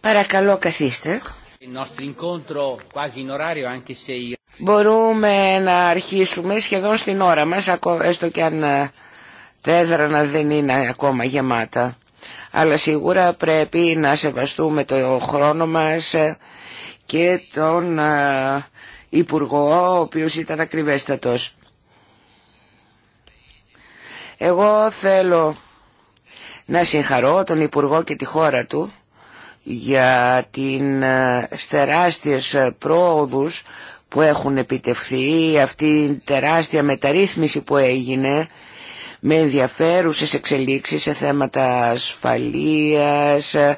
Παρακαλώ καθίστε. Μπορούμε να αρχίσουμε σχεδόν στην ώρα μας, έστω και αν ε, τα έδρανα δεν είναι ακόμα γεμάτα. Αλλά σίγουρα πρέπει να σεβαστούμε το χρόνο μας ε, και τον ε, Υπουργό, ο οποίος ήταν ακριβέστατος. Εγώ θέλω να συγχαρώ τον Υπουργό και τη χώρα του για την ε, τεράστιες ε, πρόοδους που έχουν επιτευχθεί, αυτή η τεράστια μεταρρύθμιση που έγινε με ενδιαφέρουσες εξελίξεις σε θέματα ασφαλείας, ε,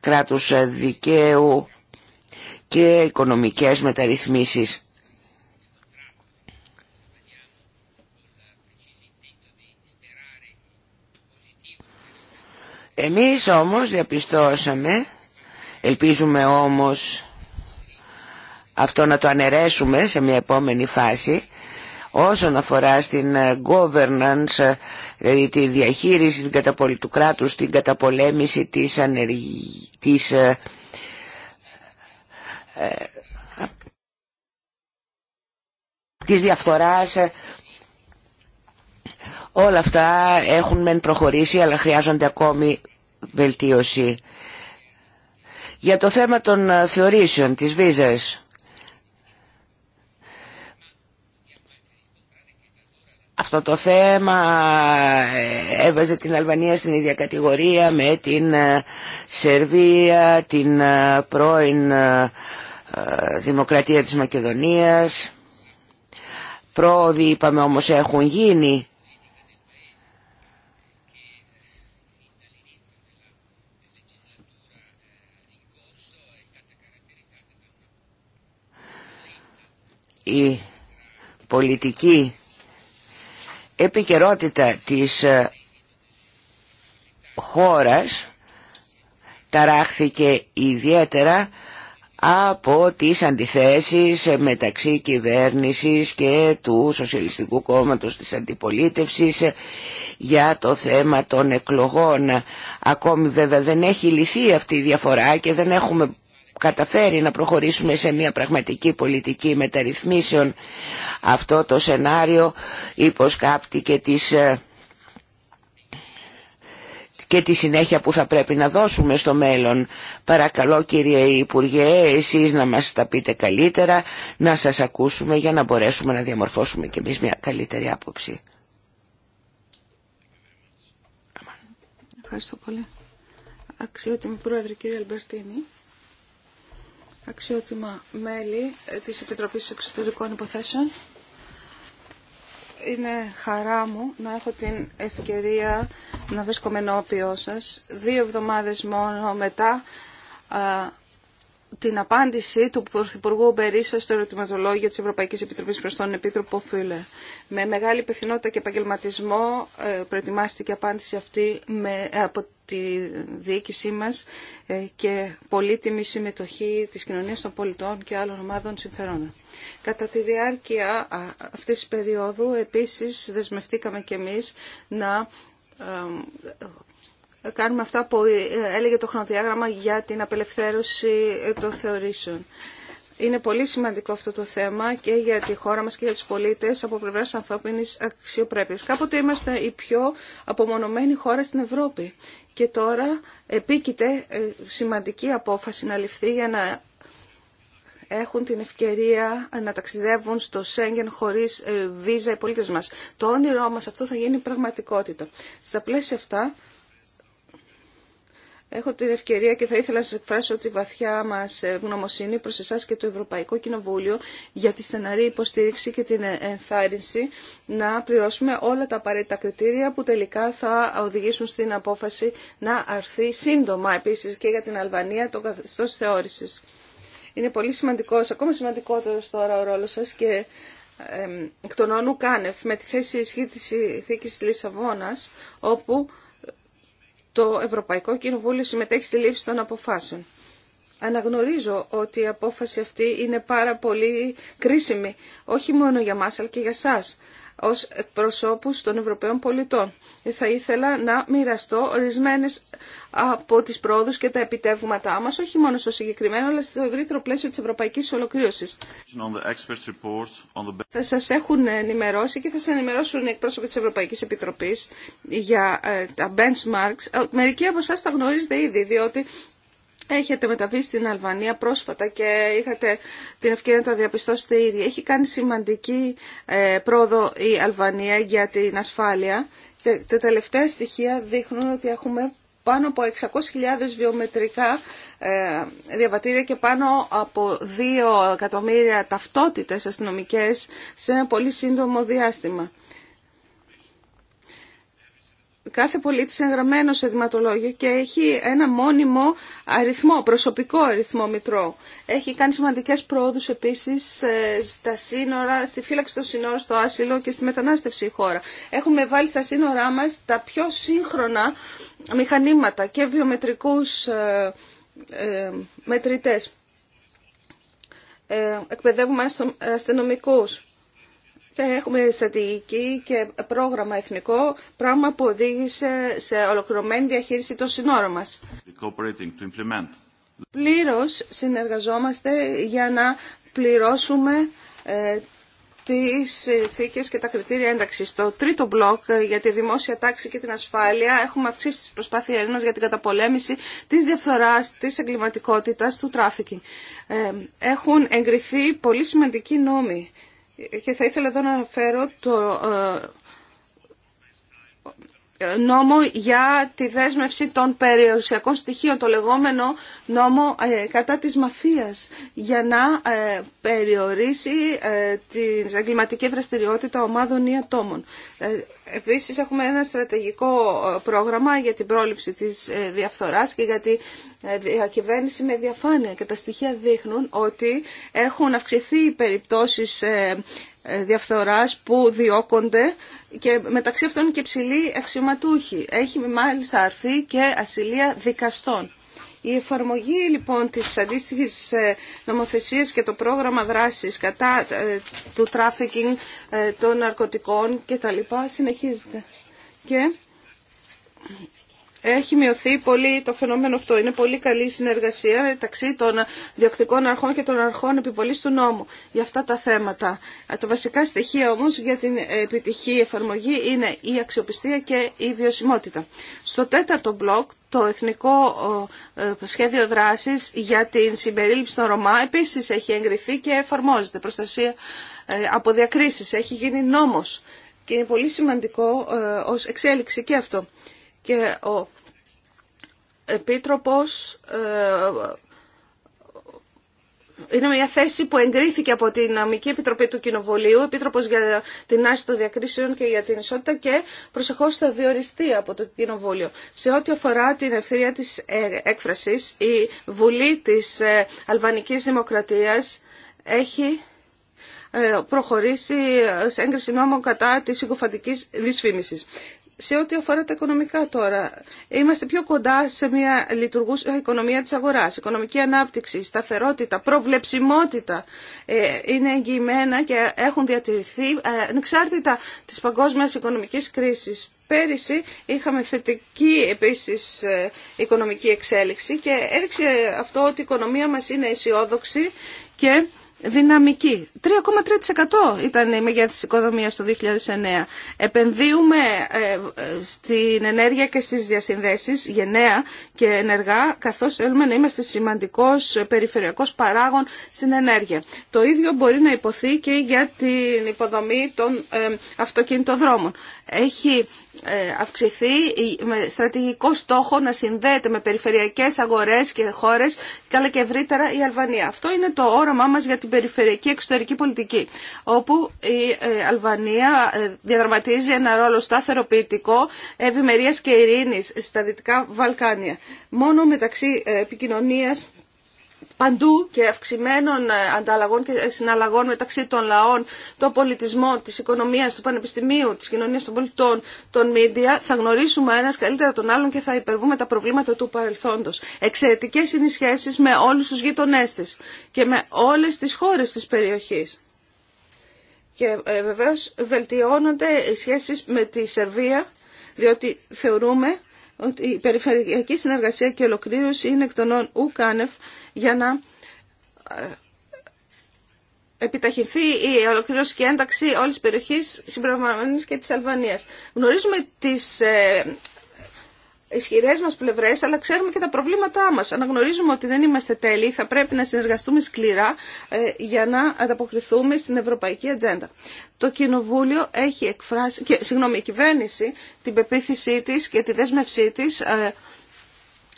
κράτους δικαίου και οικονομικές μεταρρυθμίσεις. Εμείς όμως διαπιστώσαμε, ελπίζουμε όμως αυτό να το αναιρέσουμε σε μια επόμενη φάση, όσον αφορά στην ε, governance, ε, δηλαδή τη διαχείριση του κράτους, την καταπολέμηση της, ανεργίας, ε, της διαφθοράς όλα αυτά έχουν μεν προχωρήσει αλλά χρειάζονται ακόμη βελτίωση. Για το θέμα των ε, θεωρήσεων, της βίζας. Αυτό το θέμα ε, έβαζε την Αλβανία στην ίδια κατηγορία με την ε, Σερβία, την πρώην Δημοκρατία της Μακεδονίας. Πρόοδοι είπαμε όμως έχουν γίνει η πολιτική επικαιρότητα της ε, χώρας ταράχθηκε ιδιαίτερα από τις αντιθέσεις μεταξύ κυβέρνησης και του Σοσιαλιστικού Κόμματος της Αντιπολίτευσης για το θέμα των εκλογών. Ακόμη βέβαια δεν έχει λυθεί αυτή η διαφορά και δεν έχουμε καταφέρει να προχωρήσουμε σε μια πραγματική πολιτική μεταρρυθμίσεων. Αυτό το σενάριο υποσκάπτει και τις ε, και τη συνέχεια που θα πρέπει να δώσουμε στο μέλλον. Παρακαλώ κύριε Υπουργέ, εσείς να μας τα πείτε καλύτερα, να σας ακούσουμε για να μπορέσουμε να διαμορφώσουμε κι εμείς μια καλύτερη άποψη. Ευχαριστώ πολύ. Αξιότιμη Πρόεδρε κύριε Αλμπερτίνη αξιότιμα μέλη ε, της Επιτροπής Εξωτερικών Υποθέσεων. Είναι χαρά μου να έχω την ευκαιρία να βρίσκομαι νόπιό σας δύο εβδομάδες μόνο μετά α, την απάντηση του Πρωθυπουργού Μπερίσα στο ερωτηματολόγιο της Ευρωπαϊκής Επιτροπής προς τον Επίτροπο Φίλε. Με μεγάλη υπευθυνότητα και επαγγελματισμό ε, προετοιμάστηκε η απάντηση αυτή με, από τη διοίκησή μας ε, και πολύτιμη συμμετοχή της κοινωνίας των πολιτών και άλλων ομάδων συμφερόντων. Κατά τη διάρκεια αυτής της περίοδου επίσης δεσμευτήκαμε και εμείς να ε, κάνουμε αυτά που ε, έλεγε το χρονοδιάγραμμα για την απελευθέρωση των θεωρήσεων. Είναι πολύ σημαντικό αυτό το θέμα και για τη χώρα μας και για τους πολίτες από πλευρά ανθρώπινης αξιοπρέπειας. Κάποτε είμαστε η πιο απομονωμένη χώρα στην Ευρώπη και τώρα επίκειται ε, σημαντική απόφαση να ληφθεί για να έχουν την ευκαιρία να ταξιδεύουν στο Σέγγεν χωρίς ε, βίζα οι πολίτες μας. Το όνειρό μας αυτό θα γίνει πραγματικότητα. Στα πλαίσια αυτά Έχω την ευκαιρία και θα ήθελα να σα εκφράσω τη βαθιά μας ε, γνωμοσύνη προς εσά και το Ευρωπαϊκό Κοινοβούλιο για τη στεναρή υποστήριξη και την ε, ενθάρρυνση να πληρώσουμε όλα τα απαραίτητα κριτήρια που τελικά θα οδηγήσουν στην απόφαση να αρθεί σύντομα επίση και για την Αλβανία το καθεστώς θεώρησης. Είναι πολύ σημαντικό, ακόμα σημαντικότερο τώρα ο ρόλο σα και ε, εκ των όνου Κάνευ με τη θέση ισχύ τη Λισαβόνα, όπου το Ευρωπαϊκό Κοινοβούλιο συμμετέχει στη λήψη των αποφάσεων. Αναγνωρίζω ότι η απόφαση αυτή είναι πάρα πολύ κρίσιμη, όχι μόνο για μας αλλά και για σας ως εκπροσώπους των Ευρωπαίων πολιτών. Θα ήθελα να μοιραστώ ορισμένε από τις πρόοδους και τα επιτεύγματά μας, όχι μόνο στο συγκεκριμένο, αλλά στο ευρύτερο πλαίσιο της ευρωπαϊκής ολοκλήρωσης. Θα σας έχουν ενημερώσει και θα σας ενημερώσουν οι εκπρόσωποι της Ευρωπαϊκής Επιτροπής για ε, τα benchmarks. Ε, μερικοί από εσά τα γνωρίζετε ήδη, διότι Έχετε μεταβεί στην Αλβανία πρόσφατα και είχατε την ευκαιρία να τα διαπιστώσετε ήδη. Έχει κάνει σημαντική ε, πρόοδο η Αλβανία για την ασφάλεια. Τα τελευταία στοιχεία δείχνουν ότι έχουμε πάνω από 600.000 βιομετρικά ε, διαβατήρια και πάνω από 2 εκατομμύρια ταυτότητες αστυνομικές σε ένα πολύ σύντομο διάστημα. Κάθε πολίτης είναι γραμμένο σε δηματολόγιο και έχει ένα μόνιμο αριθμό, προσωπικό αριθμό μητρό. Έχει κάνει σημαντικές πρόοδους επίσης ε, στα σύνορα, στη φύλαξη των σύνορων, στο άσυλο και στη μετανάστευση η χώρα. Έχουμε βάλει στα σύνορά μας τα πιο σύγχρονα μηχανήματα και βιομετρικούς ε, ε, μετρητές. εκπαιδεύουμε αστυνομικούς έχουμε στρατηγική και πρόγραμμα εθνικό, πράγμα που οδήγησε σε ολοκληρωμένη διαχείριση των συνόρων μας. Πλήρως συνεργαζόμαστε για να πληρώσουμε ε, τις θήκες και τα κριτήρια ένταξης. Στο τρίτο μπλοκ ε, για τη δημόσια τάξη και την ασφάλεια έχουμε αυξήσει τις προσπάθειές μας για την καταπολέμηση της διαφθοράς, της εγκληματικότητας, του τράφικινγκ. Ε, έχουν εγκριθεί πολύ σημαντικοί νόμοι και θα ήθελα εδώ να αναφέρω το ε, νόμο για τη δέσμευση των περιουσιακών στοιχείων, το λεγόμενο νόμο ε, κατά της μαφίας, για να ε, περιορίσει ε, την εγκληματική δραστηριότητα ομάδων ή ατόμων. Επίσης έχουμε ένα στρατηγικό πρόγραμμα για την πρόληψη της διαφθοράς και για τη διακυβέρνηση με διαφάνεια και τα στοιχεία δείχνουν ότι έχουν αυξηθεί οι περιπτώσεις ε, διαφθοράς που διώκονται και μεταξύ αυτών και ψηλοί αξιωματούχοι. Έχει μάλιστα αρθεί και ασυλία δικαστών. Η εφαρμογή λοιπόν της αντίστοιχης ε, νομοθεσίας και το πρόγραμμα δράσης κατά ε, του τράφικινγκ των ναρκωτικών και τα λοιπά συνεχίζεται. Και έχει μειωθεί πολύ το φαινόμενο αυτό. Είναι πολύ καλή συνεργασία μεταξύ των διοκτικών αρχών και των αρχών επιβολής του νόμου για αυτά τα θέματα. Ε, τα βασικά στοιχεία όμως για την επιτυχή εφαρμογή είναι η αξιοπιστία και η βιωσιμότητα. Στο τέταρτο μπλοκ, το Εθνικό ε, Σχέδιο Δράσης για την συμπερίληψη των Ρωμά επίσης έχει εγκριθεί και εφαρμόζεται. Προστασία ε, από διακρίσεις έχει γίνει νόμος και είναι πολύ σημαντικό ως εξέλιξη και αυτό και ο Επίτροπος ε, είναι μια θέση που εγκρίθηκε από την Νομική Επιτροπή του Κοινοβουλίου, Επίτροπο για την Άση των Διακρίσεων και για την Ισότητα και προσεχώ θα διοριστεί από το Κοινοβούλιο. Σε ό,τι αφορά την ευθύρια τη ε, έκφραση, η Βουλή τη ε, Αλβανική Δημοκρατία έχει προχωρήσει σε έγκριση νόμων κατά της συγκοφαντικής δυσφήμισης. Σε ό,τι αφορά τα οικονομικά τώρα, είμαστε πιο κοντά σε μια λειτουργούσα οικονομία της αγοράς. Οικονομική ανάπτυξη, σταθερότητα, προβλεψιμότητα ε, είναι εγγυημένα και έχουν διατηρηθεί ε, εξάρτητα της παγκόσμιας οικονομικής κρίσης. Πέρυσι είχαμε θετική επίσης ε, οικονομική εξέλιξη και έδειξε αυτό ότι η οικονομία μας είναι αισιόδοξη και δυναμική. 3,3% ήταν η μεγέθυνση της οικοδομίας το 2009. Επενδύουμε ε, στην ενέργεια και στις διασυνδέσεις γενναία και ενεργά, καθώς θέλουμε να είμαστε σημαντικός περιφερειακός παράγων στην ενέργεια. Το ίδιο μπορεί να υποθεί και για την υποδομή των ε, αυτοκινητοδρόμων έχει ε, αυξηθεί με στρατηγικό στόχο να συνδέεται με περιφερειακές αγορές και χώρες καλά και ευρύτερα η Αλβανία. Αυτό είναι το όραμά μας για την περιφερειακή εξωτερική πολιτική όπου η ε, Αλβανία ε, διαδραματίζει ένα ρόλο σταθεροποιητικό ευημερίας και ειρήνης στα Δυτικά Βαλκάνια. Μόνο μεταξύ επικοινωνίας παντού και αυξημένων ε, ανταλλαγών και συναλλαγών μεταξύ των λαών, το πολιτισμό, της οικονομίας, του πανεπιστημίου, της κοινωνίας των πολιτών, των μίντια, θα γνωρίσουμε ένας καλύτερα τον άλλον και θα υπερβούμε τα προβλήματα του παρελθόντος. Εξαιρετικές είναι οι σχέσεις με όλους τους γείτονές της και με όλες τις χώρες της περιοχής. Και ε, βεβαίως βελτιώνονται οι σχέσεις με τη Σερβία, διότι θεωρούμε ότι η περιφερειακή συνεργασία και ολοκλήρωση είναι εκ των ουκάνευ για να ε, επιταχυνθεί η ολοκλήρωση και ένταξη όλης της περιοχής συμπεριλαμβανομένης και της Αλβανίας. Γνωρίζουμε τις ε, ισχυρές μας πλευρές, αλλά ξέρουμε και τα προβλήματά μας. Αναγνωρίζουμε ότι δεν είμαστε τέλειοι, θα πρέπει να συνεργαστούμε σκληρά ε, για να ανταποκριθούμε στην ευρωπαϊκή ατζέντα. Το Κοινοβούλιο έχει εκφράσει, και, συγγνώμη, η κυβέρνηση την πεποίθησή της και τη δέσμευσή της ε,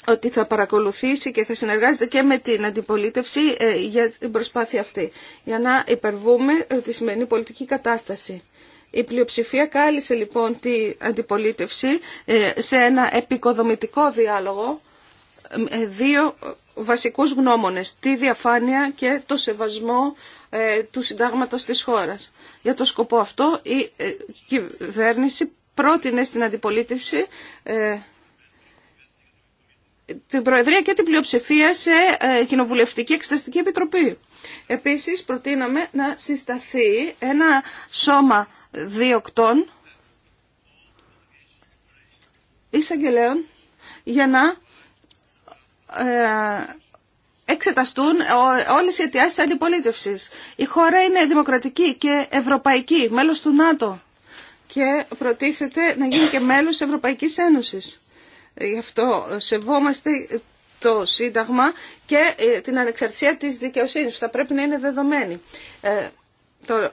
ότι θα παρακολουθήσει και θα συνεργάζεται και με την αντιπολίτευση ε, για την προσπάθεια αυτή, για να υπερβούμε τη σημερινή πολιτική κατάσταση. Η πλειοψηφία κάλυσε λοιπόν τη αντιπολίτευση ε, σε ένα επικοδομητικό διάλογο ε, δύο βασικούς γνώμονες, τη διαφάνεια και το σεβασμό ε, του συντάγματος της χώρας. Για το σκοπό αυτό η κυβέρνηση πρότεινε στην αντιπολίτευση την Προεδρία και την πλειοψηφία σε Κοινοβουλευτική Εξεταστική Επιτροπή. Επίσης προτείναμε να συσταθεί ένα σώμα διοκτών εισαγγελέων για να ε, εξεταστούν όλες οι αιτιάσεις αντιπολίτευσης. Η χώρα είναι δημοκρατική και ευρωπαϊκή, μέλος του ΝΑΤΟ και προτίθεται να γίνει και μέλος Ευρωπαϊκής Ένωσης. Γι' αυτό σεβόμαστε το Σύνταγμα και ε, την ανεξαρτησία της δικαιοσύνης που θα πρέπει να είναι δεδομένη. Ε, το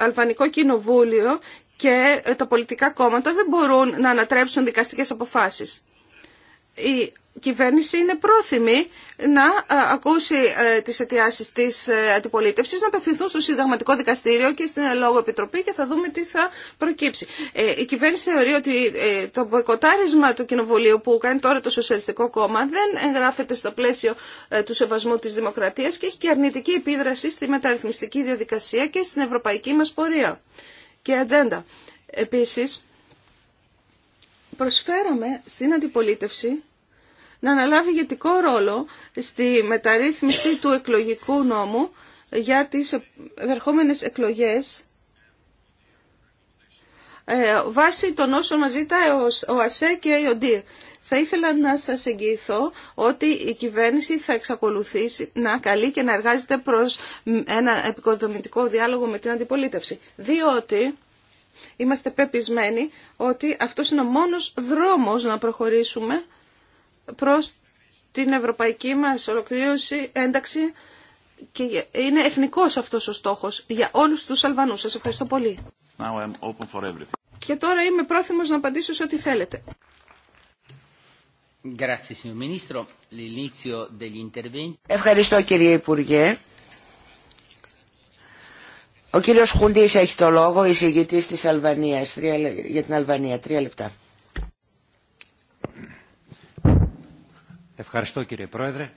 Αλβανικό Κοινοβούλιο και τα πολιτικά κόμματα δεν μπορούν να ανατρέψουν δικαστικές αποφάσεις κυβέρνηση είναι πρόθυμη να ε, ακούσει ε, τις αιτιάσεις της ε, αντιπολίτευσης, να απευθυνθούν στο Συνταγματικό Δικαστήριο και στην Λόγο Επιτροπή και θα δούμε τι θα προκύψει. Η κυβέρνηση θεωρεί ότι το μποϊκοτάρισμα του Κοινοβουλίου που κάνει τώρα το Σοσιαλιστικό Κόμμα δεν εγγράφεται στο πλαίσιο του σεβασμού της δημοκρατίας και έχει και αρνητική επίδραση στη μεταρρυθμιστική διαδικασία και στην ευρωπαϊκή μας πορεία και ατζέντα. Επίσης, προσφέραμε στην αντιπολίτευση να αναλάβει ηγετικό ρόλο στη μεταρρύθμιση του εκλογικού νόμου για τις ερχόμενες εκλογές ε, βάσει των όσων μας ζητάει ο ΑΣΕ και ο ΔΙΡ. Θα ήθελα να σας εγγυηθώ ότι η κυβέρνηση θα εξακολουθήσει να καλεί και να εργάζεται προς ένα επικοδομητικό διάλογο με την αντιπολίτευση. Διότι είμαστε πεπισμένοι ότι αυτός είναι ο μόνος δρόμος να προχωρήσουμε προς την ευρωπαϊκή μας ολοκλήρωση, ένταξη και είναι εθνικός αυτός ο στόχος για όλους τους Αλβανούς. Σας ευχαριστώ πολύ. Και τώρα είμαι πρόθυμος να απαντήσω σε ό,τι θέλετε. Ευχαριστώ κύριε Υπουργέ. Ο κύριος Χουντής έχει το λόγο, εισηγητής της Αλβανίας, για την Αλβανία. Τρία λεπτά. Ευχαριστώ κύριε Πρόεδρε.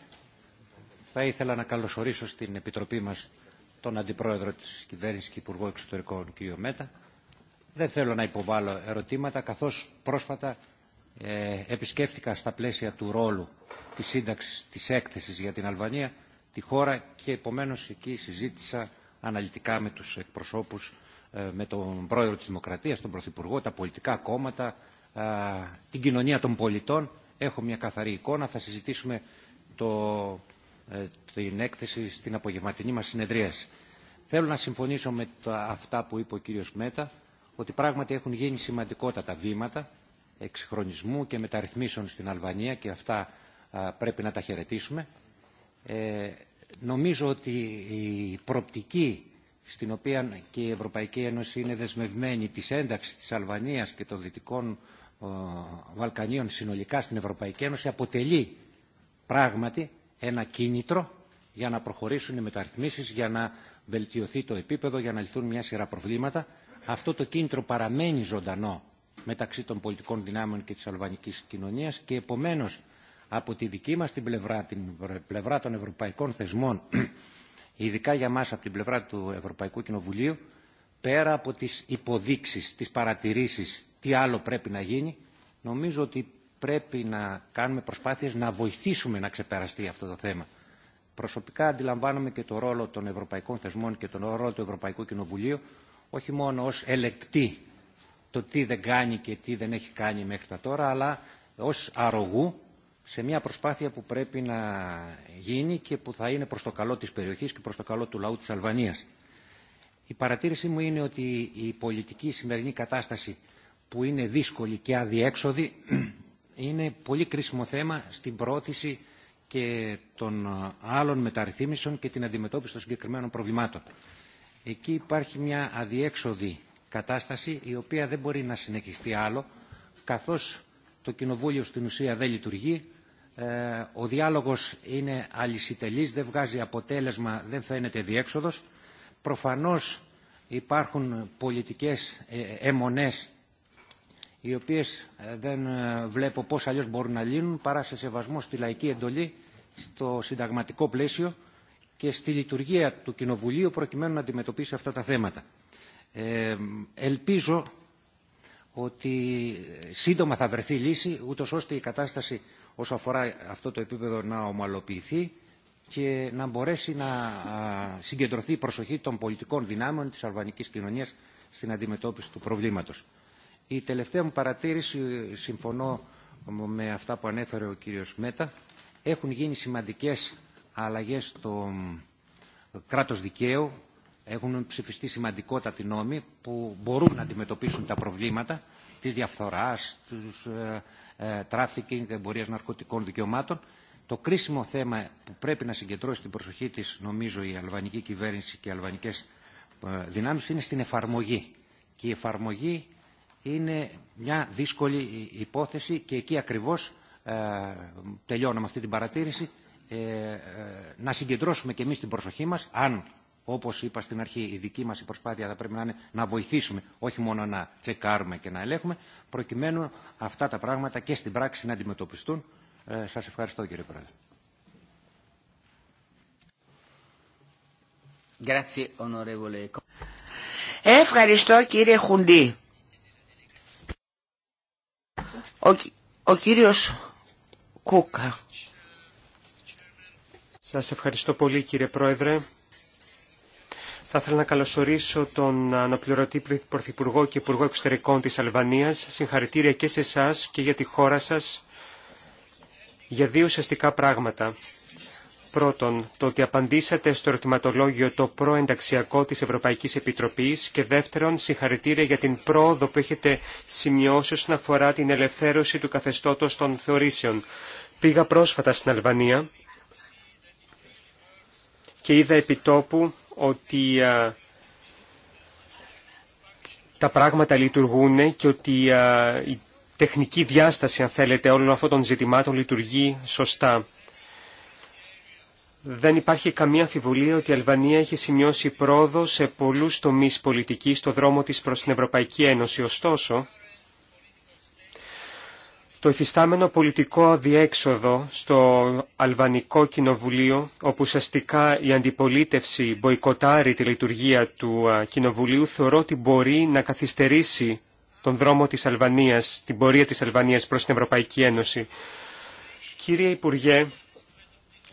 Θα ήθελα να καλωσορίσω στην Επιτροπή μας τον Αντιπρόεδρο της Κυβέρνησης και Υπουργό Εξωτερικών κύριο Μέτα. Δεν θέλω να υποβάλω ερωτήματα καθώς πρόσφατα ε, επισκέφτηκα στα πλαίσια του ρόλου της σύνταξης της έκθεσης για την Αλβανία τη χώρα και επομένως εκεί συζήτησα αναλυτικά με τους εκπροσώπους, ε, με τον Πρόεδρο της Δημοκρατίας, τον Πρωθυπουργό, τα πολιτικά κόμματα, την κοινωνία των πολιτών έχω μια καθαρή εικόνα. Θα συζητήσουμε το, ε, την έκθεση στην απογευματινή μας συνεδρίαση. Θέλω να συμφωνήσω με τα, αυτά που είπε ο κύριος Μέτα, ότι πράγματι έχουν γίνει σημαντικότατα βήματα εξυγχρονισμού και μεταρρυθμίσεων στην Αλβανία και αυτά πρέπει να τα χαιρετήσουμε. Ε, νομίζω ότι η προπτική στην οποία και η Ευρωπαϊκή Ένωση είναι δεσμευμένη της ένταξης της Αλβανίας και των δυτικών Βαλκανίων συνολικά στην Ευρωπαϊκή Ένωση αποτελεί πράγματι ένα κίνητρο για να προχωρήσουν οι μεταρρυθμίσεις, για να βελτιωθεί το επίπεδο, για να λυθούν μια σειρά προβλήματα. Αυτό το κίνητρο παραμένει ζωντανό μεταξύ των πολιτικών δυνάμεων και της αλβανικής κοινωνίας και επομένως από τη δική μας την πλευρά, την πλευρά των ευρωπαϊκών θεσμών, ειδικά για μας από την πλευρά του Ευρωπαϊκού Κοινοβουλίου, πέρα από τις υποδείξεις, τις παρατηρήσεις τι άλλο πρέπει να γίνει. Νομίζω ότι πρέπει να κάνουμε προσπάθειες να βοηθήσουμε να ξεπεραστεί αυτό το θέμα. Προσωπικά αντιλαμβάνομαι και το ρόλο των ευρωπαϊκών θεσμών και τον ρόλο του Ευρωπαϊκού Κοινοβουλίου όχι μόνο ως ελεκτή το τι δεν κάνει και τι δεν έχει κάνει μέχρι τώρα, αλλά ως αρρωγού σε μια προσπάθεια που πρέπει να γίνει και που θα είναι προς το καλό της περιοχής και προς το καλό του λαού της Αλβανίας. Η παρατήρησή μου είναι ότι η πολιτική σημερινή κατάσταση που είναι δύσκολη και αδιέξοδη είναι πολύ κρίσιμο θέμα στην πρόθεση και των ε, άλλων μεταρρυθμίσεων και την αντιμετώπιση των συγκεκριμένων προβλημάτων. Εκεί υπάρχει μια αδιέξοδη κατάσταση η οποία δεν μπορεί να συνεχιστεί άλλο καθώς το Κοινοβούλιο στην ουσία δεν λειτουργεί, ε, ο διάλογος είναι αλυσιτελής, δεν βγάζει αποτέλεσμα, δεν φαίνεται διέξοδος. Προφανώς υπάρχουν πολιτικές ε, αιμονές οι οποίες ε, δεν ε, βλέπω πώς αλλιώς μπορούν να λύνουν παρά σε σεβασμό στη λαϊκή εντολή, στο συνταγματικό πλαίσιο και στη λειτουργία του Κοινοβουλίου προκειμένου να αντιμετωπίσει αυτά τα θέματα. Ε, ελπίζω ότι σύντομα θα βρεθεί λύση, ούτως ώστε η κατάσταση όσο αφορά αυτό το επίπεδο να ομαλοποιηθεί και να μπορέσει να συγκεντρωθεί η προσοχή των πολιτικών δυνάμεων της αλβανικής κοινωνίας στην αντιμετώπιση του προβλήματος. Η τελευταία μου παρατήρηση, συμφωνώ με αυτά που ανέφερε ο κύριος Μέτα, έχουν γίνει σημαντικές αλλαγές στο κράτος δικαίου, έχουν ψηφιστεί σημαντικότατοι νόμοι που μπορούν να αντιμετωπίσουν τα προβλήματα της διαφθοράς, της ε, ε, τράφικινγκ, εμπορίας ναρκωτικών δικαιωμάτων. Το κρίσιμο θέμα που πρέπει να συγκεντρώσει την προσοχή της, νομίζω, η αλβανική κυβέρνηση και οι αλβανικές ε, δυνάμεις είναι στην εφαρμογή. Και η εφαρμογή είναι μια δύσκολη υπόθεση και εκεί ακριβώς ε, τελειώνω με αυτή την παρατήρηση ε, ε, να συγκεντρώσουμε και εμείς την προσοχή μας αν όπως είπα στην αρχή η δική μας η προσπάθεια θα πρέπει να είναι να βοηθήσουμε όχι μόνο να τσεκάρουμε και να ελέγχουμε προκειμένου αυτά τα πράγματα και στην πράξη να αντιμετωπιστούν. Ε, σας ευχαριστώ κύριε Πρόεδρε. Ευχαριστώ κύριε Χουντή. Ο, κύριος Κούκα. Σας ευχαριστώ πολύ κύριε Πρόεδρε. Θα ήθελα να καλωσορίσω τον αναπληρωτή Πρωθυπουργό και Υπουργό Εξωτερικών της Αλβανίας. Συγχαρητήρια και σε εσά και για τη χώρα σας για δύο ουσιαστικά πράγματα. Πρώτον, το ότι απαντήσατε στο ερωτηματολόγιο το προενταξιακό της Ευρωπαϊκής Επιτροπής και δεύτερον, συγχαρητήρια για την πρόοδο που έχετε σημειώσει όσον αφορά την ελευθέρωση του καθεστώτος των θεωρήσεων. Πήγα πρόσφατα στην Αλβανία και είδα επί τόπου ότι τα πράγματα λειτουργούν και ότι η τεχνική διάσταση, αν θέλετε, όλων αυτών των ζητημάτων λειτουργεί σωστά. Δεν υπάρχει καμία αμφιβολία ότι η Αλβανία έχει σημειώσει πρόοδο σε πολλούς τομείς πολιτικής στο δρόμο της προς την Ευρωπαϊκή Ένωση. Ωστόσο, το εφιστάμενο πολιτικό διέξοδο στο Αλβανικό Κοινοβουλίο, όπου ουσιαστικά η αντιπολίτευση μποϊκοτάρει τη λειτουργία του Κοινοβουλίου, θεωρώ ότι μπορεί να καθυστερήσει τον δρόμο της Αλβανίας, την πορεία της Αλβανίας προς την Ευρωπαϊκή Ένωση. Κύριε Υπουργέ,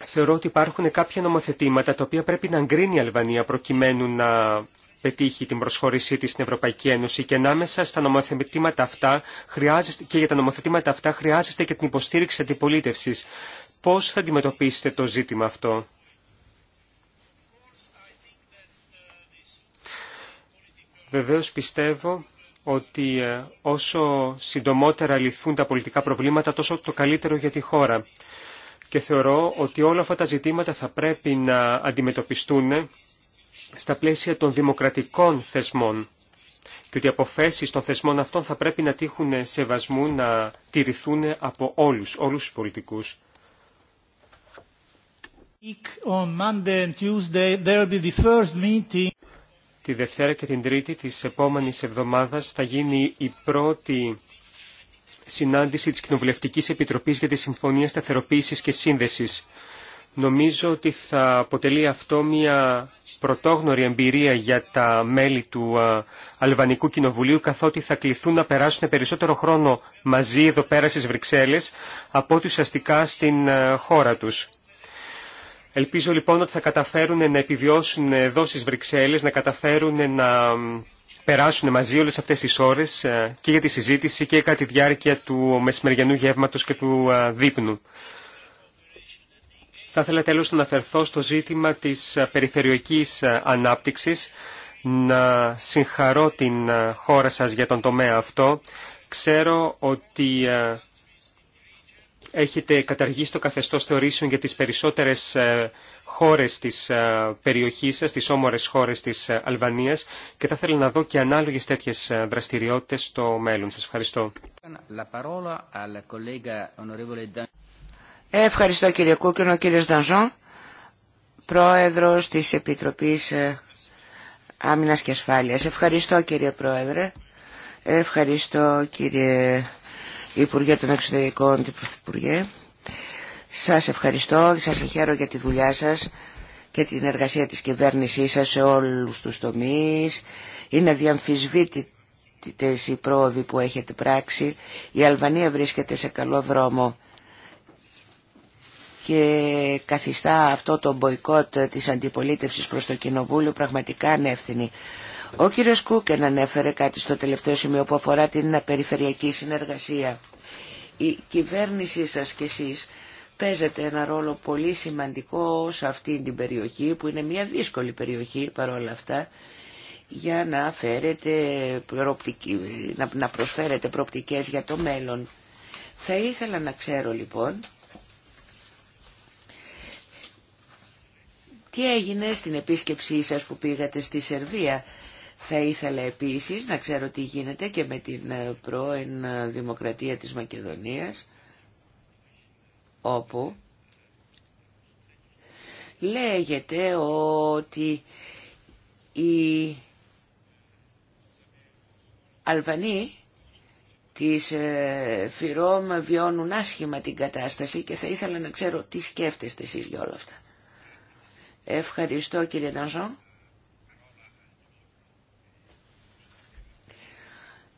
θεωρώ ότι υπάρχουν κάποια νομοθετήματα τα οποία πρέπει να εγκρίνει η Αλβανία προκειμένου να πετύχει την προσχώρησή της στην Ευρωπαϊκή Ένωση και ανάμεσα στα νομοθετήματα αυτά χρειάζεστε, και για τα νομοθετήματα αυτά χρειάζεστε και την υποστήριξη αντιπολίτευσης. Πώς θα αντιμετωπίσετε το ζήτημα αυτό. Βεβαίως πιστεύω ότι ε, όσο συντομότερα λυθούν τα πολιτικά προβλήματα τόσο το καλύτερο για τη χώρα και θεωρώ ότι όλα αυτά τα ζητήματα θα πρέπει να αντιμετωπιστούν στα πλαίσια των δημοκρατικών θεσμών και ότι οι αποφέσεις των θεσμών αυτών θα πρέπει να τύχουν σεβασμού, να τηρηθούν από όλους, όλους τους πολιτικούς. Τη Δευτέρα και την Τρίτη της επόμενης εβδομάδας θα γίνει η πρώτη συνάντηση της Κοινοβουλευτικής Επιτροπής για τη Συμφωνία Σταθεροποίησης και Σύνδεσης. Νομίζω ότι θα αποτελεί αυτό μια πρωτόγνωρη εμπειρία για τα μέλη του Αλβανικού Κοινοβουλίου καθότι θα κληθούν να περάσουν περισσότερο χρόνο μαζί εδώ πέρα στις Βρυξέλλες από ό,τι ουσιαστικά στην χώρα τους. Ελπίζω λοιπόν ότι θα καταφέρουν να επιβιώσουν εδώ στις Βρυξέλλες, να καταφέρουν να περάσουν μαζί όλες αυτές τις ώρες ε, και για τη συζήτηση και κατά τη διάρκεια του μεσημεριανού γεύματος και του ε, δείπνου. Θα ήθελα τέλος να αναφερθώ στο ζήτημα της ε, περιφερειακής ανάπτυξης, να συγχαρώ την χώρα σας για τον τομέα αυτό. Ξέρω ότι έχετε καταργήσει το καθεστώς θεωρήσεων για τις περισσότερες χώρες της ε, περιοχής σας, τις όμορες χώρες της ε, Αλβανίας και θα ήθελα να δω και ανάλογες τέτοιες ε, δραστηριότητες στο μέλλον. Σας ευχαριστώ. Ευχαριστώ κύριε Κούκκινο, κύριος Δανζόν, πρόεδρος της Επιτροπής Άμυνας και Ασφάλειας. Ευχαριστώ κύριε πρόεδρε, ευχαριστώ κύριε Υπουργέ των Εξωτερικών, την Πρωθυπουργέ. Σας ευχαριστώ, σας ευχαριστώ για τη δουλειά σας και την εργασία της κυβέρνησής σας σε όλους τους τομείς. Είναι διαμφισβήτητες οι πρόοδοι που έχετε πράξει. Η Αλβανία βρίσκεται σε καλό δρόμο και καθιστά αυτό το μποϊκότ της αντιπολίτευσης προς το Κοινοβούλιο πραγματικά ανεύθυνη. Ο κύριος Κούκεν ανέφερε κάτι στο τελευταίο σημείο που αφορά την περιφερειακή συνεργασία. Η κυβέρνησή σας και εσείς παίζεται ένα ρόλο πολύ σημαντικό σε αυτή την περιοχή που είναι μια δύσκολη περιοχή παρόλα αυτά για να, να προσφέρετε προπτικές για το μέλλον. Θα ήθελα να ξέρω λοιπόν τι έγινε στην επίσκεψή σας που πήγατε στη Σερβία. Θα ήθελα επίσης να ξέρω τι γίνεται και με την ε, πρώην ε, Δημοκρατία της Μακεδονίας όπου λέγεται ότι οι Αλβανοί της ε, Φιρόμ βιώνουν άσχημα την κατάσταση και θα ήθελα να ξέρω τι σκέφτεστε εσείς για όλα αυτά. Ευχαριστώ κύριε Ναζό.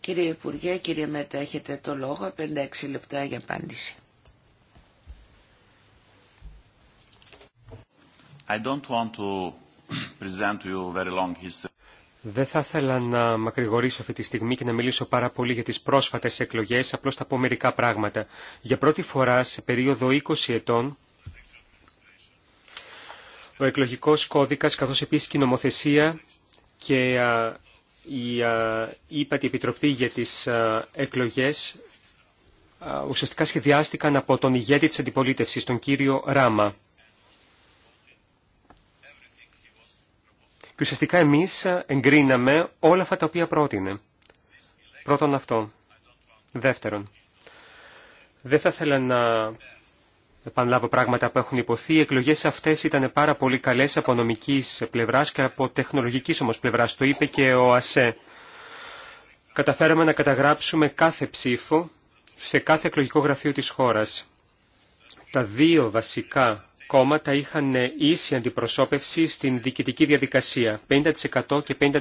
Κύριε Υπουργέ, κύριε Μέτα, έχετε το λόγο, 5-6 λεπτά για απάντηση. Δεν θα ήθελα να μακρηγορήσω αυτή τη στιγμή και να μιλήσω πάρα πολύ για τις πρόσφατες εκλογές, απλώς θα πω μερικά πράγματα. Για πρώτη φορά σε περίοδο 20 ετών, ο εκλογικός κώδικας καθώς επίσης και η νομοθεσία και η ύπατη επιτροπή για τις εκλογές ουσιαστικά σχεδιάστηκαν από τον ηγέτη της αντιπολίτευσης, τον κύριο Ράμα. Και ουσιαστικά εμείς εγκρίναμε όλα αυτά τα οποία πρότεινε. Πρώτον αυτό. Δεύτερον. Δεν θα ήθελα να επαναλάβω πράγματα που έχουν υποθεί. Οι εκλογές αυτές ήταν πάρα πολύ καλές από νομικής πλευράς και από τεχνολογικής όμως πλευράς. Το είπε και ο ΑΣΕ. Καταφέραμε να καταγράψουμε κάθε ψήφο σε κάθε εκλογικό γραφείο της χώρας. Τα δύο βασικά κόμματα είχαν ίση αντιπροσώπευση στην διοικητική διαδικασία, 50% και 50%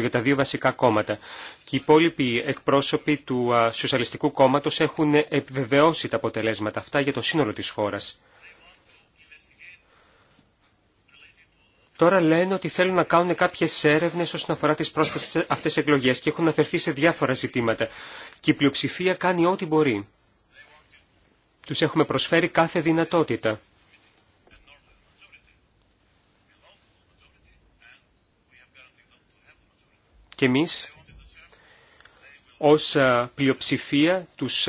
για τα δύο βασικά κόμματα. Και οι υπόλοιποι εκπρόσωποι του Σοσιαλιστικού Κόμματος έχουν επιβεβαιώσει τα αποτελέσματα αυτά για το σύνολο της χώρας. Τώρα λένε ότι θέλουν να κάνουν κάποιε έρευνε όσον αφορά τι πρόσφατε αυτέ εκλογέ και έχουν αφαιρθεί σε διάφορα ζητήματα. Και η πλειοψηφία κάνει ό,τι μπορεί. Του έχουμε προσφέρει κάθε δυνατότητα. και εμείς ως πλειοψηφία τους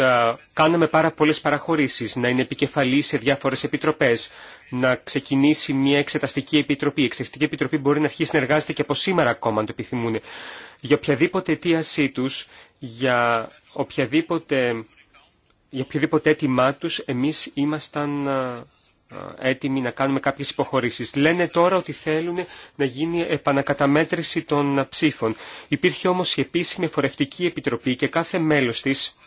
κάναμε πάρα πολλές παραχωρήσεις, να είναι επικεφαλή σε διάφορες επιτροπές, να ξεκινήσει μια εξεταστική επιτροπή. Η εξεταστική επιτροπή μπορεί να αρχίσει να εργάζεται και από σήμερα ακόμα, αν το επιθυμούν. Για οποιαδήποτε αιτίασή τους, για οποιαδήποτε, για οποιαδήποτε αίτημά τους, εμείς ήμασταν ε, έτοιμοι να κάνουμε κάποιες υποχωρήσεις. Λένε τώρα ότι θέλουν να γίνει επανακαταμέτρηση των ψήφων. Υπήρχε όμως η επίσημη φορευτική επιτροπή και κάθε μέλος της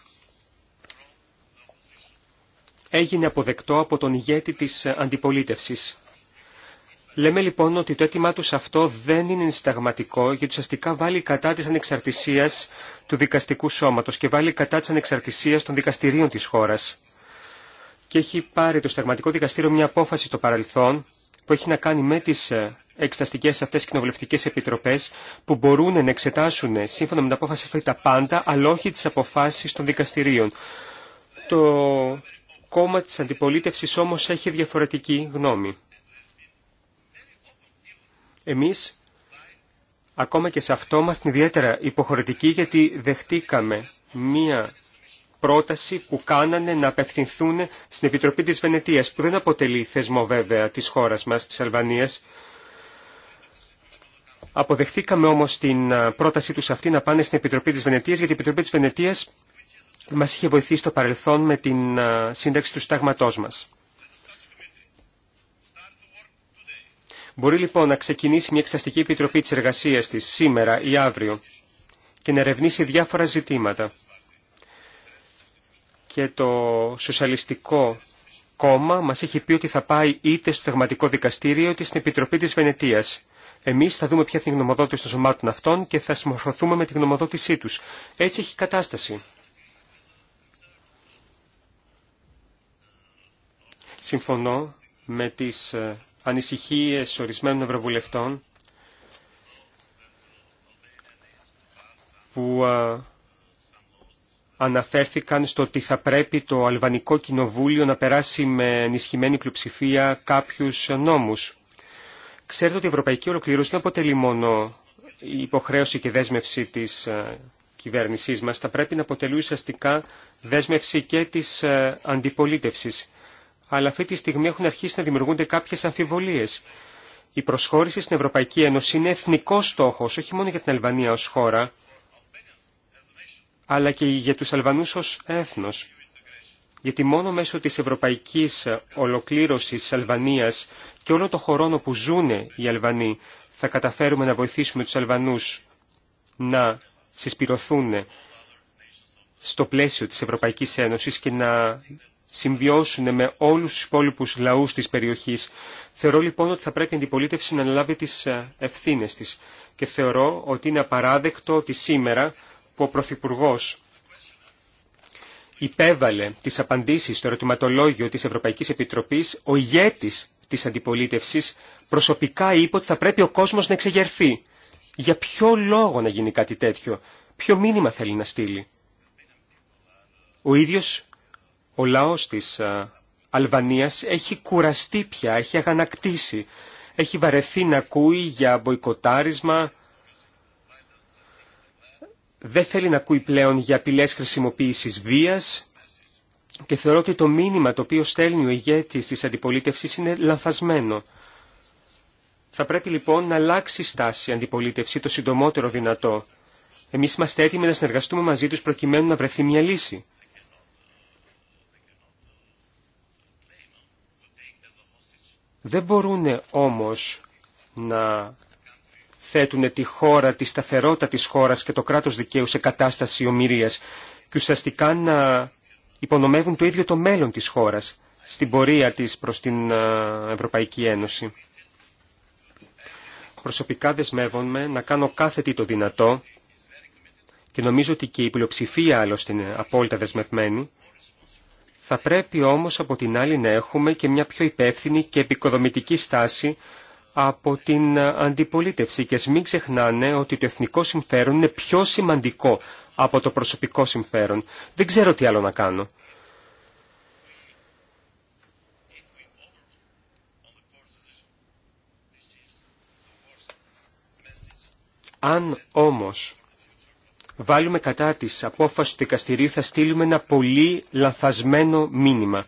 έγινε αποδεκτό από τον ηγέτη της αντιπολίτευσης. Λέμε λοιπόν ότι το αίτημά τους αυτό δεν είναι συνταγματικό γιατί ουσιαστικά βάλει κατά της ανεξαρτησίας του δικαστικού σώματος και βάλει κατά της ανεξαρτησίας των δικαστηρίων της χώρας και έχει πάρει το Σταγματικό Δικαστήριο μια απόφαση στο παρελθόν που έχει να κάνει με τις ε, εξεταστικές αυτές κοινοβουλευτικές επιτροπές που μπορούν να εξετάσουν ε, σύμφωνα με την απόφαση αυτή τα πάντα, αλλά όχι τις αποφάσεις των δικαστηρίων. Το κόμμα της αντιπολίτευσης όμως έχει διαφορετική γνώμη. Εμείς, ακόμα και σε αυτό, είμαστε ιδιαίτερα υποχρεωτική γιατί δεχτήκαμε μία πρόταση που κάνανε να απευθυνθούν στην Επιτροπή της Βενετίας, που δεν αποτελεί θεσμό βέβαια της χώρας μας, της Αλβανίας. Αποδεχθήκαμε όμως την πρότασή τους αυτή να πάνε στην Επιτροπή της Βενετίας, γιατί η Επιτροπή της Βενετίας μας είχε βοηθήσει στο παρελθόν με την σύνταξη του στάγματός μας. Μπορεί λοιπόν να ξεκινήσει μια εξεταστική επιτροπή της εργασίας της σήμερα ή αύριο και να ερευνήσει διάφορα ζητήματα και το Σοσιαλιστικό Κόμμα μας έχει πει ότι θα πάει είτε στο Θεγματικό Δικαστήριο είτε στην Επιτροπή της Βενετίας. Εμείς θα δούμε ποια είναι η γνωμοδότηση των σωμάτων αυτών και θα συμμορφωθούμε με τη γνωμοδότησή τους. Έτσι έχει η κατάσταση. Συμφωνώ με τις ε, ανησυχίες ορισμένων ευρωβουλευτών που ε, αναφέρθηκαν στο ότι θα πρέπει το Αλβανικό Κοινοβούλιο να περάσει με ενισχυμένη πλειοψηφία κάποιους νόμους. Ξέρετε ότι η ευρωπαϊκή ολοκλήρωση δεν αποτελεί μόνο η υποχρέωση και δέσμευση της ε, κυβέρνησής μας, θα πρέπει να αποτελεί ουσιαστικά δέσμευση και της ε, αντιπολίτευσης. Αλλά αυτή τη στιγμή έχουν αρχίσει να δημιουργούνται κάποιες αμφιβολίες. Η προσχώρηση στην Ευρωπαϊκή Ένωση είναι εθνικό στόχος, όχι μόνο για την Αλβανία ως χώρα, αλλά και για τους Αλβανούς ως έθνος. Γιατί μόνο μέσω της ευρωπαϊκής ολοκλήρωσης της Αλβανίας και όλων των χρόνο που ζουν οι Αλβανοί θα καταφέρουμε να βοηθήσουμε τους Αλβανούς να συσπηρωθούν στο πλαίσιο της Ευρωπαϊκής Ένωσης και να συμβιώσουν με όλους τους υπόλοιπους λαούς της περιοχής. Θεωρώ λοιπόν ότι θα πρέπει η αντιπολίτευση να αναλάβει τις ε, ευθύνες της και θεωρώ ότι είναι απαράδεκτο ότι σήμερα που ο Πρωθυπουργό υπέβαλε τις απαντήσεις στο ερωτηματολόγιο της Ευρωπαϊκής Επιτροπής, ο ηγέτης της αντιπολίτευσης προσωπικά είπε ότι θα πρέπει ο κόσμος να εξεγερθεί. Για ποιο λόγο να γίνει κάτι τέτοιο, ποιο μήνυμα θέλει να στείλει. Ο ίδιος ο λαός της Αλβανίας έχει κουραστεί πια, έχει αγανακτήσει, έχει βαρεθεί να ακούει για μποϊκοτάρισμα, δεν θέλει να ακούει πλέον για απειλέ χρησιμοποίησης βίας και θεωρώ ότι το μήνυμα το οποίο στέλνει ο ηγέτης της αντιπολίτευση είναι λανθασμένο. Θα πρέπει λοιπόν να αλλάξει στάση η αντιπολίτευση το συντομότερο δυνατό. Εμείς είμαστε έτοιμοι να συνεργαστούμε μαζί τους προκειμένου να βρεθεί μια λύση. Δεν μπορούν όμως να θέτουν τη χώρα, τη σταθερότητα της χώρας και το κράτος δικαίου σε κατάσταση ομοιρίας και ουσιαστικά να υπονομεύουν το ίδιο το μέλλον της χώρας στην πορεία της προς την Ευρωπαϊκή Ένωση. Προσωπικά δεσμεύομαι να κάνω κάθε τι το δυνατό και νομίζω ότι και η πλειοψηφία άλλωστε είναι απόλυτα δεσμευμένη. Θα πρέπει όμως από την άλλη να έχουμε και μια πιο υπεύθυνη και επικοδομητική στάση από την ε, αντιπολίτευση και μην ξεχνάνε ότι το εθνικό συμφέρον είναι πιο σημαντικό από το προσωπικό συμφέρον. Δεν ξέρω τι άλλο να κάνω. Αν όμως βάλουμε κατά της απόφαση του δικαστηρίου θα στείλουμε ένα πολύ λανθασμένο μήνυμα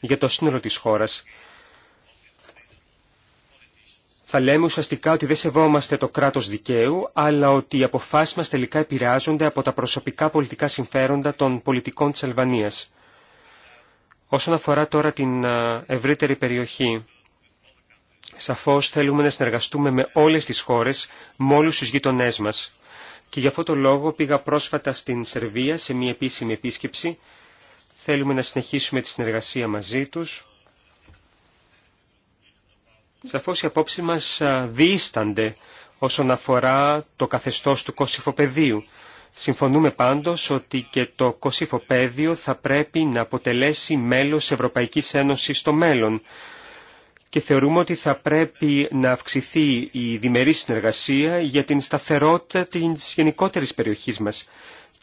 για το σύνολο της χώρας θα λέμε ουσιαστικά ότι δεν σεβόμαστε το κράτος δικαίου, αλλά ότι οι αποφάσεις μας τελικά επηρεάζονται από τα προσωπικά πολιτικά συμφέροντα των πολιτικών της Αλβανίας. Όσον αφορά τώρα την ευρύτερη περιοχή, σαφώς θέλουμε να συνεργαστούμε με όλες τις χώρες, με όλους τους γειτονές μας. Και για αυτό το λόγο πήγα πρόσφατα στην Σερβία σε μια επίσημη επίσκεψη. Θέλουμε να συνεχίσουμε τη συνεργασία μαζί τους Σαφώς οι απόψεις μας διείστανται όσον αφορά το καθεστώς του κοσυφοπεδίου. Συμφωνούμε πάντως ότι και το κοσυφοπέδιο θα πρέπει να αποτελέσει μέλος Ευρωπαϊκής Ένωσης στο μέλλον και θεωρούμε ότι θα πρέπει να αυξηθεί η διμερή συνεργασία για την σταθερότητα της γενικότερης περιοχής μας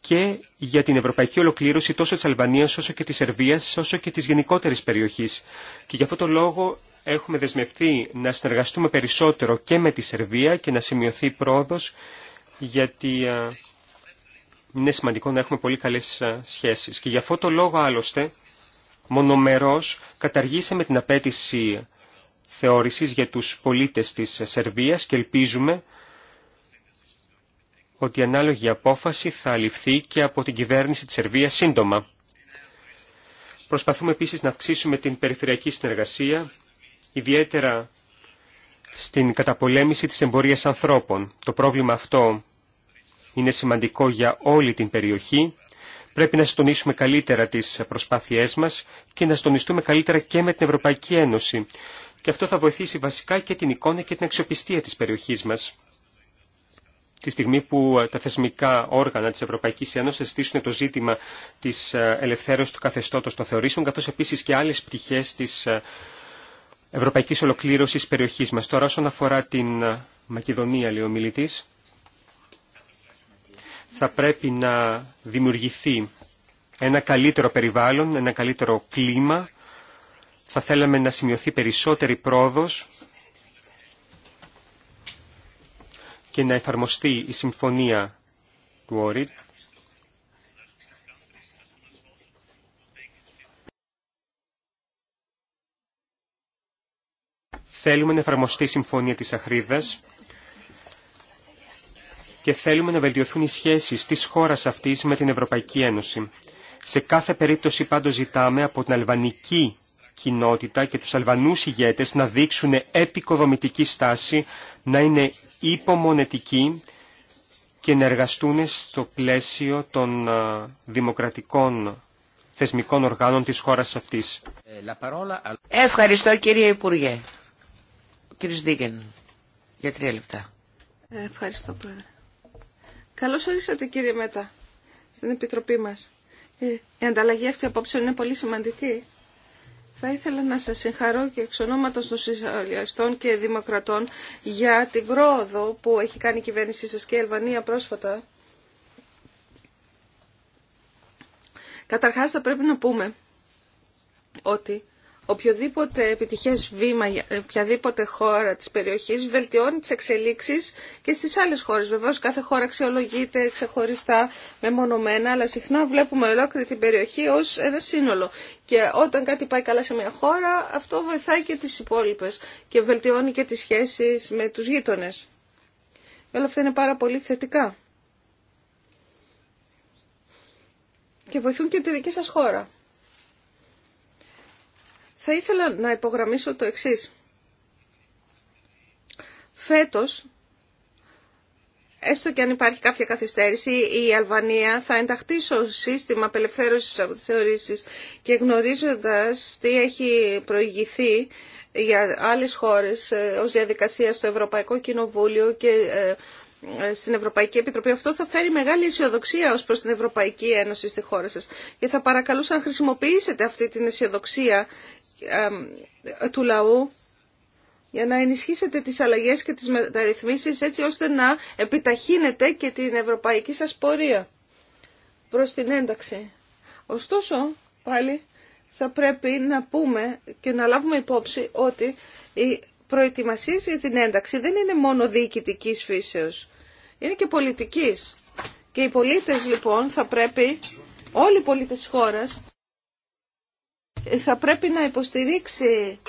και για την ευρωπαϊκή ολοκλήρωση τόσο της Αλβανίας όσο και της Σερβίας όσο και της γενικότερης περιοχής. Και για αυτό το λόγο έχουμε δεσμευτεί να συνεργαστούμε περισσότερο και με τη Σερβία και να σημειωθεί πρόοδος γιατί είναι σημαντικό να έχουμε πολύ καλές σχέσεις. Και για αυτό το λόγο άλλωστε μονομερός καταργήσαμε την απέτηση θεώρησης για τους πολίτες της Σερβίας και ελπίζουμε ότι η ανάλογη απόφαση θα ληφθεί και από την κυβέρνηση της Σερβίας σύντομα. Προσπαθούμε επίσης να αυξήσουμε την περιφερειακή συνεργασία ιδιαίτερα στην καταπολέμηση της εμπορίας ανθρώπων. Το πρόβλημα αυτό είναι σημαντικό για όλη την περιοχή. Πρέπει να συντονίσουμε καλύτερα τις προσπάθειές μας και να στονιστούμε καλύτερα και με την Ευρωπαϊκή Ένωση. Και αυτό θα βοηθήσει βασικά και την εικόνα και την αξιοπιστία της περιοχής μας. Τη στιγμή που ε, τα θεσμικά όργανα της Ευρωπαϊκής Ένωσης θα στήσουν το ζήτημα της ε, ελευθέρωσης του καθεστώτος των θεωρήσεων, καθώς επίσης και άλλες πτυχές της ε, ευρωπαϊκής ολοκλήρωσης περιοχής μας. Τώρα όσον αφορά την ε, Μακεδονία, λέει ο μιλητής, θα πρέπει να δημιουργηθεί ένα καλύτερο περιβάλλον, ένα καλύτερο κλίμα. Θα θέλαμε να σημειωθεί περισσότερη πρόοδος και να εφαρμοστεί η συμφωνία του ΟΡΙΤ Θέλουμε να εφαρμοστεί η Συμφωνία της Αχρίδας και θέλουμε να βελτιωθούν οι σχέσεις της χώρας αυτής με την Ευρωπαϊκή Ένωση. Σε κάθε περίπτωση πάντως ζητάμε από την αλβανική κοινότητα και τους αλβανούς ηγέτες να δείξουν επικοδομητική στάση, να είναι υπομονετικοί και να εργαστούν στο πλαίσιο των δημοκρατικών θεσμικών οργάνων της χώρας αυτής. Ευχαριστώ κύριε Υπουργέ. Κύριε Δίγεν, για τρία λεπτά. Ε, ευχαριστώ, Πρόεδρε. Καλώς ορίσατε, κύριε Μέτα, στην Επιτροπή μας. Ε, η ανταλλαγή αυτή απόψε είναι πολύ σημαντική. Θα ήθελα να σας συγχαρώ και εξ ονόματος των Σοσιαλιστών και Δημοκρατών για την πρόοδο που έχει κάνει η κυβέρνησή σας και η Ελβανία πρόσφατα. Καταρχάς θα πρέπει να πούμε ότι οποιοδήποτε επιτυχές βήμα για οποιαδήποτε χώρα της περιοχής βελτιώνει τις εξελίξεις και στις άλλες χώρες. Βεβαίως κάθε χώρα αξιολογείται ξεχωριστά, μονομένα, αλλά συχνά βλέπουμε ολόκληρη την περιοχή ως ένα σύνολο. Και όταν κάτι πάει καλά σε μια χώρα, αυτό βοηθάει και τις υπόλοιπες και βελτιώνει και τις σχέσεις με τους γείτονες. Όλα αυτά είναι πάρα πολύ θετικά. Και βοηθούν και τη δική σας χώρα. Θα ήθελα να υπογραμμίσω το εξής. Φέτος, έστω και αν υπάρχει κάποια καθυστέρηση, η Αλβανία θα ενταχθεί στο σύστημα απελευθέρωσης από τις θεωρήσεις και γνωρίζοντας τι έχει προηγηθεί για άλλες χώρες ε, ως διαδικασία στο Ευρωπαϊκό Κοινοβούλιο και ε, ε, στην Ευρωπαϊκή Επιτροπή. Αυτό θα φέρει μεγάλη αισιοδοξία ως προς την Ευρωπαϊκή Ένωση στη χώρα σας. Και θα παρακαλούσα να χρησιμοποιήσετε αυτή την αισιοδοξία του λαού για να ενισχύσετε τις αλλαγές και τις μεταρρυθμίσεις έτσι ώστε να επιταχύνετε και την ευρωπαϊκή σας πορεία προς την ένταξη. Ωστόσο, πάλι, θα πρέπει να πούμε και να λάβουμε υπόψη ότι οι προετοιμασίε για την ένταξη δεν είναι μόνο διοικητική φύσεως, είναι και πολιτικής. Και οι πολίτες λοιπόν θα πρέπει, όλοι οι πολίτες της χώρας, θα πρέπει να υποστηρίξει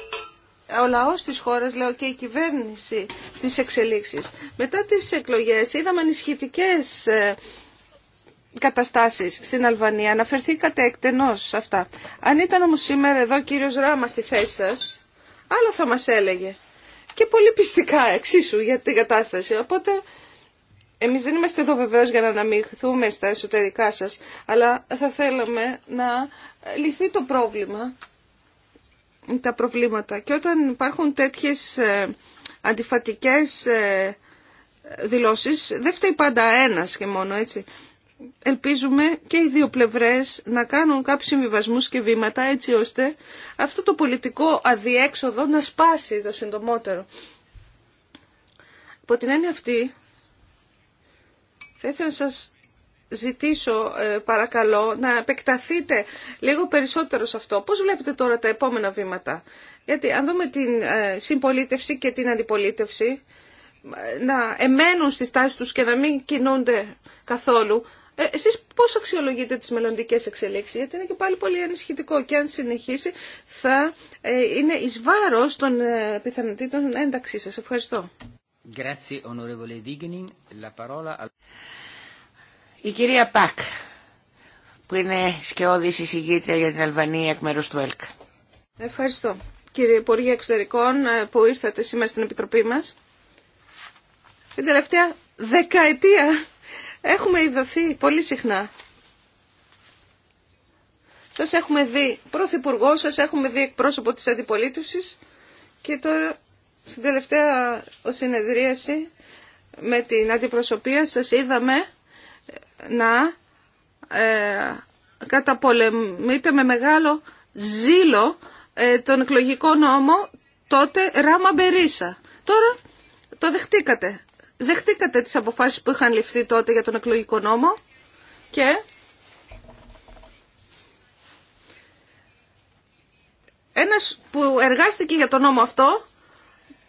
ο λαός της χώρας, λέω και η κυβέρνηση, στις εξελίξεις. Μετά τις εκλογές είδαμε ανισχυτικέ ε, καταστάσεις στην Αλβανία. Αναφερθήκατε εκτενώς σε αυτά. Αν ήταν όμως σήμερα εδώ κύριος Ράμα στη θέση σας, άλλο θα μας έλεγε. Και πολύ πιστικά εξίσου για την κατάσταση. Οπότε εμείς δεν είμαστε εδώ βεβαίως για να αναμειχθούμε στα εσωτερικά σας, αλλά θα θέλαμε να λυθεί το πρόβλημα, τα προβλήματα. Και όταν υπάρχουν τέτοιες ε, αντιφατικές ε, δηλώσεις, δεν φταίει πάντα ένας και μόνο έτσι. Ελπίζουμε και οι δύο πλευρές να κάνουν κάποιους συμβιβασμού και βήματα έτσι ώστε αυτό το πολιτικό αδιέξοδο να σπάσει το συντομότερο. Υπό την έννοια αυτή, θα ήθελα να σας ζητήσω ε, παρακαλώ να επεκταθείτε λίγο περισσότερο σε αυτό. Πώς βλέπετε τώρα τα επόμενα βήματα. Γιατί αν δούμε την ε, συμπολίτευση και την αντιπολίτευση ε, να εμένουν στις τάσεις τους και να μην κινούνται καθόλου. Ε, εσείς πώς αξιολογείτε τις μελλοντικέ εξελίξεις, γιατί είναι και πάλι πολύ ανησυχητικό και αν συνεχίσει θα είναι εις βάρος των πιθανότητων ένταξής σας. Ευχαριστώ. Η κυρία Πακ, που είναι σκεώδης εισηγήτρια για την Αλβανία εκ μέρους του ΕΛΚ. Ευχαριστώ. Κύριε Υπουργέ Εξωτερικών ε, που ήρθατε σήμερα στην Επιτροπή μας. Την τελευταία δεκαετία έχουμε ειδωθεί πολύ συχνά. Σας έχουμε δει πρωθυπουργό, σας έχουμε δει εκπρόσωπο της αντιπολίτευσης και τώρα στην τελευταία συνεδρίαση με την αντιπροσωπεία σας είδαμε να ε, καταπολεμείτε με μεγάλο ζήλο ε, τον εκλογικό νόμο τότε Ράμα Μπερίσα. Τώρα το δεχτήκατε. Δεχτήκατε τις αποφάσεις που είχαν ληφθεί τότε για τον εκλογικό νόμο και ένας που εργάστηκε για τον νόμο αυτό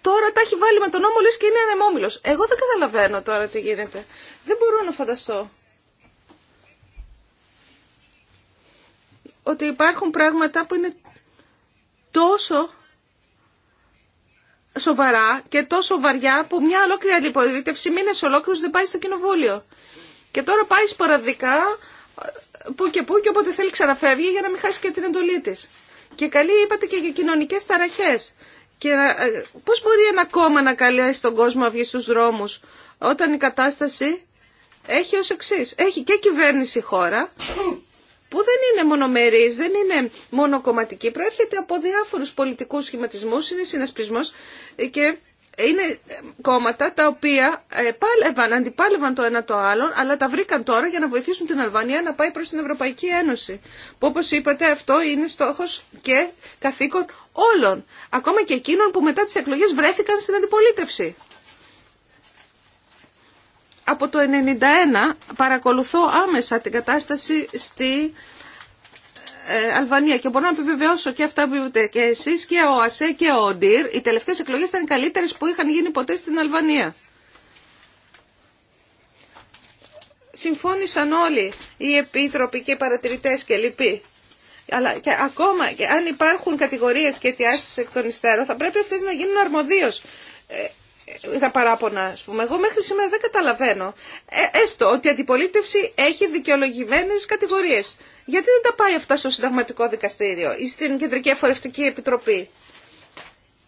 Τώρα τα έχει βάλει με τον νόμο λες και είναι ανεμόμυλος. Εγώ δεν καταλαβαίνω τώρα τι γίνεται. Δεν μπορώ να φανταστώ. Ότι υπάρχουν πράγματα που είναι τόσο σοβαρά και τόσο βαριά που μια ολόκληρη αντιπολίτευση μήνες ολόκληρους δεν πάει στο κοινοβούλιο. Και τώρα πάει σποραδικά που και που και όποτε θέλει ξαναφεύγει για να μην χάσει και την εντολή της. Και καλή είπατε και για κοινωνικές ταραχές. Και ε, πώς μπορεί ένα κόμμα να καλέσει τον κόσμο να βγει στους δρόμους όταν η κατάσταση έχει ως εξή. Έχει και κυβέρνηση χώρα που δεν είναι μονομερής, δεν είναι μονοκομματική, προέρχεται από διάφορους πολιτικούς σχηματισμούς, είναι συνασπισμός και είναι κόμματα τα οποία ε, πάλευαν, αντιπάλευαν το ένα το άλλο αλλά τα βρήκαν τώρα για να βοηθήσουν την Αλβανία να πάει προς την Ευρωπαϊκή Ένωση. Που όπως είπατε αυτό είναι στόχος και καθήκον όλων, ακόμα και εκείνων που μετά τις εκλογές βρέθηκαν στην αντιπολίτευση. Από το 1991 παρακολουθώ άμεσα την κατάσταση στη ε, Αλβανία και μπορώ να επιβεβαιώσω και αυτά που είπατε και εσείς και ο ΑΣΕ και ο ΟΝΤΙΡ οι τελευταίες εκλογές ήταν οι καλύτερες που είχαν γίνει ποτέ στην Αλβανία. Συμφώνησαν όλοι οι επίτροποι και οι παρατηρητές και λοιποί. Αλλά και ακόμα και αν υπάρχουν κατηγορίες και αιτιάσεις εκ των υστέρων θα πρέπει αυτές να γίνουν αρμοδίως. Ε, τα παράπονα, α πούμε. Εγώ μέχρι σήμερα δεν καταλαβαίνω. Ε, έστω ότι η αντιπολίτευση έχει δικαιολογημένες κατηγορίε. Γιατί δεν τα πάει αυτά στο Συνταγματικό Δικαστήριο ή στην Κεντρική Αφορευτική Επιτροπή.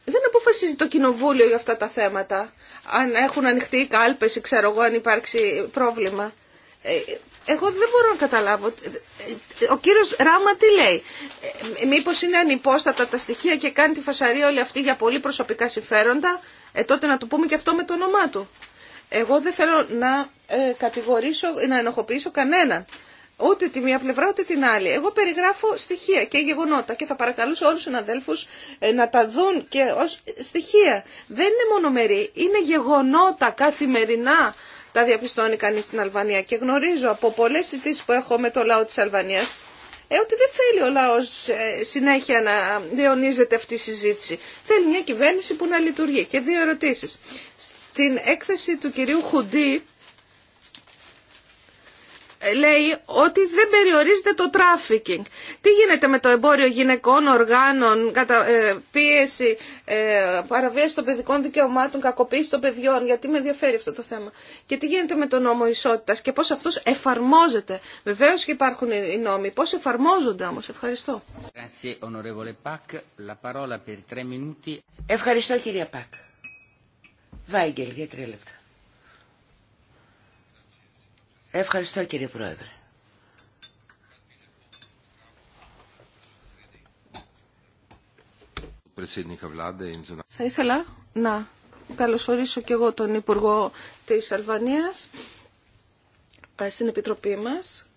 Δεν αποφασίζει το Κοινοβούλιο για αυτά τα θέματα. Αν έχουν ανοιχτεί οι κάλπε ή ξέρω εγώ αν υπάρξει πρόβλημα. Ε, εγώ δεν μπορώ να καταλάβω. Ο κύριο Ράμα τι λέει. Ε, Μήπω είναι ανυπόστατα τα στοιχεία και κάνει τη φασαρία όλη αυτή για πολύ προσωπικά συμφέροντα ε, τότε να το πούμε και αυτό με το όνομά του. Εγώ δεν θέλω να ε, κατηγορήσω ή να ενοχοποιήσω κανέναν. Ούτε τη μία πλευρά ούτε την άλλη. Εγώ περιγράφω στοιχεία και γεγονότα και θα παρακαλούσα όλους τους ε, να τα δουν και ως στοιχεία. Δεν είναι μονομερή, είναι γεγονότα καθημερινά τα διαπιστώνει κανείς στην Αλβανία και γνωρίζω από πολλές συζητήσει που έχω με το λαό της Αλβανίας ε, ότι δεν θέλει ο λαός ε, συνέχεια να διονύζεται αυτή η συζήτηση. Θέλει μια κυβέρνηση που να λειτουργεί. Και δύο ερωτήσεις. Στην έκθεση του κυρίου Χουντή λέει ότι δεν περιορίζεται το τράφικινγκ. Τι γίνεται με το εμπόριο γυναικών, οργάνων, κατα... Ε, πίεση, ε, παραβίαση των παιδικών δικαιωμάτων, κακοποίηση των παιδιών, γιατί με ενδιαφέρει αυτό το θέμα. Και τι γίνεται με τον νόμο ισότητα και πώς αυτό εφαρμόζεται. Βεβαίως και υπάρχουν οι νόμοι. Πώς εφαρμόζονται όμω. Ευχαριστώ. Ευχαριστώ κυρία Πακ. Βάγκελ για τρία λεπτά. Ευχαριστώ κύριε Πρόεδρε. Θα ήθελα να καλωσορίσω και εγώ τον Υπουργό της Αλβανίας ε, στην Επιτροπή μας.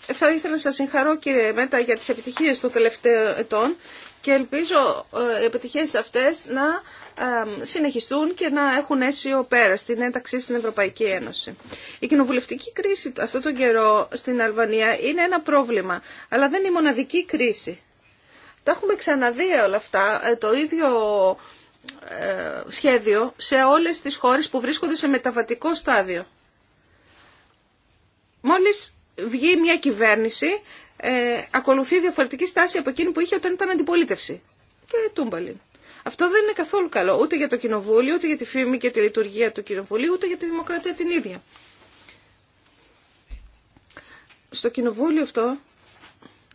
Θα ήθελα να σας συγχαρώ κύριε Μέτα για τις επιτυχίες των τελευταίων ετών και ελπίζω ε, οι επιτυχίες αυτές να ε, συνεχιστούν και να έχουν αίσιο πέρα στην ένταξη στην Ευρωπαϊκή Ένωση. Η κοινοβουλευτική κρίση αυτόν τον καιρό στην Αλβανία είναι ένα πρόβλημα, αλλά δεν είναι η μοναδική κρίση. Τα έχουμε ξαναδεί όλα αυτά, ε, το ίδιο σχέδιο σε όλες τις χώρες που βρίσκονται σε μεταβατικό στάδιο. Μόλις βγει μια κυβέρνηση ε, ακολουθεί διαφορετική στάση από εκείνη που είχε όταν ήταν αντιπολίτευση. Και τούμπαλιν. Αυτό δεν είναι καθόλου καλό ούτε για το κοινοβούλιο, ούτε για τη φήμη και τη λειτουργία του κοινοβουλίου, ούτε για τη δημοκρατία την ίδια. Στο κοινοβούλιο αυτό,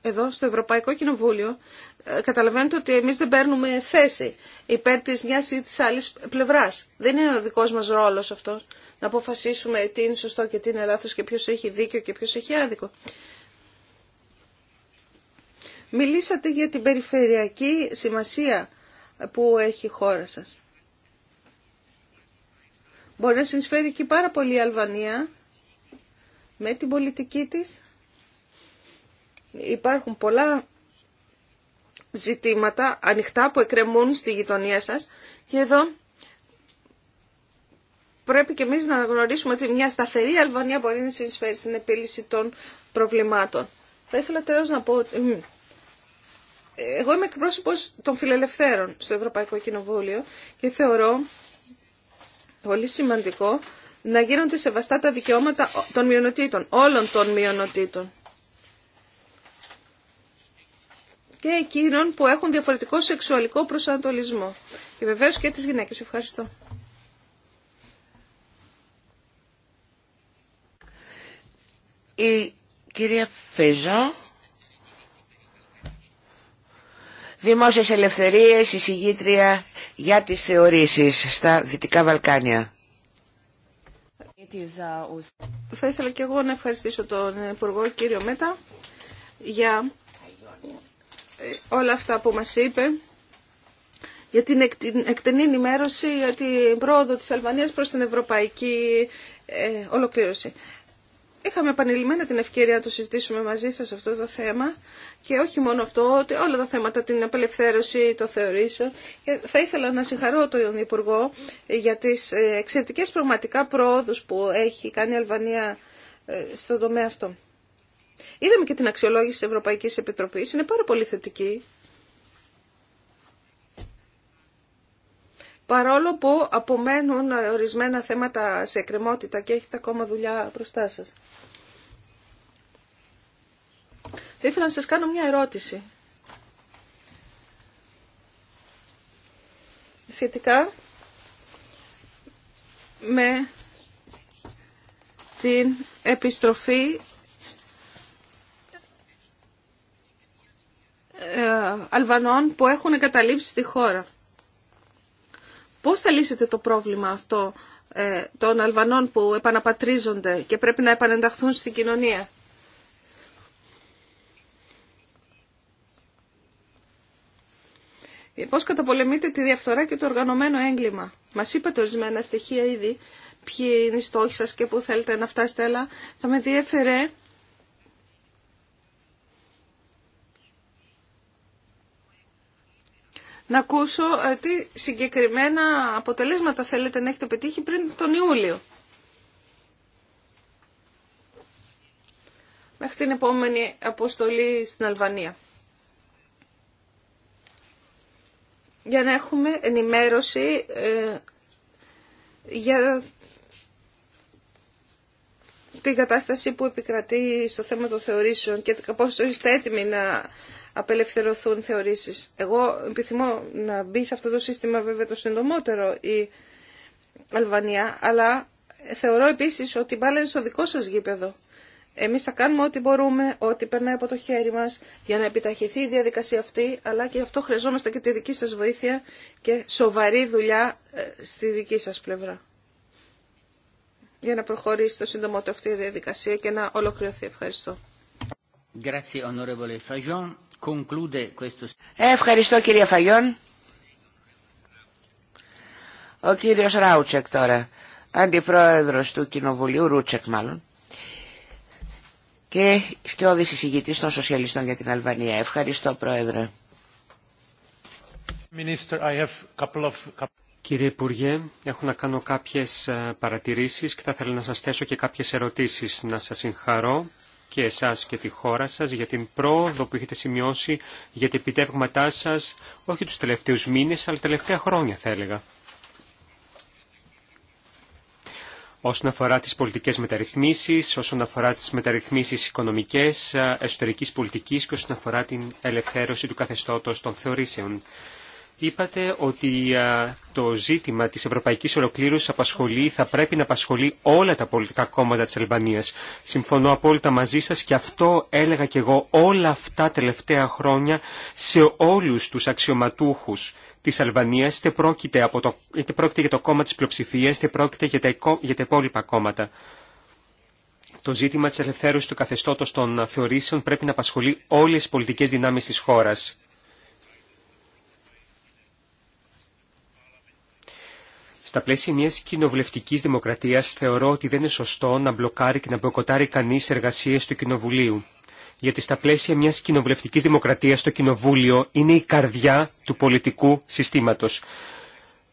εδώ στο Ευρωπαϊκό Κοινοβούλιο, ε, καταλαβαίνετε ότι εμείς δεν παίρνουμε θέση υπέρ της μιας ή της άλλης πλευράς. Δεν είναι ο δικός μας ρόλος αυτό να αποφασίσουμε τι είναι σωστό και τι είναι λάθος και ποιος έχει δίκιο και ποιος έχει άδικο. Μιλήσατε για την περιφερειακή σημασία που έχει η χώρα σας. Μπορεί να συνεισφέρει και πάρα πολύ η Αλβανία με την πολιτική της. Υπάρχουν πολλά ζητήματα ανοιχτά που εκκρεμούν στη γειτονία σας και εδώ πρέπει και εμείς να γνωρίσουμε ότι μια σταθερή Αλβανία μπορεί να συνεισφέρει στην επίλυση των προβλημάτων. Θα ήθελα τέλος να πω ότι εγώ είμαι εκπρόσωπο των φιλελευθέρων στο Ευρωπαϊκό Κοινοβούλιο και θεωρώ πολύ σημαντικό να γίνονται σεβαστά τα δικαιώματα των μειονοτήτων, όλων των μειονοτήτων. Και εκείνων που έχουν διαφορετικό σεξουαλικό προσανατολισμό. Και βεβαίως και τις γυναίκες. Ευχαριστώ. Η κυρία Φέζα. Δημόσιες ελευθερίες, εισηγήτρια για τις θεωρήσεις στα Δυτικά Βαλκάνια. Θα ήθελα και εγώ να ευχαριστήσω τον Υπουργό κύριο Μέτα για ε, όλα αυτά που μας είπε για την εκτενή ενημέρωση για την πρόοδο της Αλβανίας προς την ευρωπαϊκή ε, ολοκλήρωση. Είχαμε επανειλημμένα την ευκαιρία να το συζητήσουμε μαζί σας αυτό το θέμα και όχι μόνο αυτό, ότι όλα τα θέματα, την απελευθέρωση, το θεωρήσω. Θα ήθελα να συγχαρώ τον Υπουργό για τις ε, εξαιρετικές πραγματικά πρόοδους που έχει κάνει η Αλβανία ε, στον τομέα αυτό. Είδαμε και την αξιολόγηση της Ευρωπαϊκής Επιτροπής, είναι πάρα πολύ θετική. παρόλο που απομένουν ορισμένα θέματα σε εκκρεμότητα και έχετε ακόμα δουλειά μπροστά σας. Θα ήθελα να σας κάνω μια ερώτηση. Σχετικά με την επιστροφή ε, Αλβανών που έχουν εγκαταλείψει τη χώρα. Πώς θα λύσετε το πρόβλημα αυτό ε, των Αλβανών που επαναπατρίζονται και πρέπει να επανενταχθούν στην κοινωνία. Ε, πώς καταπολεμείτε τη διαφθορά και το οργανωμένο έγκλημα. Μας είπατε ορισμένα στοιχεία ήδη ποιοι είναι οι στόχοι σας και πού θέλετε να φτάσετε, αλλά θα με διέφερε να ακούσω ε, τι συγκεκριμένα αποτελέσματα θέλετε να έχετε πετύχει πριν τον Ιούλιο. Μέχρι την επόμενη αποστολή στην Αλβανία. Για να έχουμε ενημέρωση ε, για την κατάσταση που επικρατεί στο θέμα των θεωρήσεων και πώς είστε έτοιμοι να απελευθερωθούν θεωρήσεις. Εγώ επιθυμώ να μπει σε αυτό το σύστημα βέβαια το συντομότερο η Αλβανία, αλλά θεωρώ επίσης ότι μπάλα είναι στο δικό σας γήπεδο. Εμείς θα κάνουμε ό,τι μπορούμε, ό,τι περνάει από το χέρι μας για να επιταχυθεί η διαδικασία αυτή, αλλά και γι' αυτό χρειαζόμαστε και τη δική σας βοήθεια και σοβαρή δουλειά ε, στη δική σας πλευρά. Για να προχωρήσει το συντομότερο αυτή η διαδικασία και να ολοκληρωθεί. Ευχαριστώ. Ευχαριστώ κύριε Φαγιόν. Ο κύριος Ράουτσεκ τώρα, αντιπρόεδρος του Κοινοβουλίου, Ρούτσεκ μάλλον, και σκιώδης εισηγητής των Σοσιαλιστών για την Αλβανία. Ευχαριστώ πρόεδρε. Κύριε Υπουργέ, έχω να κάνω κάποιες ε, παρατηρήσεις και θα ήθελα να σας θέσω και κάποιες ερωτήσεις. Να σας συγχαρώ και εσάς και τη χώρα σας για την πρόοδο που έχετε σημειώσει για τα επιτεύγματά σας, όχι τους τελευταίους μήνες, αλλά τελευταία χρόνια θα έλεγα. όσον αφορά τις πολιτικές μεταρρυθμίσεις, όσον αφορά τις μεταρρυθμίσεις οικονομικές, εσωτερικής πολιτικής και όσον αφορά την ελευθέρωση του καθεστώτος των θεωρήσεων. Είπατε ότι το ζήτημα της ευρωπαϊκής ολοκλήρωσης απασχολεί, θα πρέπει να απασχολεί όλα τα πολιτικά κόμματα της Αλβανίας. Συμφωνώ απόλυτα μαζί σας και αυτό έλεγα και εγώ όλα αυτά τελευταία χρόνια σε όλους τους αξιωματούχους της Αλβανίας, είτε πρόκειται, από το, είτε για το κόμμα της πλειοψηφίας, είτε πρόκειται για τα, για τα υπόλοιπα κόμματα. Το ζήτημα της ελευθέρωσης του καθεστώτος των θεωρήσεων πρέπει να απασχολεί όλες τις πολιτικές δυνάμεις της χώρας. Στα πλαίσια μια κοινοβουλευτική δημοκρατία θεωρώ ότι δεν είναι σωστό να μπλοκάρει και να μπλοκοτάρει κανεί εργασίε του Κοινοβουλίου. Γιατί στα πλαίσια μια κοινοβουλευτική δημοκρατία το Κοινοβούλιο είναι η καρδιά του πολιτικού συστήματο.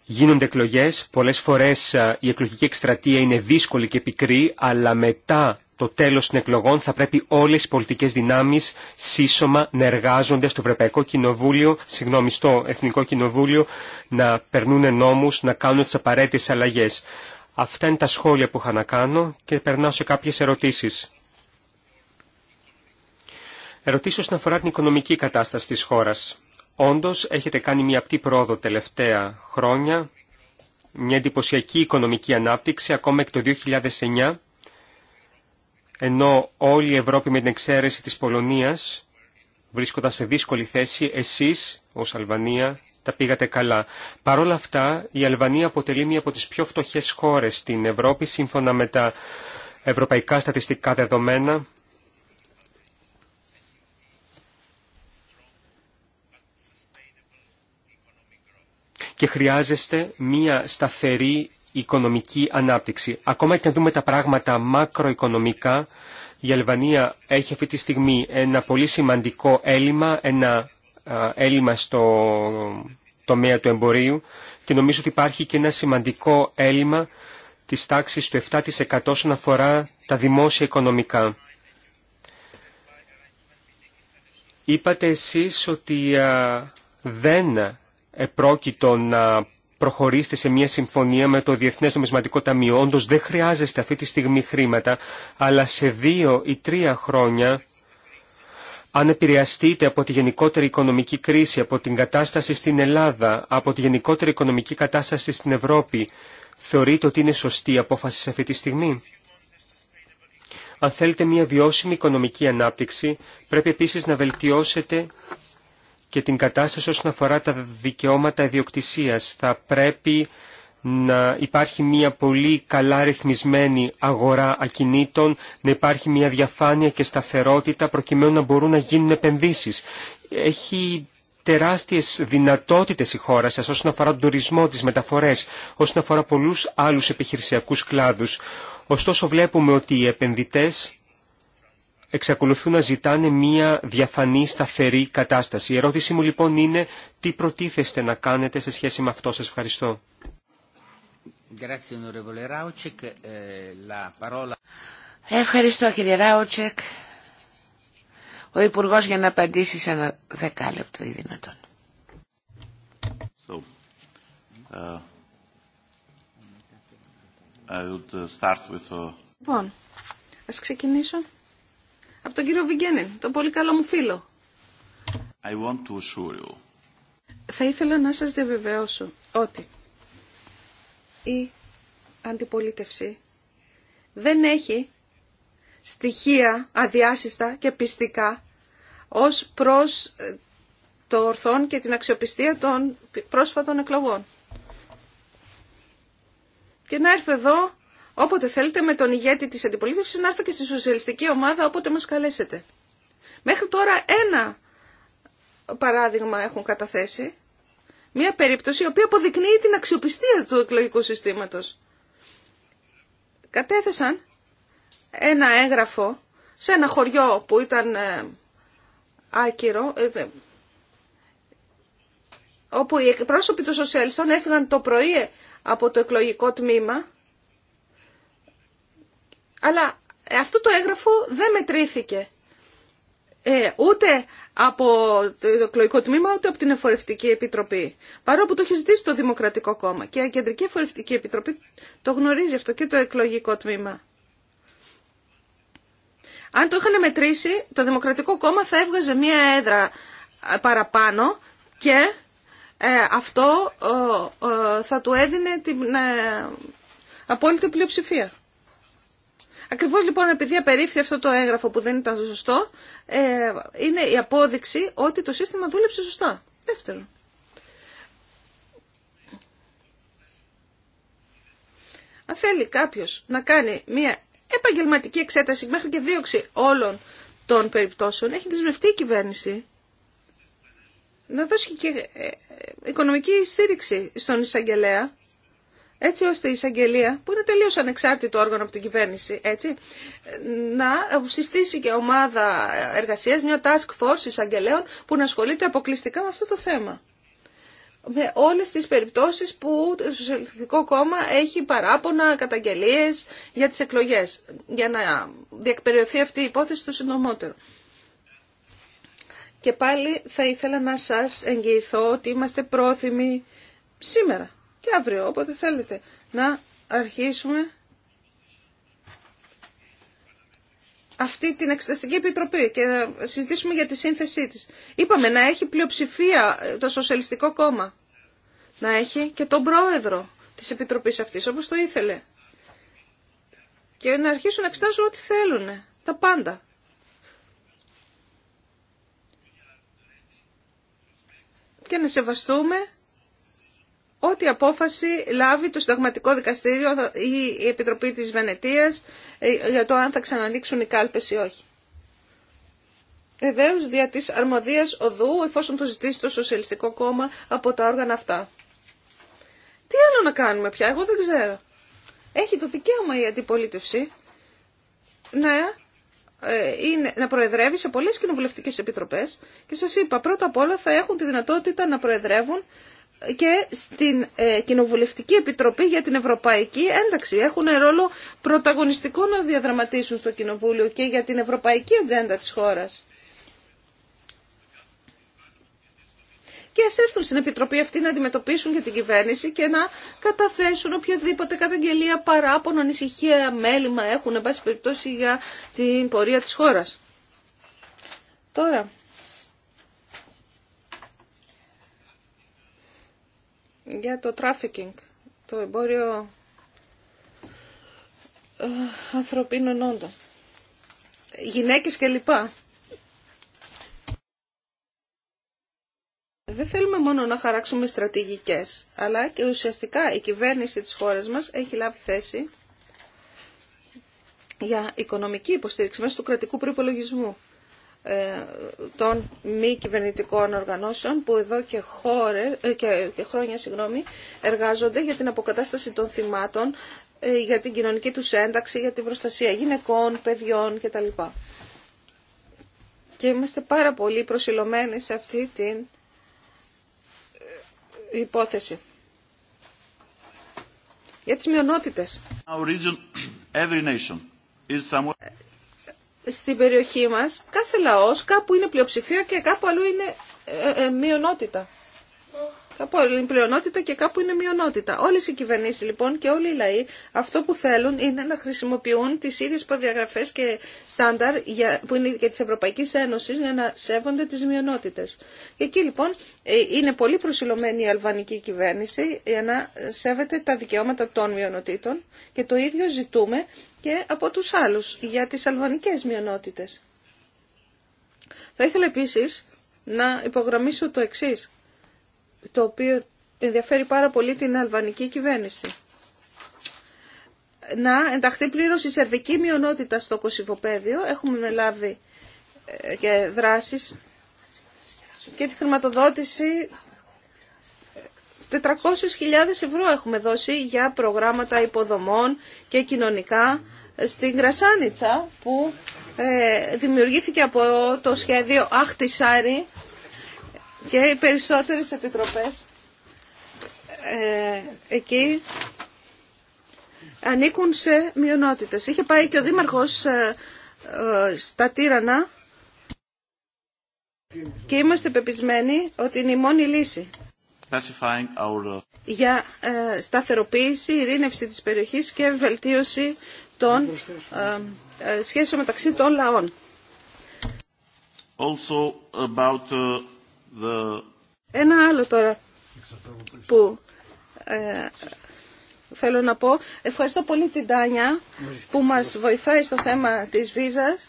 Γίνονται εκλογέ, πολλέ φορέ ε, η εκλογική εκστρατεία είναι δύσκολη και πικρή, αλλά μετά το τέλος των εκλογών θα πρέπει όλες οι πολιτικές δυνάμεις σύσσωμα να εργάζονται στο Ευρωπαϊκό Κοινοβούλιο, συγγνώμη, στο Εθνικό Κοινοβούλιο, να περνούν νόμους, να κάνουν τις απαραίτητες αλλαγές. Αυτά είναι τα σχόλια που είχα να κάνω και περνάω σε κάποιες ερωτήσεις. Ερωτήσεις όσον αφορά την οικονομική κατάσταση της χώρας. Όντως, έχετε κάνει μια απτή πρόοδο τελευταία χρόνια, μια εντυπωσιακή οικονομική ανάπτυξη, ακόμα και το 2009, ενώ όλη η Ευρώπη με την εξαίρεση της Πολωνίας βρίσκονταν σε δύσκολη θέση, εσείς ως Αλβανία τα πήγατε καλά. Παρ' όλα αυτά, η Αλβανία αποτελεί μία από τις πιο φτωχές χώρες στην Ευρώπη, σύμφωνα με τα ευρωπαϊκά στατιστικά δεδομένα. Και χρειάζεστε μία σταθερή οικονομική ανάπτυξη. Ακόμα και αν δούμε τα πράγματα μακροοικονομικά, η Αλβανία έχει αυτή τη στιγμή ένα πολύ σημαντικό έλλειμμα, ένα έλλειμμα στο τομέα του εμπορίου και νομίζω ότι υπάρχει και ένα σημαντικό έλλειμμα της τάξης του 7% όσον αφορά τα δημόσια οικονομικά. Είπατε εσείς ότι δεν επρόκειτο να Προχωρήστε σε μια συμφωνία με το Διεθνές Νομισματικό Ταμείο. Όντως δεν χρειάζεστε αυτή τη στιγμή χρήματα, αλλά σε δύο ή τρία χρόνια, αν επηρεαστείτε από τη γενικότερη οικονομική κρίση, από την κατάσταση στην Ελλάδα, από τη γενικότερη οικονομική κατάσταση στην Ευρώπη, θεωρείτε ότι είναι σωστή η απόφαση σε αυτή τη στιγμή. Αν θέλετε μια βιώσιμη οικονομική ανάπτυξη, πρέπει επίσης να βελτιώσετε και την κατάσταση όσον αφορά τα δικαιώματα ιδιοκτησίας. Θα πρέπει να υπάρχει μια πολύ καλά ρυθμισμένη αγορά ακινήτων, να υπάρχει μια διαφάνεια και σταθερότητα προκειμένου να μπορούν να γίνουν επενδύσεις. Έχει τεράστιες δυνατότητες η χώρα σας όσον αφορά τον τουρισμό, τις μεταφορές, όσον αφορά πολλούς άλλους επιχειρησιακούς κλάδους. Ωστόσο βλέπουμε ότι οι επενδυτές εξακολουθούν να ζητάνε μία διαφανή, σταθερή κατάσταση. Η ερώτηση μου λοιπόν είναι τι προτίθεστε να κάνετε σε σχέση με αυτό. Σας ευχαριστώ. Ε, ευχαριστώ κύριε Ράουτσεκ. Ο Υπουργός για να απαντήσει σε ένα δεκάλεπτο ή δυνατόν. So, ε, ε, Λοιπόν, ας ξεκινήσω από τον κύριο Βιγγένιν, τον πολύ καλό μου φίλο. Θα ήθελα να σας διαβεβαιώσω ότι η αντιπολίτευση δεν έχει στοιχεία αδιάσυστα και πιστικά ως προς ε, το ορθόν και την αξιοπιστία των πρόσφατων εκλογών. Και να έρθω εδώ Όποτε θέλετε με τον ηγέτη της αντιπολίτευσης να έρθω και στη σοσιαλιστική ομάδα όποτε μας καλέσετε. Μέχρι τώρα ένα παράδειγμα έχουν καταθέσει. Μία περίπτωση η οποία αποδεικνύει την αξιοπιστία του εκλογικού συστήματος. Κατέθεσαν ένα έγγραφο σε ένα χωριό που ήταν ε, άκυρο, ε, όπου οι εκπρόσωποι των σοσιαλιστών έφυγαν το πρωί από το εκλογικό τμήμα αλλά αυτό το έγγραφο δεν μετρήθηκε ε, ούτε από το εκλογικό τμήμα ούτε από την Εφορευτική Επιτροπή. Παρόλο που το έχει ζητήσει το Δημοκρατικό Κόμμα και η Κεντρική Εφορευτική Επιτροπή το γνωρίζει αυτό και το εκλογικό τμήμα. Αν το είχαν μετρήσει, το Δημοκρατικό Κόμμα θα έβγαζε μία έδρα ε, παραπάνω και ε, αυτό ε, θα του έδινε την απόλυτη πλειοψηφία. Ακριβώς λοιπόν επειδή απερίφθη αυτό το έγγραφο που δεν ήταν σωστό, ε, είναι η απόδειξη ότι το σύστημα δούλεψε σωστά. Δεύτερον. Αν θέλει κάποιος να κάνει μια επαγγελματική εξέταση μέχρι και δίωξη όλων των περιπτώσεων, έχει δεσμευτεί η κυβέρνηση να δώσει και ε, ε, οικονομική στήριξη στον εισαγγελέα έτσι ώστε η εισαγγελία, που είναι τελείω ανεξάρτητο όργανο από την κυβέρνηση, έτσι, να συστήσει και ομάδα εργασία, μια task force εισαγγελέων που να ασχολείται αποκλειστικά με αυτό το θέμα. Με όλες τις περιπτώσεις που το Σοσιαλιστικό Κόμμα έχει παράπονα, καταγγελίε για τις εκλογές, για να διεκπεριωθεί αυτή η υπόθεση το συντομότερο. Και πάλι θα ήθελα να σας εγγυηθώ ότι είμαστε πρόθυμοι σήμερα και αύριο, όποτε θέλετε, να αρχίσουμε αυτή την Εξεταστική Επιτροπή και να συζητήσουμε για τη σύνθεσή της. Είπαμε να έχει πλειοψηφία ε, το Σοσιαλιστικό Κόμμα. Να έχει και τον πρόεδρο της Επιτροπής αυτής, όπως το ήθελε. Και να αρχίσουν να εξετάζουν ό,τι θέλουν. Τα πάντα. Και να σεβαστούμε ό,τι απόφαση λάβει το Συνταγματικό Δικαστήριο ή η Επιτροπή της Βενετίας ε, για το αν θα ξανανοίξουν οι κάλπες ή όχι. Βεβαίω δια της αρμοδίας οδού εφόσον το ζητήσει το Σοσιαλιστικό Κόμμα από τα όργανα αυτά. Τι άλλο να κάνουμε πια, εγώ δεν ξέρω. Έχει το δικαίωμα η αντιπολίτευση να, ε, είναι, να προεδρεύει σε πολλές κοινοβουλευτικές επιτροπές και σας είπα πρώτα απ' όλα θα έχουν τη δυνατότητα να προεδρεύουν και στην ε, Κοινοβουλευτική Επιτροπή για την Ευρωπαϊκή Ένταξη. Έχουν ρόλο πρωταγωνιστικό να διαδραματίσουν στο Κοινοβούλιο και για την Ευρωπαϊκή Ατζέντα της χώρας. και ας έρθουν στην Επιτροπή αυτή να αντιμετωπίσουν για την κυβέρνηση και να καταθέσουν οποιαδήποτε καταγγελία, παράπονο, ανησυχία, μέλημα έχουν, εν περιπτώσει, για την πορεία της χώρας. Τώρα, για το trafficking, το εμπόριο ε, ανθρωπίνων όντων, γυναίκες κλπ. Δεν θέλουμε μόνο να χαράξουμε στρατηγικές, αλλά και ουσιαστικά η κυβέρνηση της χώρας μας έχει λάβει θέση για οικονομική υποστήριξη μέσω του κρατικού προϋπολογισμού. Ε, των μη κυβερνητικών οργανώσεων που εδώ ε, και, και, χρόνια συγγνώμη, εργάζονται για την αποκατάσταση των θυμάτων, ε, για την κοινωνική τους ένταξη, για την προστασία γυναικών, παιδιών κτλ. Και είμαστε πάρα πολύ προσιλωμένοι σε αυτή την υπόθεση. Για τις μειονότητες στην περιοχή μας κάθε λαός κάπου είναι πλειοψηφία και κάπου αλλού είναι ε, ε, μειονότητα. Κάπου αλλού είναι πλειονότητα και κάπου είναι μειονότητα. Όλες οι κυβερνήσεις λοιπόν και όλοι οι λαοί αυτό που θέλουν είναι να χρησιμοποιούν τις ίδιες προδιαγραφές και στάνταρ για, που είναι και της Ευρωπαϊκής Ένωσης για να σέβονται τις μειονότητες. Και εκεί λοιπόν ε, είναι πολύ προσιλωμένη η αλβανική κυβέρνηση για να σέβεται τα δικαιώματα των μειονοτήτων και το ίδιο ζητούμε και από τους άλλους για τις αλβανικές μειονότητες. Θα ήθελα επίσης να υπογραμμίσω το εξής, το οποίο ενδιαφέρει πάρα πολύ την αλβανική κυβέρνηση. Να ενταχθεί πλήρως η σερβική μειονότητα στο κοσυβοπαίδιο. Έχουμε λάβει ε, και δράσεις και τη χρηματοδότηση 400.000 ευρώ έχουμε δώσει για προγράμματα υποδομών και κοινωνικά στην Κρασάνιτσα που ε, δημιουργήθηκε από το σχέδιο Αχτισάρι και οι περισσότερες επιτροπές ε, εκεί ανήκουν σε μειονότητες. Είχε πάει και ο Δήμαρχος ε, στα Τύρανα και είμαστε πεπισμένοι ότι είναι η μόνη λύση για σταθεροποίηση, ειρήνευση της περιοχής και βελτίωση των ε, ε, σχέσεων μεταξύ των λαών. Also uh, Ένα άλλο τώρα που ε, θέλω να πω. Ευχαριστώ πολύ την Τάνια που μας βοηθάει στο θέμα της βίζας.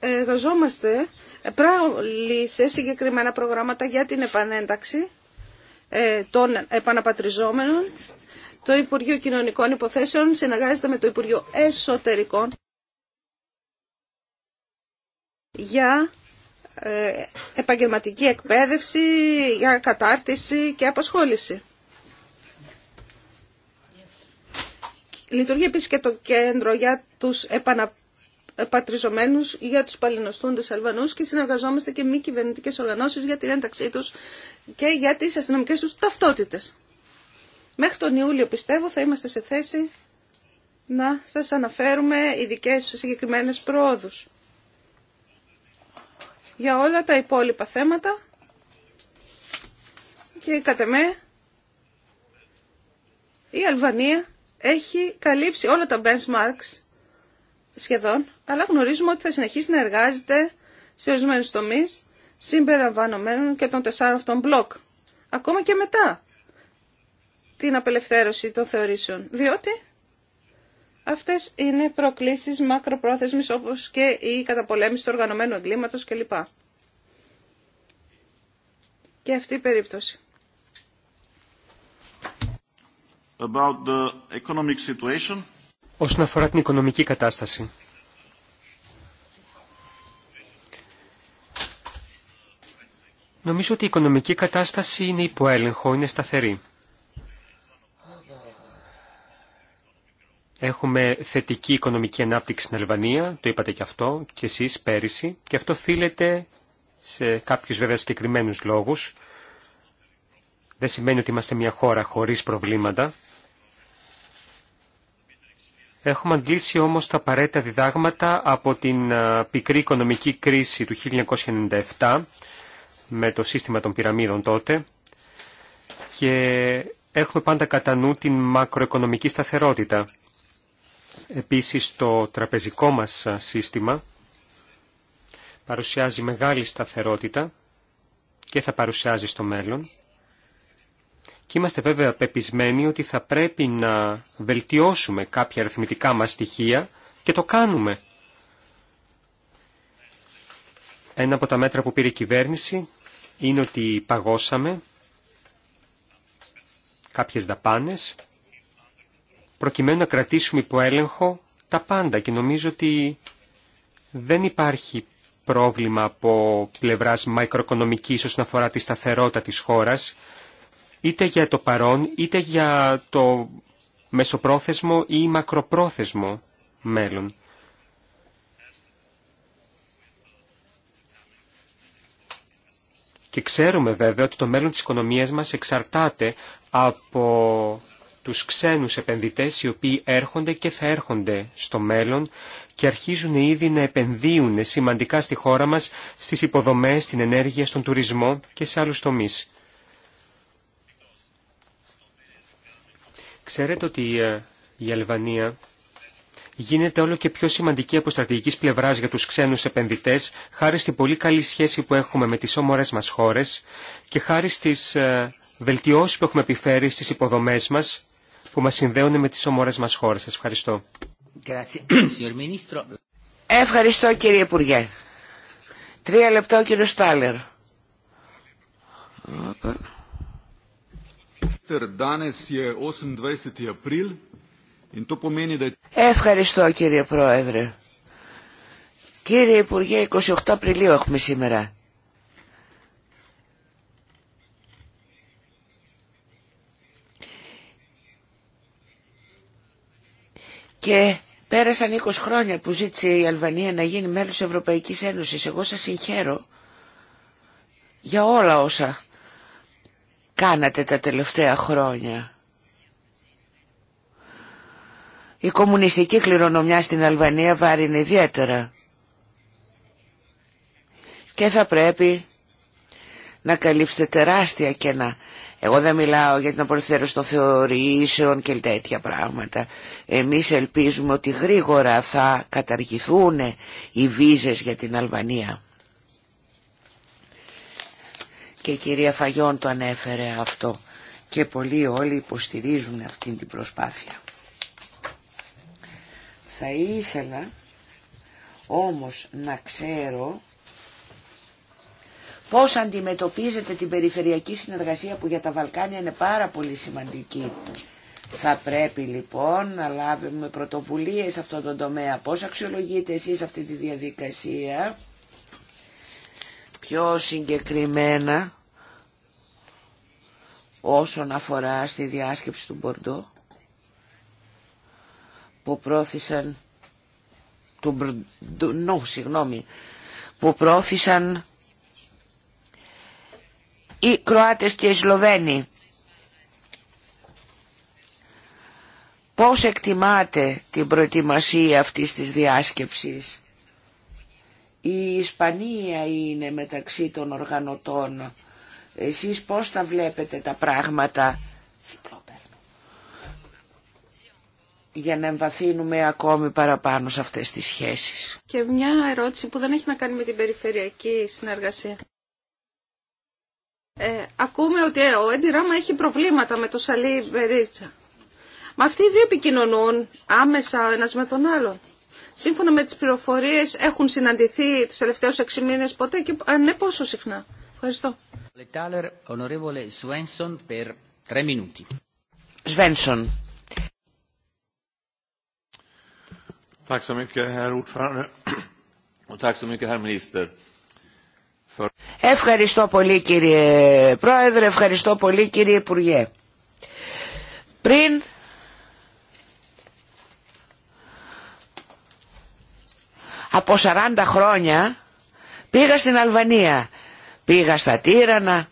Εργαζόμαστε πράγματι σε συγκεκριμένα προγράμματα για την επανένταξη ε, των επαναπατριζόμενων το Υπουργείο Κοινωνικών Υποθέσεων συνεργάζεται με το Υπουργείο Εσωτερικών για ε, επαγγελματική εκπαίδευση, για κατάρτιση και απασχόληση. Λειτουργεί επίσης και το κέντρο για τους επαναπατριζομένους, για τους παλινοστούντες Αλβανούς και συνεργαζόμαστε και μη κυβερνητικέ οργανώσεις για την ένταξή τους και για τις αστυνομικές τους ταυτότητες. Μέχρι τον Ιούλιο πιστεύω θα είμαστε σε θέση να σας αναφέρουμε ειδικέ συγκεκριμένε προόδους. Για όλα τα υπόλοιπα θέματα και κατ' εμέ, η Αλβανία έχει καλύψει όλα τα benchmarks σχεδόν, αλλά γνωρίζουμε ότι θα συνεχίσει να εργάζεται σε ορισμένου τομεί συμπεριλαμβανομένων και των τεσσάρων αυτών μπλοκ. Ακόμα και μετά την απελευθέρωση των θεωρήσεων. Διότι αυτές είναι προκλήσεις μακροπρόθεσμης όπως και η καταπολέμηση του οργανωμένου εγκλήματος κλπ. Και αυτή η περίπτωση. About the economic situation. Όσον αφορά την οικονομική κατάσταση. Νομίζω ότι η οικονομική κατάσταση είναι υποέλεγχο, είναι σταθερή. Έχουμε θετική οικονομική ανάπτυξη στην Αλβανία, το είπατε και αυτό και εσείς πέρυσι, και αυτό οφείλεται σε κάποιους βέβαια συγκεκριμένου λόγους. Δεν σημαίνει ότι είμαστε μια χώρα χωρίς προβλήματα. Έχουμε αντλήσει όμως τα απαραίτητα διδάγματα από την πικρή οικονομική κρίση του 1997 με το σύστημα των πυραμίδων τότε και έχουμε πάντα κατά νου την μακροοικονομική σταθερότητα. Επίσης το τραπεζικό μας σύστημα παρουσιάζει μεγάλη σταθερότητα και θα παρουσιάζει στο μέλλον. Και είμαστε βέβαια πεπισμένοι ότι θα πρέπει να βελτιώσουμε κάποια αριθμητικά μας στοιχεία και το κάνουμε. Ένα από τα μέτρα που πήρε η κυβέρνηση είναι ότι παγώσαμε κάποιες δαπάνες προκειμένου να κρατήσουμε υπό έλεγχο τα πάντα και νομίζω ότι δεν υπάρχει πρόβλημα από πλευράς μακροοικονομικής όσον αφορά τη σταθερότητα της χώρας, είτε για το παρόν, είτε για το μεσοπρόθεσμο ή μακροπρόθεσμο μέλλον. Και ξέρουμε βέβαια ότι το μέλλον της οικονομίας μας εξαρτάται από τους ξένους επενδυτές οι οποίοι έρχονται και θα έρχονται στο μέλλον και αρχίζουν ήδη να επενδύουν σημαντικά στη χώρα μας, στις υποδομές, στην ενέργεια, στον τουρισμό και σε άλλους τομείς. Ξέρετε ότι ε, η Αλβανία γίνεται όλο και πιο σημαντική από στρατηγικής πλευράς για τους ξένους επενδυτές, χάρη στην πολύ καλή σχέση που έχουμε με τις όμορές μας χώρες και χάρη στι ε, βελτιώσεις που έχουμε επιφέρει στις υποδομές μας που μας συνδέουν με τις ομόρες μας χώρες. Σας ευχαριστώ. Ευχαριστώ κύριε Υπουργέ. Τρία λεπτά ο κύριος Στάλερ. Ευχαριστώ κύριε Πρόεδρε. Κύριε Υπουργέ, 28 Απριλίου έχουμε σήμερα. Και πέρασαν 20 χρόνια που ζήτησε η Αλβανία να γίνει μέλος της Ευρωπαϊκής Ένωσης. Εγώ σας συγχαίρω για όλα όσα κάνατε τα τελευταία χρόνια. Η κομμουνιστική κληρονομιά στην Αλβανία βάρινε ιδιαίτερα και θα πρέπει να καλύψετε τεράστια κενά. Εγώ δεν μιλάω για την απολευθέρωση των θεωρήσεων και τέτοια πράγματα. Εμείς ελπίζουμε ότι γρήγορα θα καταργηθούν οι βίζες για την Αλβανία. Και η κυρία Φαγιόν το ανέφερε αυτό. Και πολλοί όλοι υποστηρίζουν αυτή την προσπάθεια. Θα ήθελα όμως να ξέρω πώς αντιμετωπίζετε την περιφερειακή συνεργασία που για τα Βαλκάνια είναι πάρα πολύ σημαντική. Θα πρέπει λοιπόν να λάβουμε πρωτοβουλίες σε αυτόν τον τομέα. Πώς αξιολογείτε εσείς αυτή τη διαδικασία πιο συγκεκριμένα όσον αφορά στη διάσκεψη του Μπορντό που πρόθεσαν του, νο, συγγνώμη, που πρόθεσαν οι Κροάτες και οι Σλοβαίνοι. Πώς εκτιμάτε την προετοιμασία αυτής της διάσκεψης. Η Ισπανία είναι μεταξύ των οργανωτών. Εσείς πώς τα βλέπετε τα πράγματα για να εμβαθύνουμε ακόμη παραπάνω σε αυτές τις σχέσεις. Και μια ερώτηση που δεν έχει να κάνει με την περιφερειακή συνεργασία. Ε, ακούμε ότι ε, ο Έντι Ράμα έχει προβλήματα με το Σαλί Βερίτσα. Μα αυτοί οι δύο επικοινωνούν άμεσα ο ένας με τον άλλον. Σύμφωνα με τις πληροφορίες έχουν συναντηθεί τους τελευταίους έξι μήνες ποτέ και αν ναι πόσο συχνά. Ευχαριστώ. Σβένσον. Tack så mycket, herr ordförande. Och tack Ευχαριστώ πολύ κύριε Πρόεδρε, ευχαριστώ πολύ κύριε Υπουργέ. Πριν από 40 χρόνια πήγα στην Αλβανία, πήγα στα Τύρανα,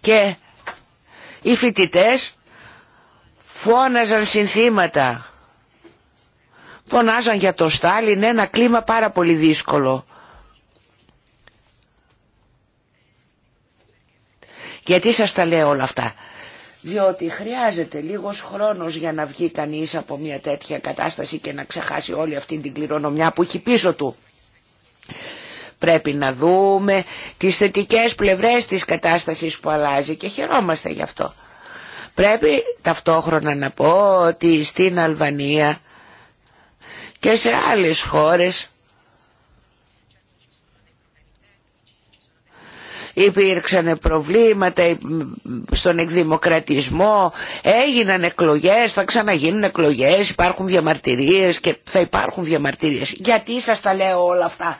και οι φοιτητές φώναζαν συνθήματα φωνάζαν για το Στάλιν, ένα κλίμα πάρα πολύ δύσκολο. Γιατί σας τα λέω όλα αυτά. Διότι χρειάζεται λίγος χρόνος για να βγει κανείς από μια τέτοια κατάσταση και να ξεχάσει όλη αυτή την κληρονομιά που έχει πίσω του. Πρέπει να δούμε τις θετικές πλευρές της κατάστασης που αλλάζει και χαιρόμαστε γι' αυτό. Πρέπει ταυτόχρονα να πω ότι στην Αλβανία και σε άλλες χώρες υπήρξαν προβλήματα στον εκδημοκρατισμό, έγιναν εκλογές, θα ξαναγίνουν εκλογές, υπάρχουν διαμαρτυρίες και θα υπάρχουν διαμαρτυρίες. Γιατί σας τα λέω όλα αυτά.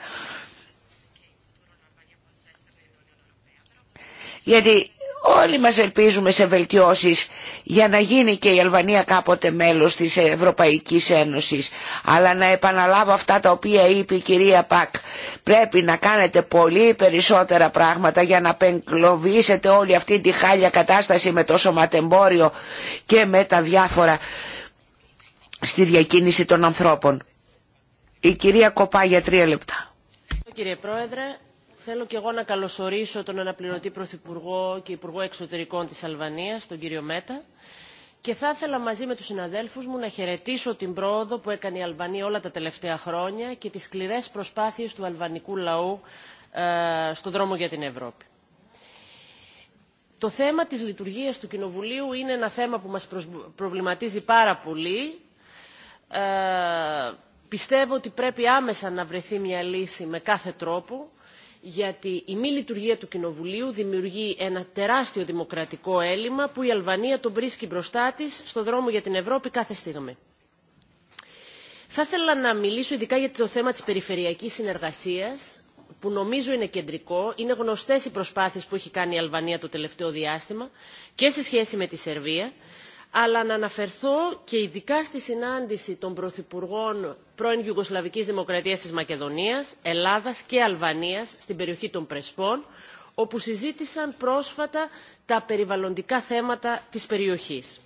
Γιατί Όλοι μας ελπίζουμε σε βελτιώσεις για να γίνει και η Αλβανία κάποτε μέλος της Ευρωπαϊκής Ένωσης. Αλλά να επαναλάβω αυτά τα οποία είπε η κυρία Πακ. Πρέπει να κάνετε πολύ περισσότερα πράγματα για να πεγκλωβήσετε όλη αυτή τη χάλια κατάσταση με το σωματεμπόριο και με τα διάφορα στη διακίνηση των ανθρώπων. Η κυρία Κοπά για τρία λεπτά. Κύριε Πρόεδρε, Θέλω και εγώ να καλωσορίσω τον αναπληρωτή Πρωθυπουργό και Υπουργό Εξωτερικών της Αλβανίας, τον κύριο Μέτα. Και θα ήθελα μαζί με τους συναδέλφους μου να χαιρετήσω την πρόοδο που έκανε η Αλβανία όλα τα τελευταία χρόνια και τις σκληρές προσπάθειες του αλβανικού λαού ε, στον δρόμο για την Ευρώπη. Το θέμα της λειτουργίας του Κοινοβουλίου είναι ένα θέμα που μας προβληματίζει πάρα πολύ. Ε, πιστεύω ότι πρέπει άμεσα να βρεθεί μια λύση με κάθε τρόπο γιατί η μη λειτουργία του Κοινοβουλίου δημιουργεί ένα τεράστιο δημοκρατικό έλλειμμα που η Αλβανία τον βρίσκει μπροστά τη στο δρόμο για την Ευρώπη κάθε στιγμή. Θα ήθελα να μιλήσω ειδικά για το θέμα της περιφερειακής συνεργασίας, που νομίζω είναι κεντρικό. Είναι γνωστές οι προσπάθειες που έχει κάνει η Αλβανία το τελευταίο διάστημα και σε σχέση με τη Σερβία αλλά να αναφερθώ και ειδικά στη συνάντηση των Πρωθυπουργών πρώην Ιουγκοσλαβικής Δημοκρατίας της Μακεδονίας, Ελλάδας και Αλβανίας στην περιοχή των Πρεσπών, όπου συζήτησαν πρόσφατα τα περιβαλλοντικά θέματα της περιοχής.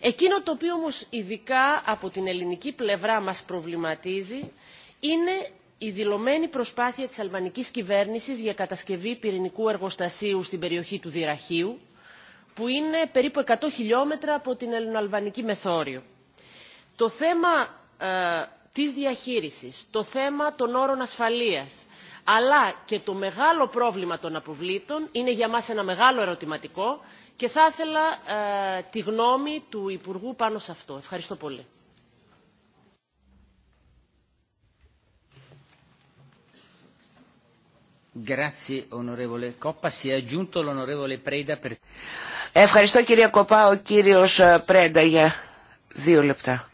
Εκείνο το οποίο όμως ειδικά από την ελληνική πλευρά μας προβληματίζει είναι η δηλωμένη προσπάθεια της αλβανικής κυβέρνησης για κατασκευή πυρηνικού εργοστασίου στην περιοχή του Δυραχείου, που είναι περίπου 100 χιλιόμετρα από την ελληνοαλβανική μεθόριο. Το θέμα ε, της διαχείρισης, το θέμα των όρων ασφαλείας, αλλά και το μεγάλο πρόβλημα των αποβλήτων είναι για μας ένα μεγάλο ερωτηματικό και θα ήθελα ε, τη γνώμη του Υπουργού πάνω σε αυτό. Ευχαριστώ πολύ. Ευχαριστώ κυρία Κοπά, ο κύριος ε, Πρέντα για δύο λεπτά.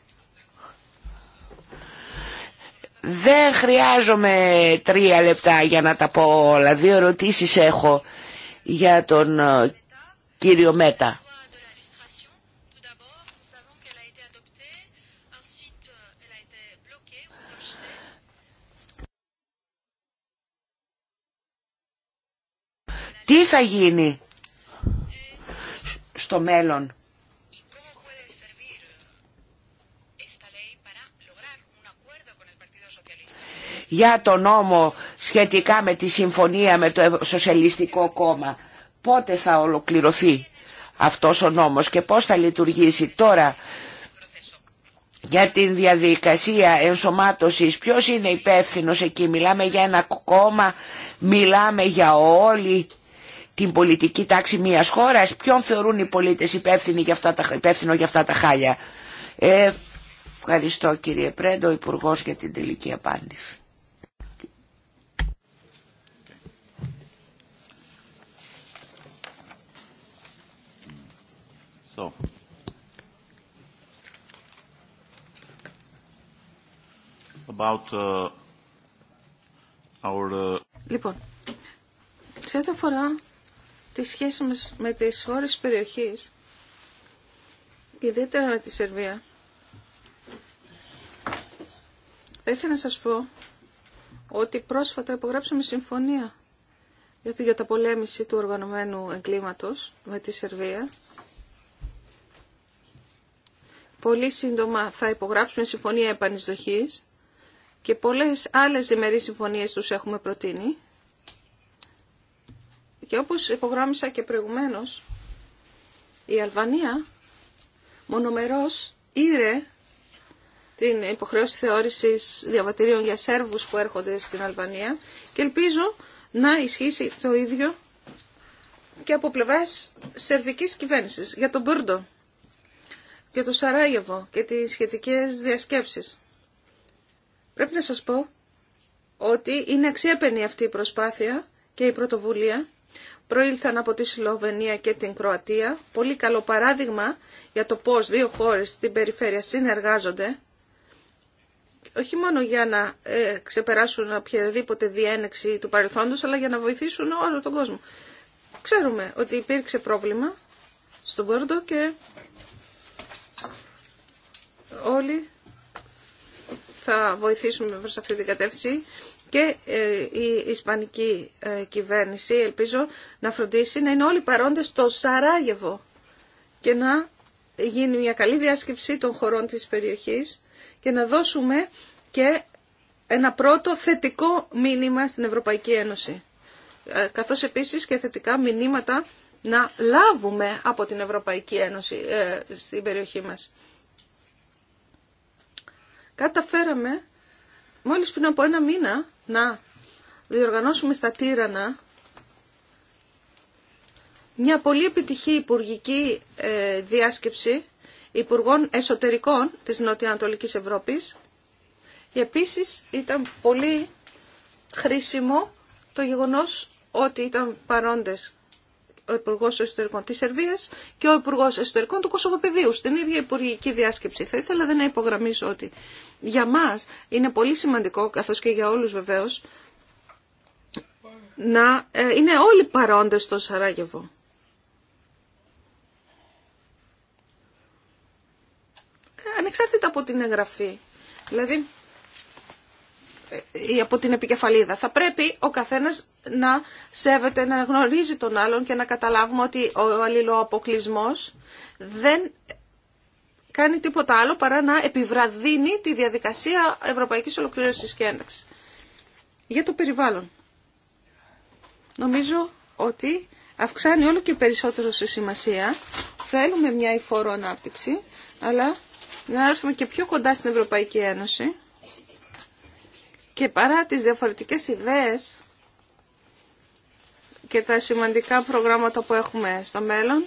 Δεν χρειάζομαι τρία λεπτά για να τα πω όλα. Δύο ερωτήσεις έχω για τον ε, κύριο Μέτα. Τι θα γίνει στο μέλλον. για τον νόμο σχετικά με τη συμφωνία με το Σοσιαλιστικό Κόμμα. Πότε θα ολοκληρωθεί αυτός ο νόμος και πώς θα λειτουργήσει τώρα για την διαδικασία ενσωμάτωσης ποιος είναι υπεύθυνος εκεί μιλάμε για ένα κόμμα μιλάμε για όλη την πολιτική τάξη μιας χώρας ποιον θεωρούν οι πολίτες υπεύθυνοι για αυτά τα, υπεύθυνο για αυτά τα χάλια ε, ευχαριστώ κύριε Πρέντο Υπουργός για την τελική απάντηση So. About, uh, our... Uh, λοιπόν, σε ό,τι αφορά τη σχέση μας με τις χώρες περιοχής, ιδιαίτερα με τη Σερβία, θα ήθελα να σας πω ότι πρόσφατα υπογράψαμε συμφωνία για την καταπολέμηση του οργανωμένου εγκλήματος με τη Σερβία Πολύ σύντομα θα υπογράψουμε συμφωνία επανεισδοχής και πολλές άλλες διμερείς συμφωνίες τους έχουμε προτείνει. Και όπως υπογράμμισα και προηγουμένως, η Αλβανία μονομερός ήρε την υποχρέωση θεώρησης διαβατηρίων για Σέρβους που έρχονται στην Αλβανία και ελπίζω να ισχύσει το ίδιο και από πλευράς σερβικής κυβέρνησης για τον Μπούρντο για το Σαράγεβο και τις σχετικές διασκέψεις. Πρέπει να σας πω ότι είναι αξιέπαινη αυτή η προσπάθεια και η πρωτοβουλία. Προήλθαν από τη Σλοβενία και την Κροατία. Πολύ καλό παράδειγμα για το πώς δύο χώρες στην περιφέρεια συνεργάζονται. Όχι μόνο για να ε, ξεπεράσουν οποιαδήποτε διένεξη του παρελθόντος, αλλά για να βοηθήσουν όλο τον κόσμο. Ξέρουμε ότι υπήρξε πρόβλημα στον Πόρντο και όλοι θα βοηθήσουμε προς αυτή την κατεύθυνση και ε, η Ισπανική ε, κυβέρνηση ελπίζω να φροντίσει να είναι όλοι παρόντες στο Σαράγεβο και να γίνει μια καλή διάσκεψη των χωρών της περιοχής και να δώσουμε και ένα πρώτο θετικό μήνυμα στην Ευρωπαϊκή Ένωση. Ε, καθώς επίσης και θετικά μηνύματα να λάβουμε από την Ευρωπαϊκή Ένωση στην περιοχή μας καταφέραμε μόλις πριν από ένα μήνα να διοργανώσουμε στα Τύρανα μια πολύ επιτυχή υπουργική ε, διάσκεψη υπουργών εσωτερικών της Νοτιοανατολικής Ευρώπης. Επίσης ήταν πολύ χρήσιμο το γεγονός ότι ήταν παρόντες ο Υπουργό Εσωτερικών τη Σερβία και ο Υπουργό Εσωτερικών του Κωσοβοπεδίου στην ίδια υπουργική διάσκεψη. Θα ήθελα δεν να υπογραμμίσω ότι για μα είναι πολύ σημαντικό, καθώ και για όλου βεβαίω, να ε, είναι όλοι παρόντε στο Σαράγεβο. Ε, ανεξάρτητα από την εγγραφή. Δηλαδή, ή από την επικεφαλίδα. Θα πρέπει ο καθένας να σέβεται, να γνωρίζει τον άλλον και να καταλάβουμε ότι ο αλληλοαποκλεισμός δεν κάνει τίποτα άλλο παρά να επιβραδύνει τη διαδικασία ευρωπαϊκής ολοκλήρωσης και ένταξης. Για το περιβάλλον. Νομίζω ότι αυξάνει όλο και περισσότερο σε σημασία. Θέλουμε μια υφόρο ανάπτυξη, αλλά να έρθουμε και πιο κοντά στην Ευρωπαϊκή Ένωση και παρά τις διαφορετικές ιδέες και τα σημαντικά προγράμματα που έχουμε στο μέλλον,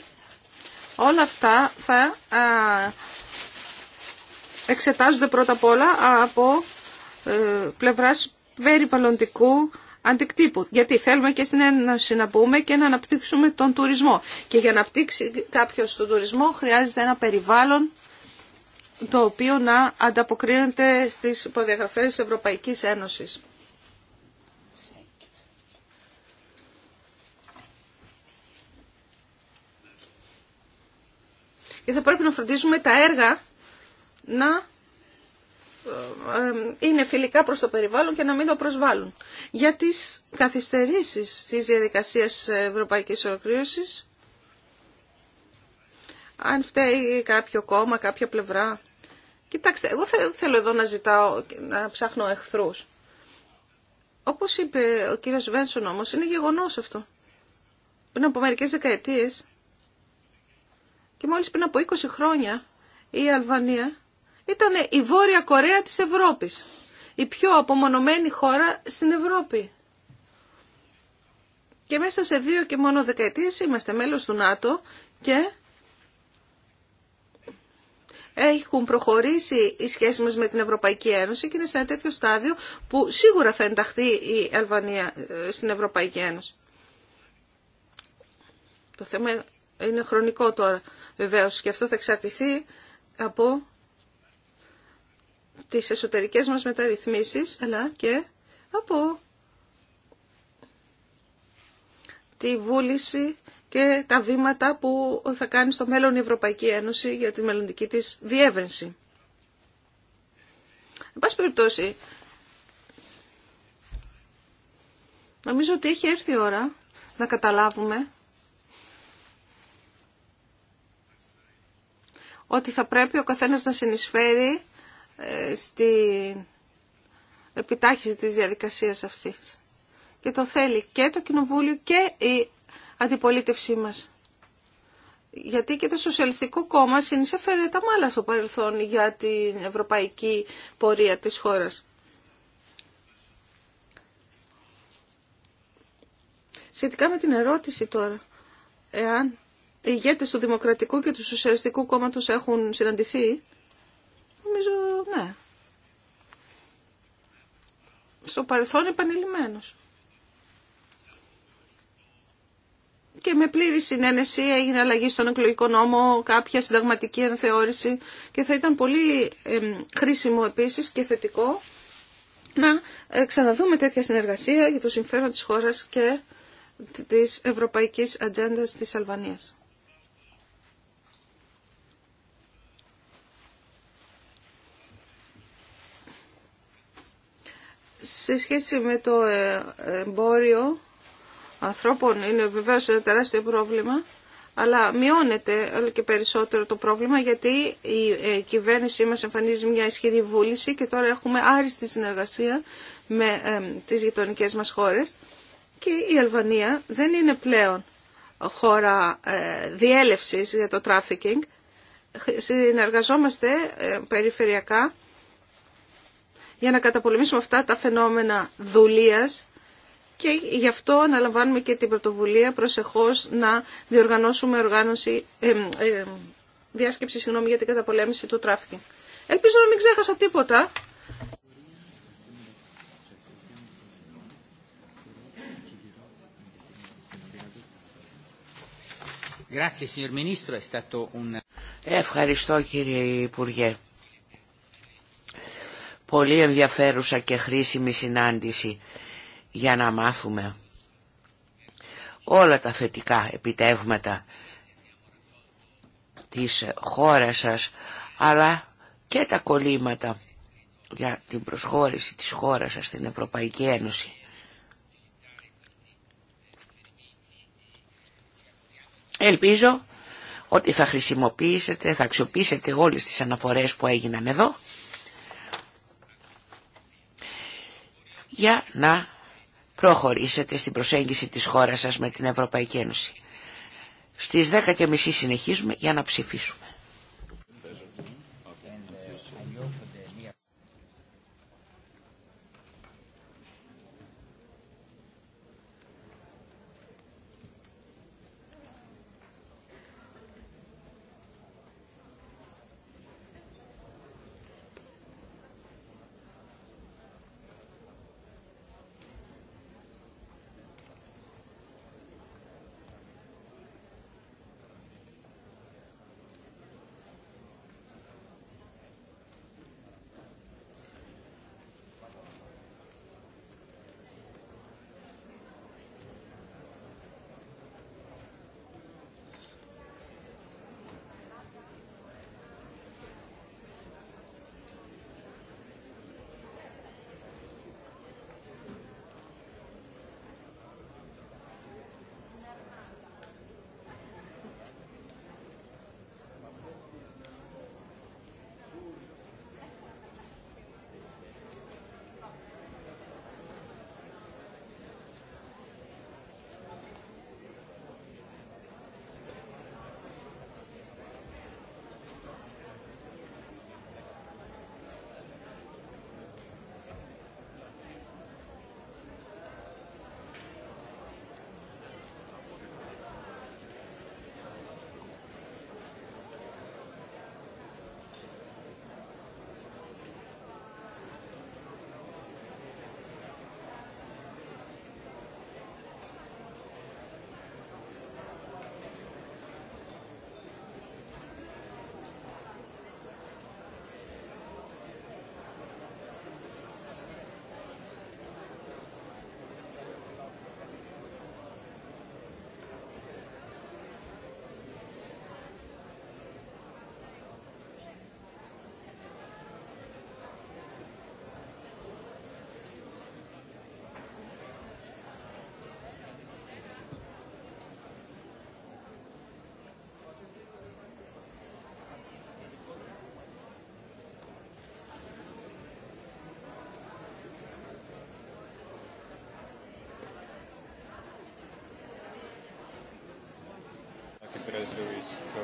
όλα αυτά θα εξετάζονται πρώτα απ' όλα από ε, πλευράς περιβαλλοντικού αντικτύπου. Γιατί θέλουμε και στην να συναπούμε και να αναπτύξουμε τον τουρισμό. Και για να αναπτύξει κάποιος τον τουρισμό χρειάζεται ένα περιβάλλον το οποίο να ανταποκρίνεται στις προδιαγραφές της Ευρωπαϊκής Ένωσης. Και θα πρέπει να φροντίζουμε τα έργα να ε, ε, είναι φιλικά προς το περιβάλλον και να μην το προσβάλλουν. Για τις καθυστερήσεις της διαδικασίας ευρωπαϊκής ολοκλήρωσης, αν φταίει κάποιο κόμμα, κάποια πλευρά. Κοιτάξτε, εγώ δεν θέλω εδώ να ζητάω, να ψάχνω εχθρούς. Όπως είπε ο κύριος Βένσον όμως, είναι γεγονός αυτό. Πριν από μερικές δεκαετίες και μόλις πριν από 20 χρόνια η Αλβανία ήταν η Βόρεια Κορέα της Ευρώπης. Η πιο απομονωμένη χώρα στην Ευρώπη. Και μέσα σε δύο και μόνο δεκαετίες είμαστε μέλος του ΝΑΤΟ και έχουν προχωρήσει οι σχέσεις μας με την Ευρωπαϊκή Ένωση και είναι σε ένα τέτοιο στάδιο που σίγουρα θα ενταχθεί η Αλβανία ε, στην Ευρωπαϊκή Ένωση. Το θέμα είναι χρονικό τώρα βεβαίως και αυτό θα εξαρτηθεί από τις εσωτερικές μας μεταρρυθμίσεις αλλά και από τη βούληση και τα βήματα που θα κάνει στο μέλλον η Ευρωπαϊκή Ένωση για τη μελλοντική της διεύρυνση. Εν πάση περιπτώσει, νομίζω ότι έχει έρθει η ώρα να καταλάβουμε ότι θα πρέπει ο καθένας να συνεισφέρει ε, στη επιτάχυση της διαδικασίας αυτής. Και το θέλει και το Κοινοβούλιο και η αντιπολίτευσή μας. Γιατί και το Σοσιαλιστικό Κόμμα συνεισέφερε τα μάλα στο παρελθόν για την ευρωπαϊκή πορεία της χώρας. Σχετικά με την ερώτηση τώρα, εάν οι ηγέτες του Δημοκρατικού και του Σοσιαλιστικού Κόμματος έχουν συναντηθεί, νομίζω ναι. Στο παρελθόν επανειλημμένος. και με πλήρη συνένεση έγινε αλλαγή στον εκλογικό νόμο, κάποια συνταγματική ενθεώρηση και θα ήταν πολύ χρήσιμο επίσης και θετικό να ε, ξαναδούμε τέτοια συνεργασία για το συμφέρον της χώρας και της ευρωπαϊκής ατζέντα της Αλβανίας. Σε σχέση με το ε, εμπόριο ανθρώπων είναι βεβαίω ένα τεράστιο πρόβλημα, αλλά μειώνεται όλο και περισσότερο το πρόβλημα γιατί η ε, κυβέρνησή μας εμφανίζει μια ισχυρή βούληση και τώρα έχουμε άριστη συνεργασία με ε, τις γειτονικές μας χώρες και η Αλβανία δεν είναι πλέον χώρα ε, διέλευσης για το τράφικινγκ. Συνεργαζόμαστε περιφερειακά για να καταπολεμήσουμε αυτά τα φαινόμενα δουλείας και γι' αυτό αναλαμβάνουμε και την πρωτοβουλία προσεχώς να διοργανώσουμε οργάνωση, ε, ε, διάσκεψη συγγνώμη, για την καταπολέμηση του τράφικινγκ. Ελπίζω να μην ξέχασα τίποτα. Ευχαριστώ κύριε Υπουργέ. Πολύ ενδιαφέρουσα και χρήσιμη συνάντηση για να μάθουμε όλα τα θετικά επιτεύγματα της χώρας σας, αλλά και τα κολλήματα για την προσχώρηση της χώρας σας στην Ευρωπαϊκή Ένωση. Ελπίζω ότι θα χρησιμοποιήσετε, θα αξιοποιήσετε όλες τις αναφορές που έγιναν εδώ για να προχωρήσετε στην προσέγγιση της χώρας σας με την Ευρωπαϊκή Ένωση. Στις 10.30 συνεχίζουμε για να ψηφίσουμε. prezli risk uh,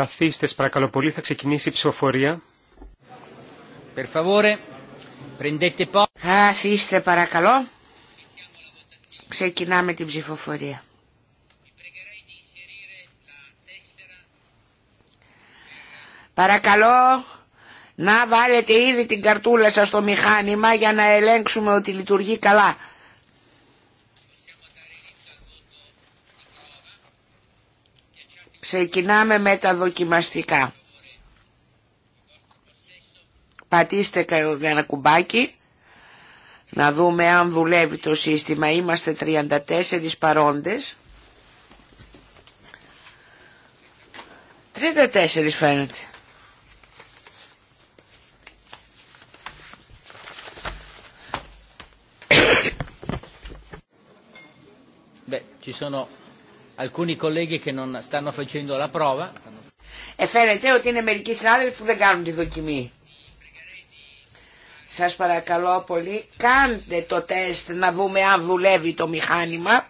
Καθίστε, παρακαλώ πολύ, θα ξεκινήσει η ψηφοφορία. Καθίστε, παρακαλώ. Ξεκινάμε την ψηφοφορία. Παρακαλώ να βάλετε ήδη την καρτούλα σας στο μηχάνημα για να ελέγξουμε ότι λειτουργεί καλά. Ξεκινάμε με τα δοκιμαστικά. Πατήστε ένα κουμπάκι να δούμε αν δουλεύει το σύστημα. Είμαστε 34 παρόντες. 34 φαίνεται. Beh, ci sono alcuni ε, φαίνεται ότι είναι μερικοί συνάδελφοι που δεν κάνουν τη δοκιμή. Σας παρακαλώ πολύ, κάντε το τεστ να δούμε αν δουλεύει το μηχάνημα.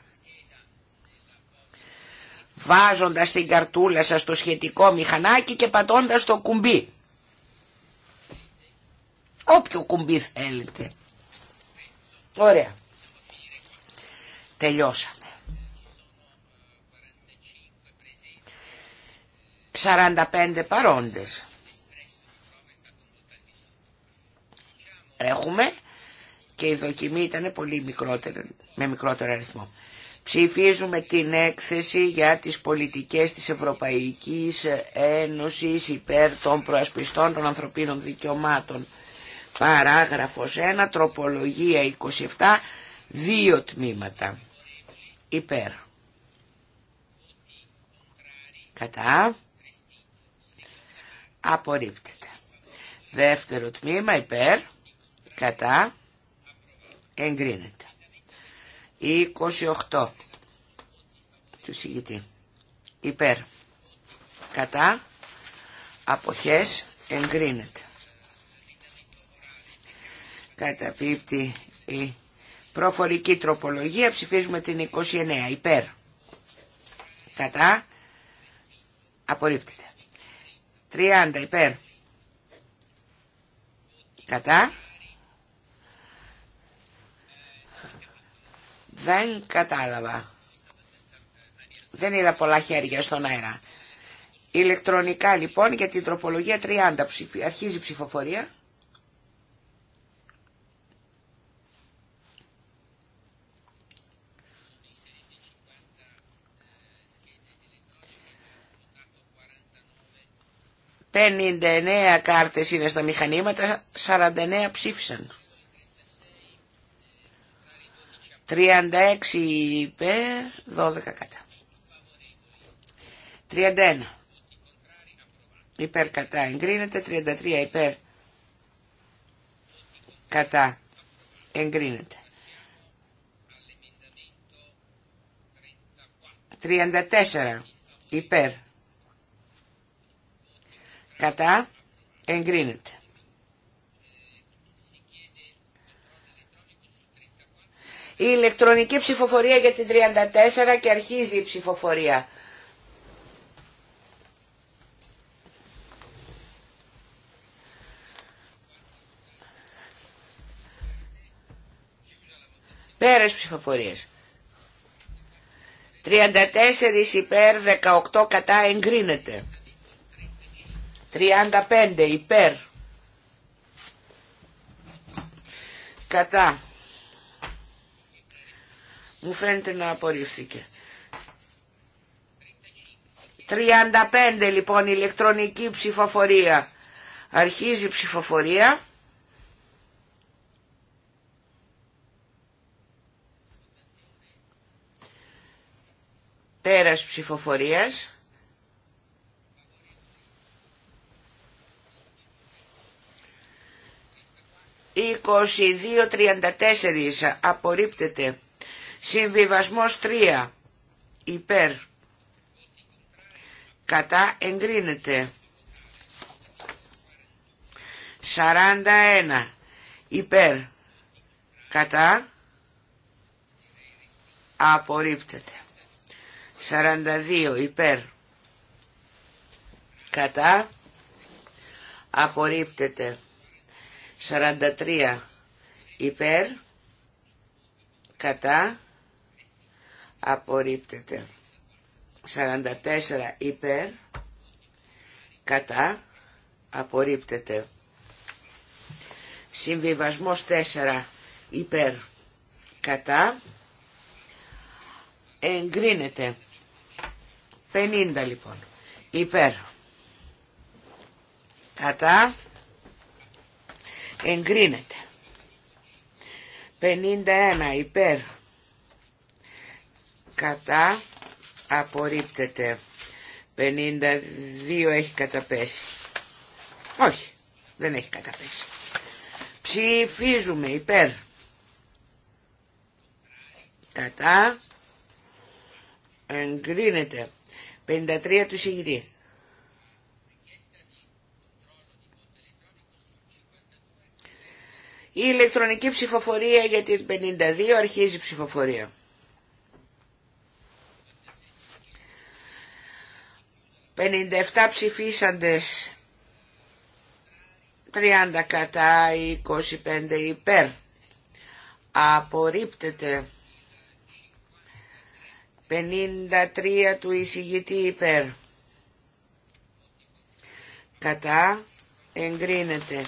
Βάζοντας την καρτούλα σας στο σχετικό μηχανάκι και πατώντας το κουμπί. Όποιο κουμπί θέλετε. Ωραία. Τελειώσα. 45 παρόντες. Έχουμε και η δοκιμή ήταν πολύ μικρότερη, με μικρότερο αριθμό. Ψηφίζουμε την έκθεση για τις πολιτικές της Ευρωπαϊκής Ένωσης υπέρ των προασπιστών των ανθρωπίνων δικαιωμάτων. Παράγραφος 1, τροπολογία 27, δύο τμήματα. Υπέρ. Κατά απορρίπτεται. Δεύτερο τμήμα υπέρ, κατά, εγκρίνεται. 28 του συγητή. Υπέρ, κατά, αποχές, εγκρίνεται. Καταπίπτει η προφορική τροπολογία, ψηφίζουμε την 29, υπέρ, κατά, απορρίπτεται. 30 υπέρ. Κατά. Δεν κατάλαβα. Δεν είδα πολλά χέρια στον αέρα. Ηλεκτρονικά λοιπόν για την τροπολογία 30 αρχίζει η ψηφοφορία. 59 κάρτες είναι στα μηχανήματα, 49 ψήφισαν. 36 υπέρ, 12 κατά. 31 υπέρ κατά εγκρίνεται, 33 υπέρ κατά εγκρίνεται. 34 υπέρ Κατά. Εγκρίνεται. Η ηλεκτρονική ψηφοφορία για την 34 και αρχίζει η ψηφοφορία. Πέρας ψηφοφορίες. 34 υπέρ 18 κατά εγκρίνεται. 35 υπέρ κατά μου φαίνεται να απορρίφθηκε 35 λοιπόν ηλεκτρονική ψηφοφορία αρχίζει η ψηφοφορία πέρας ψηφοφορίας 22-34 απορρίπτεται. Συμβιβασμός 3 υπέρ κατά εγκρίνεται. 41 υπέρ κατά απορρίπτεται. 42 υπέρ κατά απορρίπτεται. 43 υπέρ κατά απορρίπτεται 44 υπέρ κατά απορρίπτεται συμβιβασμός 4 υπέρ κατά εγκρίνεται 50 λοιπόν υπέρ κατά εγκρίνεται 51 υπέρ κατά απορρίπτεται 52 έχει καταπέσει όχι δεν έχει καταπέσει ψηφίζουμε υπέρ κατά εγκρίνεται 53 του συγητή Η ηλεκτρονική ψηφοφορία για την 52 αρχίζει ψηφοφορία. «57 ψηφίσαντες, 30 κατά, 25 υπέρ. Απορρίπτεται 53 του εισηγητή υπέρ. Κατά εγκρίνεται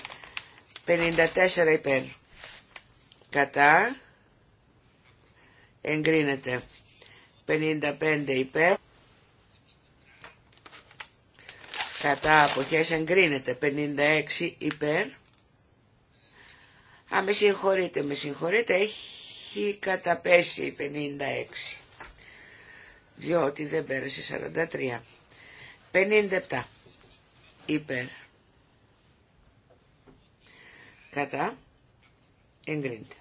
54 υπέρ. Κατά. Εγκρίνεται. 55 υπέρ. Κατά αποχές εγκρίνεται. 56 υπέρ. Α, με συγχωρείτε, με συγχωρείτε. Έχει καταπέσει 56. Διότι δεν πέρασε 43. 57 υπέρ Κατά. Εγκρίνεται.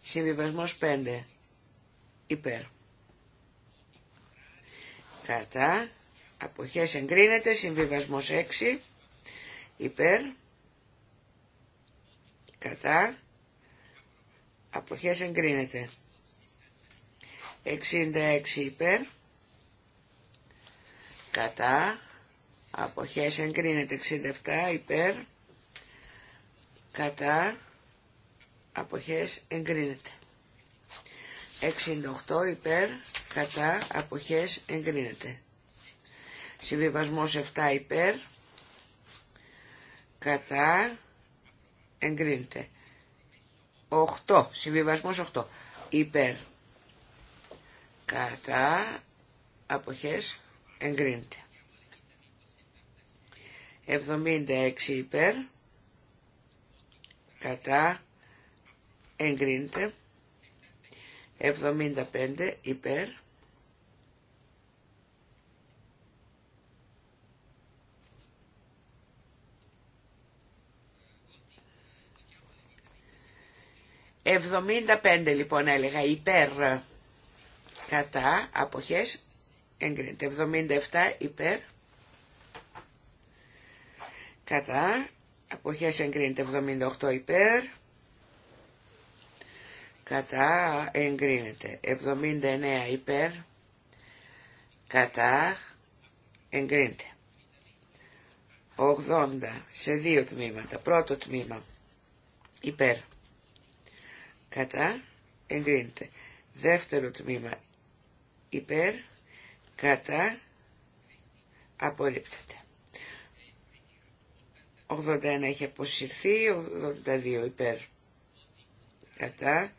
Συμβιβασμός 5. Υπέρ. Κατά. Αποχές εγκρίνεται. Συμβιβασμός 6. Υπέρ. Κατά. Αποχές εγκρίνεται. 66 υπέρ. Κατά. Αποχές εγκρίνεται. 67 υπέρ κατά αποχές εγκρίνεται. 68 υπέρ κατά αποχές εγκρίνεται. Συμβιβασμός 7 υπέρ κατά εγκρίνεται. 8, συμβιβασμός 8 υπέρ κατά αποχές εγκρίνεται. 76 υπέρ κατά εγκρίνεται 75 υπέρ Εβδομήντα πέντε λοιπόν έλεγα υπέρ κατά αποχές εγκρίνεται. Εβδομήντα εφτά υπέρ κατά Αποχές εγκρίνεται 78 υπέρ. Κατά εγκρίνεται 79 υπέρ. Κατά εγκρίνεται. 80 σε δύο τμήματα. Πρώτο τμήμα υπέρ. Κατά εγκρίνεται. Δεύτερο τμήμα υπέρ. Κατά απορρίπτεται. 81 έχει αποσυρθεί, 82 υπέρ κατά,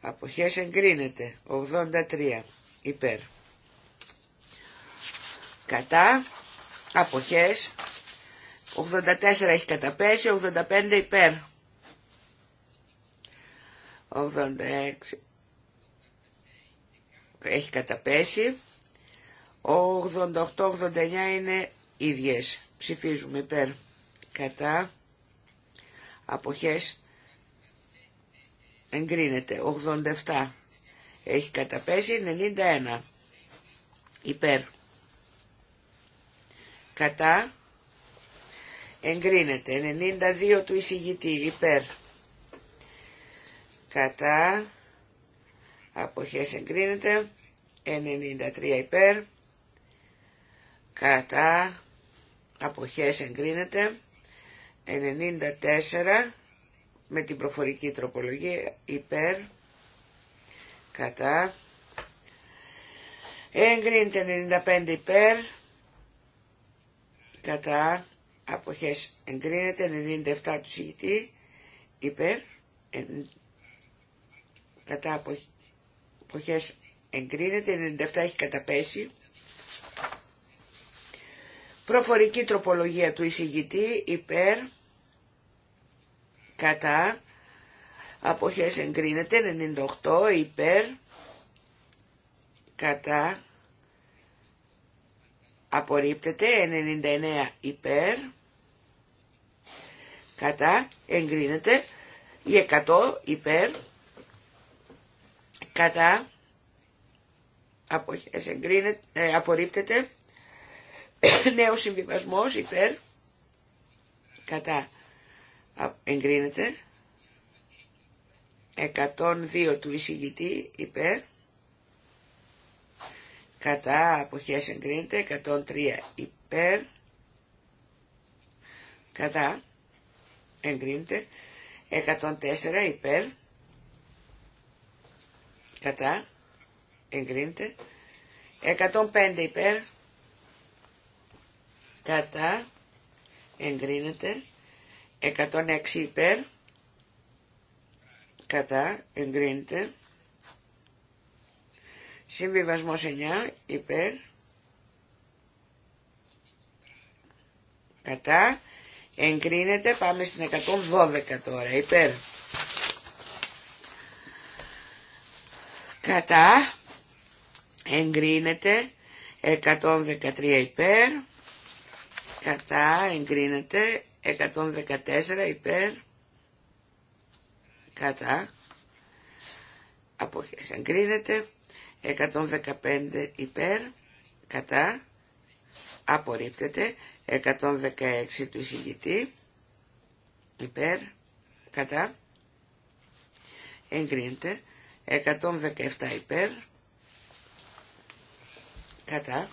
αποχές εγκρίνεται, 83 υπέρ κατά, αποχές, 84 έχει καταπέσει, 85 υπέρ, 86 έχει καταπέσει, 88-89 είναι ίδιες. Ψηφίζουμε υπέρ κατά αποχές εγκρίνεται. 87 έχει καταπέσει 91 υπέρ κατά εγκρίνεται 92 του εισηγητή υπέρ κατά αποχές εγκρίνεται 93 υπέρ κατά αποχές εγκρίνεται 94 με την προφορική τροπολογία υπέρ κατά εγκρίνεται 95 υπέρ κατά αποχές εγκρίνεται 97 του συγητή υπέρ κατά αποχές εγκρίνεται 97 έχει καταπέσει Προφορική τροπολογία του εισηγητή υπέρ κατά αποχές εγκρίνεται 98 υπέρ κατά απορρίπτεται 99 υπέρ κατά εγκρίνεται 100 υπέρ κατά ε, απορρίπτεται Νέο συμβιβασμό υπέρ. Κατά. Εγκρίνεται. 102 του εισηγητή υπέρ. Κατά αποχές εγκρίνεται. 103 υπέρ. Κατά εγκρίνεται. 104 υπέρ. Κατά εγκρίνεται. 105 υπέρ κατά εγκρίνεται 106 υπέρ κατά εγκρίνεται συμβιβασμός 9 υπέρ κατά εγκρίνεται πάμε στην 112 τώρα υπέρ κατά εγκρίνεται 113 υπέρ κατά εγκρίνεται 114 υπέρ κατά αποχές εγκρίνεται 115 υπέρ κατά απορρίπτεται 116 του εισηγητή υπέρ κατά εγκρίνεται 117 υπέρ κατά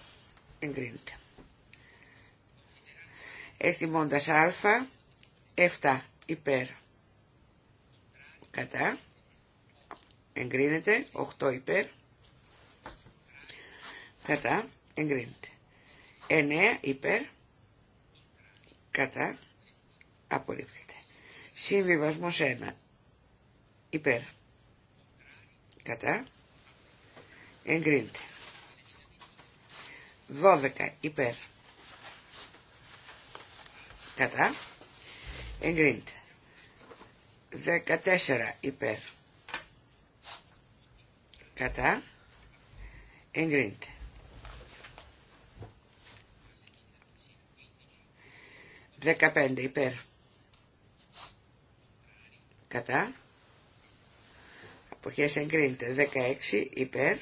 εγκρίνεται Εθιμώντας α, 7 υπέρ. Κατά. Εγκρίνεται. 8 υπέρ. Κατά. Εγκρίνεται. 9 υπέρ. Κατά. Απορρίπτεται. Συμβιβασμός 1. Υπέρ. Κατά. Εγκρίνεται. 12 υπέρ. Κατά. Εγκρίνεται. 14 υπέρ. Κατά. Εγκρίνεται. 15 υπέρ. Κατά. Αποχές εγκρίνεται. 16 υπέρ.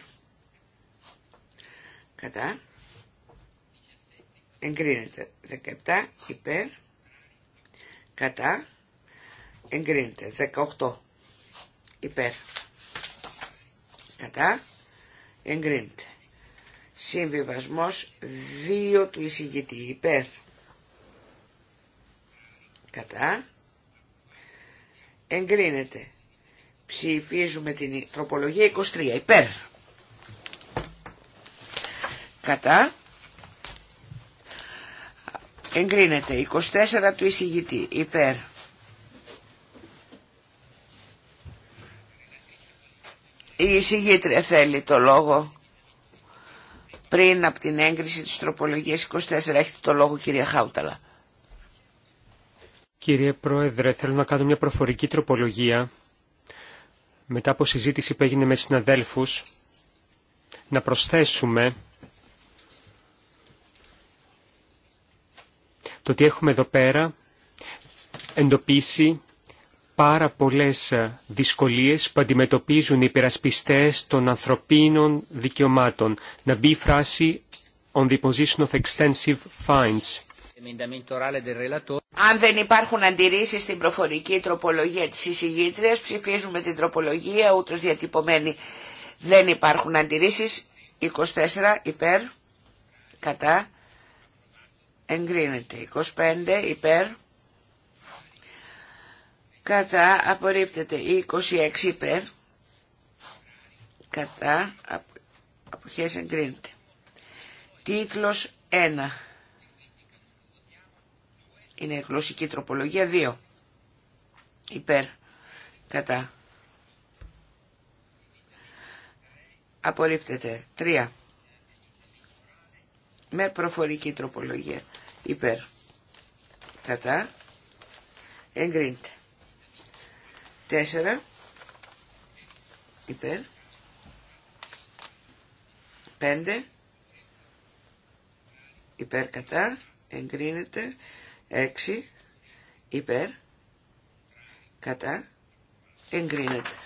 Κατά. Εγκρίνεται. 17 υπέρ. Κατά. Εγκρίνεται. 18. Υπέρ. Κατά. Εγκρίνεται. Συμβιβασμός 2 του εισηγητή. Υπέρ. Κατά. Εγκρίνεται. Ψηφίζουμε την τροπολογία 23. Υπέρ. Κατά. Εγκρίνεται 24 του εισηγητή υπέρ. Η εισηγήτρια θέλει το λόγο πριν από την έγκριση της τροπολογίας 24. Έχετε το λόγο κυρία Χάουταλα. Κύριε Πρόεδρε, θέλω να κάνω μια προφορική τροπολογία μετά από συζήτηση που έγινε με συναδέλφους να προσθέσουμε το ότι έχουμε εδώ πέρα εντοπίσει πάρα πολλές δυσκολίες που αντιμετωπίζουν οι υπερασπιστές των ανθρωπίνων δικαιωμάτων. Να μπει η φράση «on the position of extensive fines». Αν δεν υπάρχουν αντιρρήσεις στην προφορική τροπολογία της εισηγήτριας, ψηφίζουμε την τροπολογία ούτως διατυπωμένη. Δεν υπάρχουν αντιρρήσεις. 24 υπέρ, κατά, εγκρίνεται. 25 υπέρ. Κατά απορρίπτεται. 26 υπέρ. Κατά αποχές εγκρίνεται. Τίτλος 1. Είναι γλωσσική τροπολογία 2. Υπέρ. Κατά. Απορρίπτεται. 3 με προφορική τροπολογία. Υπέρ. Κατά. Εγκρίνεται. Τέσσερα, Υπέρ. πέντε, Υπέρ κατά. Εγκρίνεται. Έξι, Υπέρ. Κατά. Εγκρίνεται.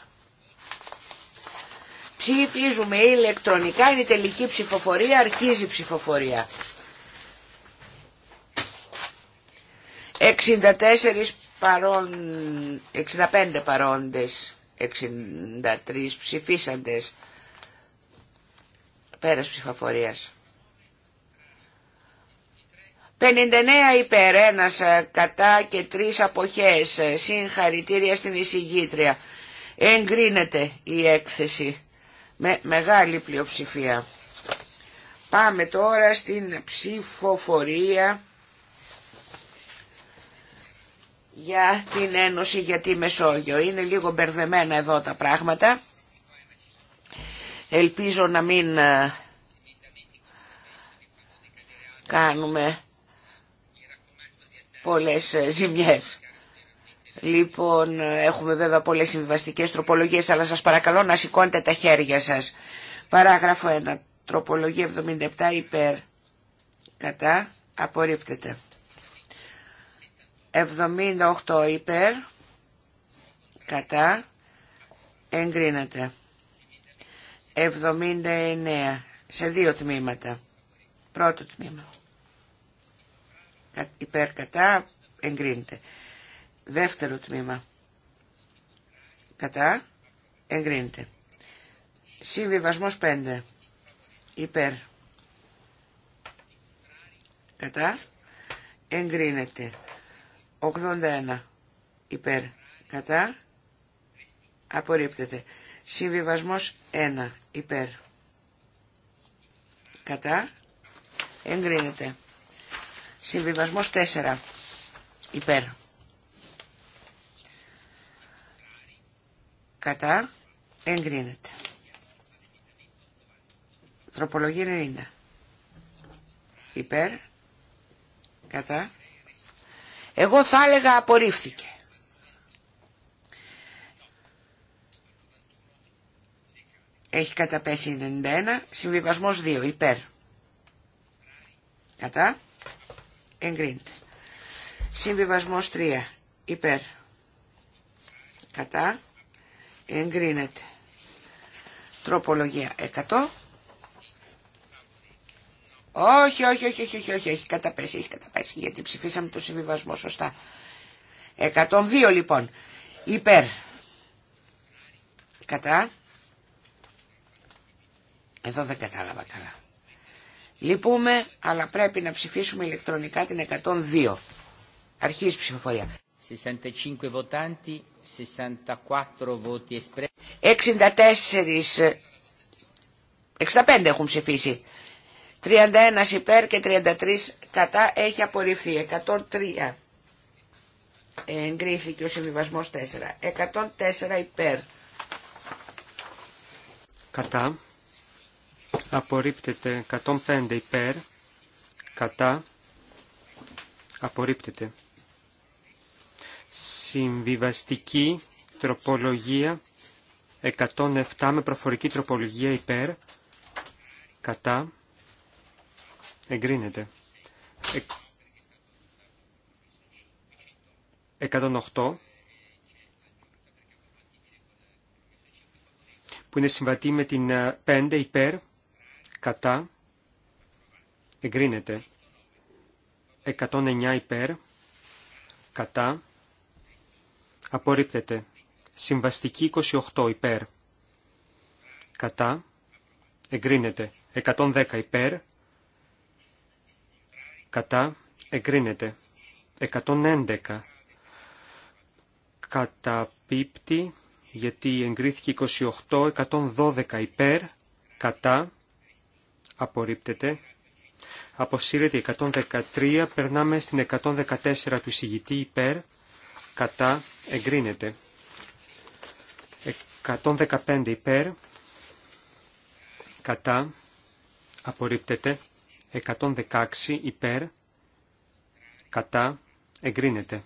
Ψηφίζουμε ηλεκτρονικά, είναι η τελική ψηφοφορία, αρχίζει η ψηφοφορία. 64 παρόν, 65 παρόντες, 63 ψηφίσαντες πέρας ψηφοφορίας. 59 υπέρ, ένας ε, κατά και τρεις αποχές. Ε, συγχαρητήρια στην εισηγήτρια. Εγκρίνεται η έκθεση με μεγάλη πλειοψηφία. Πάμε τώρα στην ψηφοφορία για την Ένωση για τη Μεσόγειο. Είναι λίγο μπερδεμένα εδώ τα πράγματα. Ελπίζω να μην ε, κάνουμε πολλές ε, ζημιές. Λοιπόν, έχουμε βέβαια πολλές συμβιβαστικέ τροπολογίες, αλλά σας παρακαλώ να σηκώνετε τα χέρια σα. Παράγραφο 1. Τροπολογία 77 υπέρ. Κατά. Απορρίπτεται. 78 υπέρ. Κατά. Εγκρίνεται. 79. Σε δύο τμήματα. Πρώτο τμήμα. Υπέρ κατά εγκρίνεται. Δεύτερο τμήμα. Κατά. Εγκρίνεται. Συμβιβασμός 5. Υπέρ. Κατά. Εγκρίνεται. 81. Υπέρ. Κατά. Απορρίπτεται. Συμβιβασμός 1. Υπέρ. Κατά. Εγκρίνεται. Συμβιβασμός 4. Υπέρ. Κατά. Εγκρίνεται. Τροπολογία 90. Υπέρ. Κατά. Εγώ θα έλεγα απορρίφθηκε. Έχει καταπέσει 91. Συμβιβασμός 2. Υπέρ. Κατά. Εγκρίνεται. Συμβιβασμός 3. Υπέρ. Κατά εγκρίνεται. Τροπολογία 100. Όχι, όχι, όχι, όχι, όχι, όχι, έχει καταπέσει, έχει καταπέσει, γιατί ψηφίσαμε το συμβιβασμό, σωστά. 102 λοιπόν, υπέρ, κατά, εδώ δεν κατάλαβα καλά. Λυπούμε, αλλά πρέπει να ψηφίσουμε ηλεκτρονικά την 102. Αρχής ψηφοφορία. 65 votanti, 64 voti espressi. 64, 65 έχουν ψηφίσει. 31 υπέρ και 33 κατά έχει απορριφθεί. 103 εγκρίθηκε ο συμβιβασμός 4. 104 υπέρ. Κατά. Απορρίπτεται 105 υπέρ. Κατά. Απορρίπτεται. Συμβιβαστική τροπολογία 107 με προφορική τροπολογία υπέρ. Κατά. Εγκρίνεται. 108 που είναι συμβατή με την 5 ε, υπέρ, κατά, εγκρίνεται. 109 υπέρ, κατά, Απορρίπτεται. Συμβαστική 28 υπέρ. Κατά. Εγκρίνεται. 110 υπέρ. Κατά. Εγκρίνεται. 111. Καταπίπτει γιατί εγκρίθηκε 28, 112 υπέρ, κατά, απορρίπτεται. Αποσύρεται 113, περνάμε στην 114 του συγητή υπέρ, κατά, εγκρίνεται. 115 υπέρ, κατά, απορρίπτεται. 116 υπέρ, κατά, εγκρίνεται.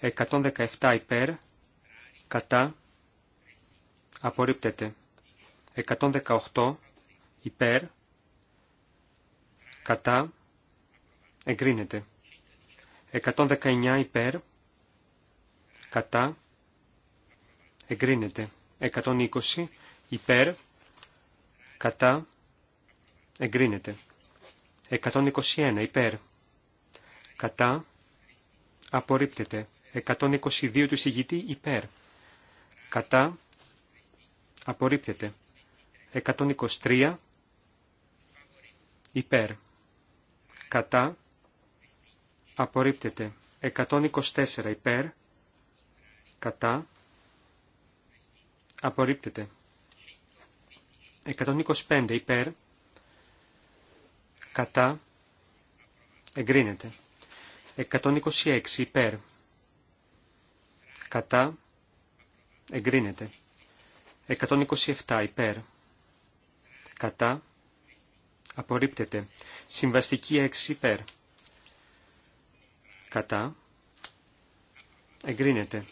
117 υπέρ, κατά, απορρίπτεται. 118 υπέρ, κατά, εγκρίνεται. 119 υπέρ, κατά, εγκρίνεται. 120 υπέρ, κατά, εγκρίνεται. 121 υπέρ, κατά, απορρίπτεται. 122 του συγητή υπέρ, κατά, απορρίπτεται. 123 υπέρ, κατά, απορρίπτεται. 124 υπέρ, κατά, απορρίπτεται. 125 υπέρ, κατά, εγκρίνεται. 126 υπέρ, κατά, εγκρίνεται. 127 υπέρ, κατά, απορρίπτεται. Συμβαστική 6 υπέρ, κατά, εγκρίνεται.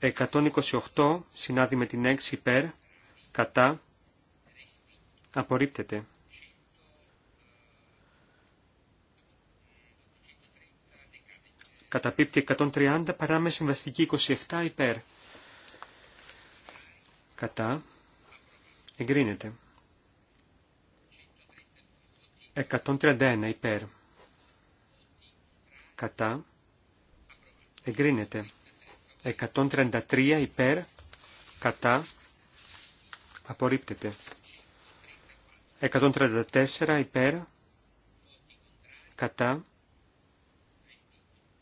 128 συνάδει με την 6 υπέρ, κατά, απορρίπτεται. 130 παρά με συμβαστική 27 υπέρ. Κατά, εγκρίνεται. 131 υπέρ. Κατά, εγκρίνεται. 133 υπέρ, κατά, απορρίπτεται. 134 υπέρ, κατά,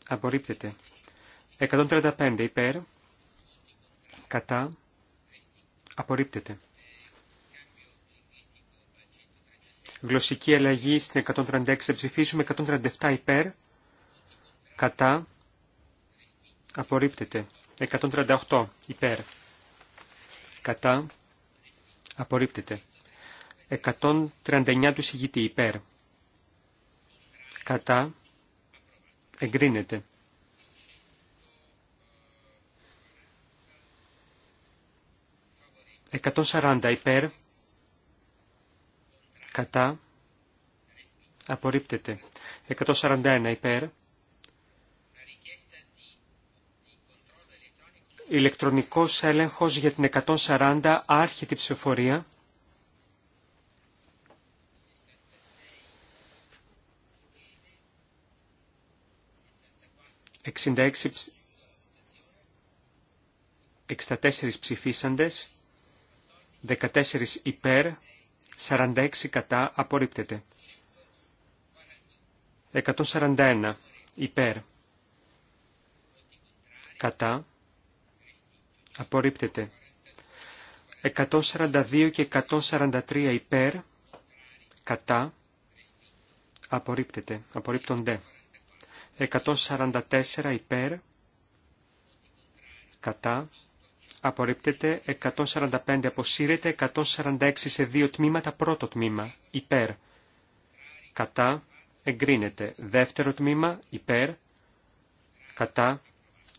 απορρίπτεται. 135 υπέρ, κατά, απορρίπτεται. Γλωσσική αλλαγή στην 136 ψηφίσουμε 137 υπέρ, κατά, Απορρίπτεται. 138 υπέρ. Κατά. Απορρίπτεται. 139 του συγητή υπέρ. Κατά. Εγκρίνεται. 140 υπέρ. Κατά. Απορρίπτεται. 141 υπέρ. ηλεκτρονικός έλεγχος για την 140 άρχιτη ψηφοφορία. Εξήντα 64 ψηφίσαντες, 14 υπέρ, 46 κατά, απορρίπτεται. 141 υπέρ, κατά, Απορρίπτεται. 142 και 143 υπέρ. Κατά. Απορρίπτεται. Απορρίπτονται. 144 υπέρ. Κατά. Απορρίπτεται. 145 αποσύρεται. 146 σε δύο τμήματα. Πρώτο τμήμα. Υπέρ. Κατά. Εγκρίνεται. Δεύτερο τμήμα. Υπέρ. Κατά.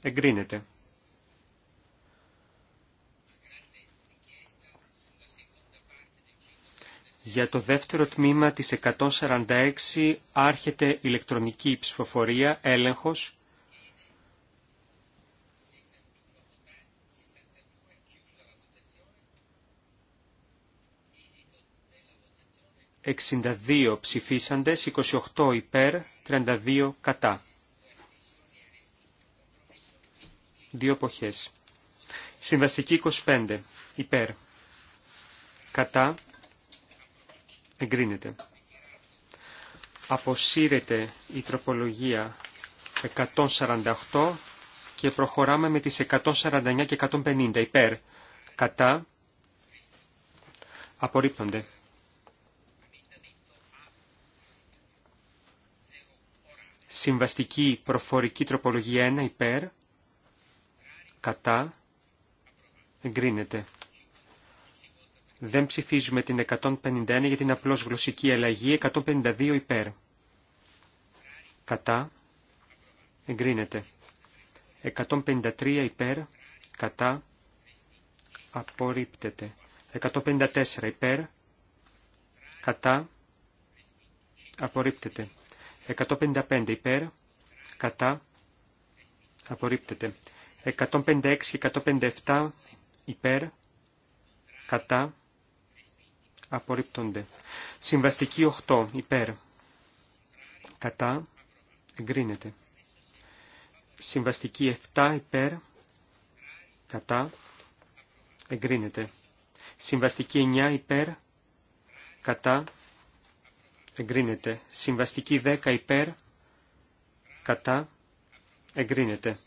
Εγκρίνεται. Για το δεύτερο τμήμα της 146 άρχεται ηλεκτρονική ψηφοφορία, έλεγχος. ...62 ψηφίσαντες, 28 υπέρ, 32 κατά. Δύο εποχές. Συμβαστική 25 υπέρ, κατά εγκρίνεται. Αποσύρεται η τροπολογία 148 και προχωράμε με τις 149 και 150 υπέρ. Κατά απορρίπτονται. Συμβαστική προφορική τροπολογία 1 υπέρ. Κατά εγκρίνεται. Δεν ψηφίζουμε την 151 για την απλώς γλωσσική αλλαγή 152 υπέρ. Κατά. Εγκρίνεται. 153 υπέρ. Κατά. Απορρίπτεται. 154 υπέρ. Κατά. Απορρίπτεται. 155 υπέρ. Κατά. Απορρίπτεται. 156 και 157 υπέρ. Κατά απορρίπτονται. Συμβαστική 8 υπέρ κατά εγκρίνεται. Συμβαστική 7 υπέρ κατά εγκρίνεται. Συμβαστική 9 υπέρ κατά εγκρίνεται. Συμβαστική 10 υπέρ κατά εγκρίνεται.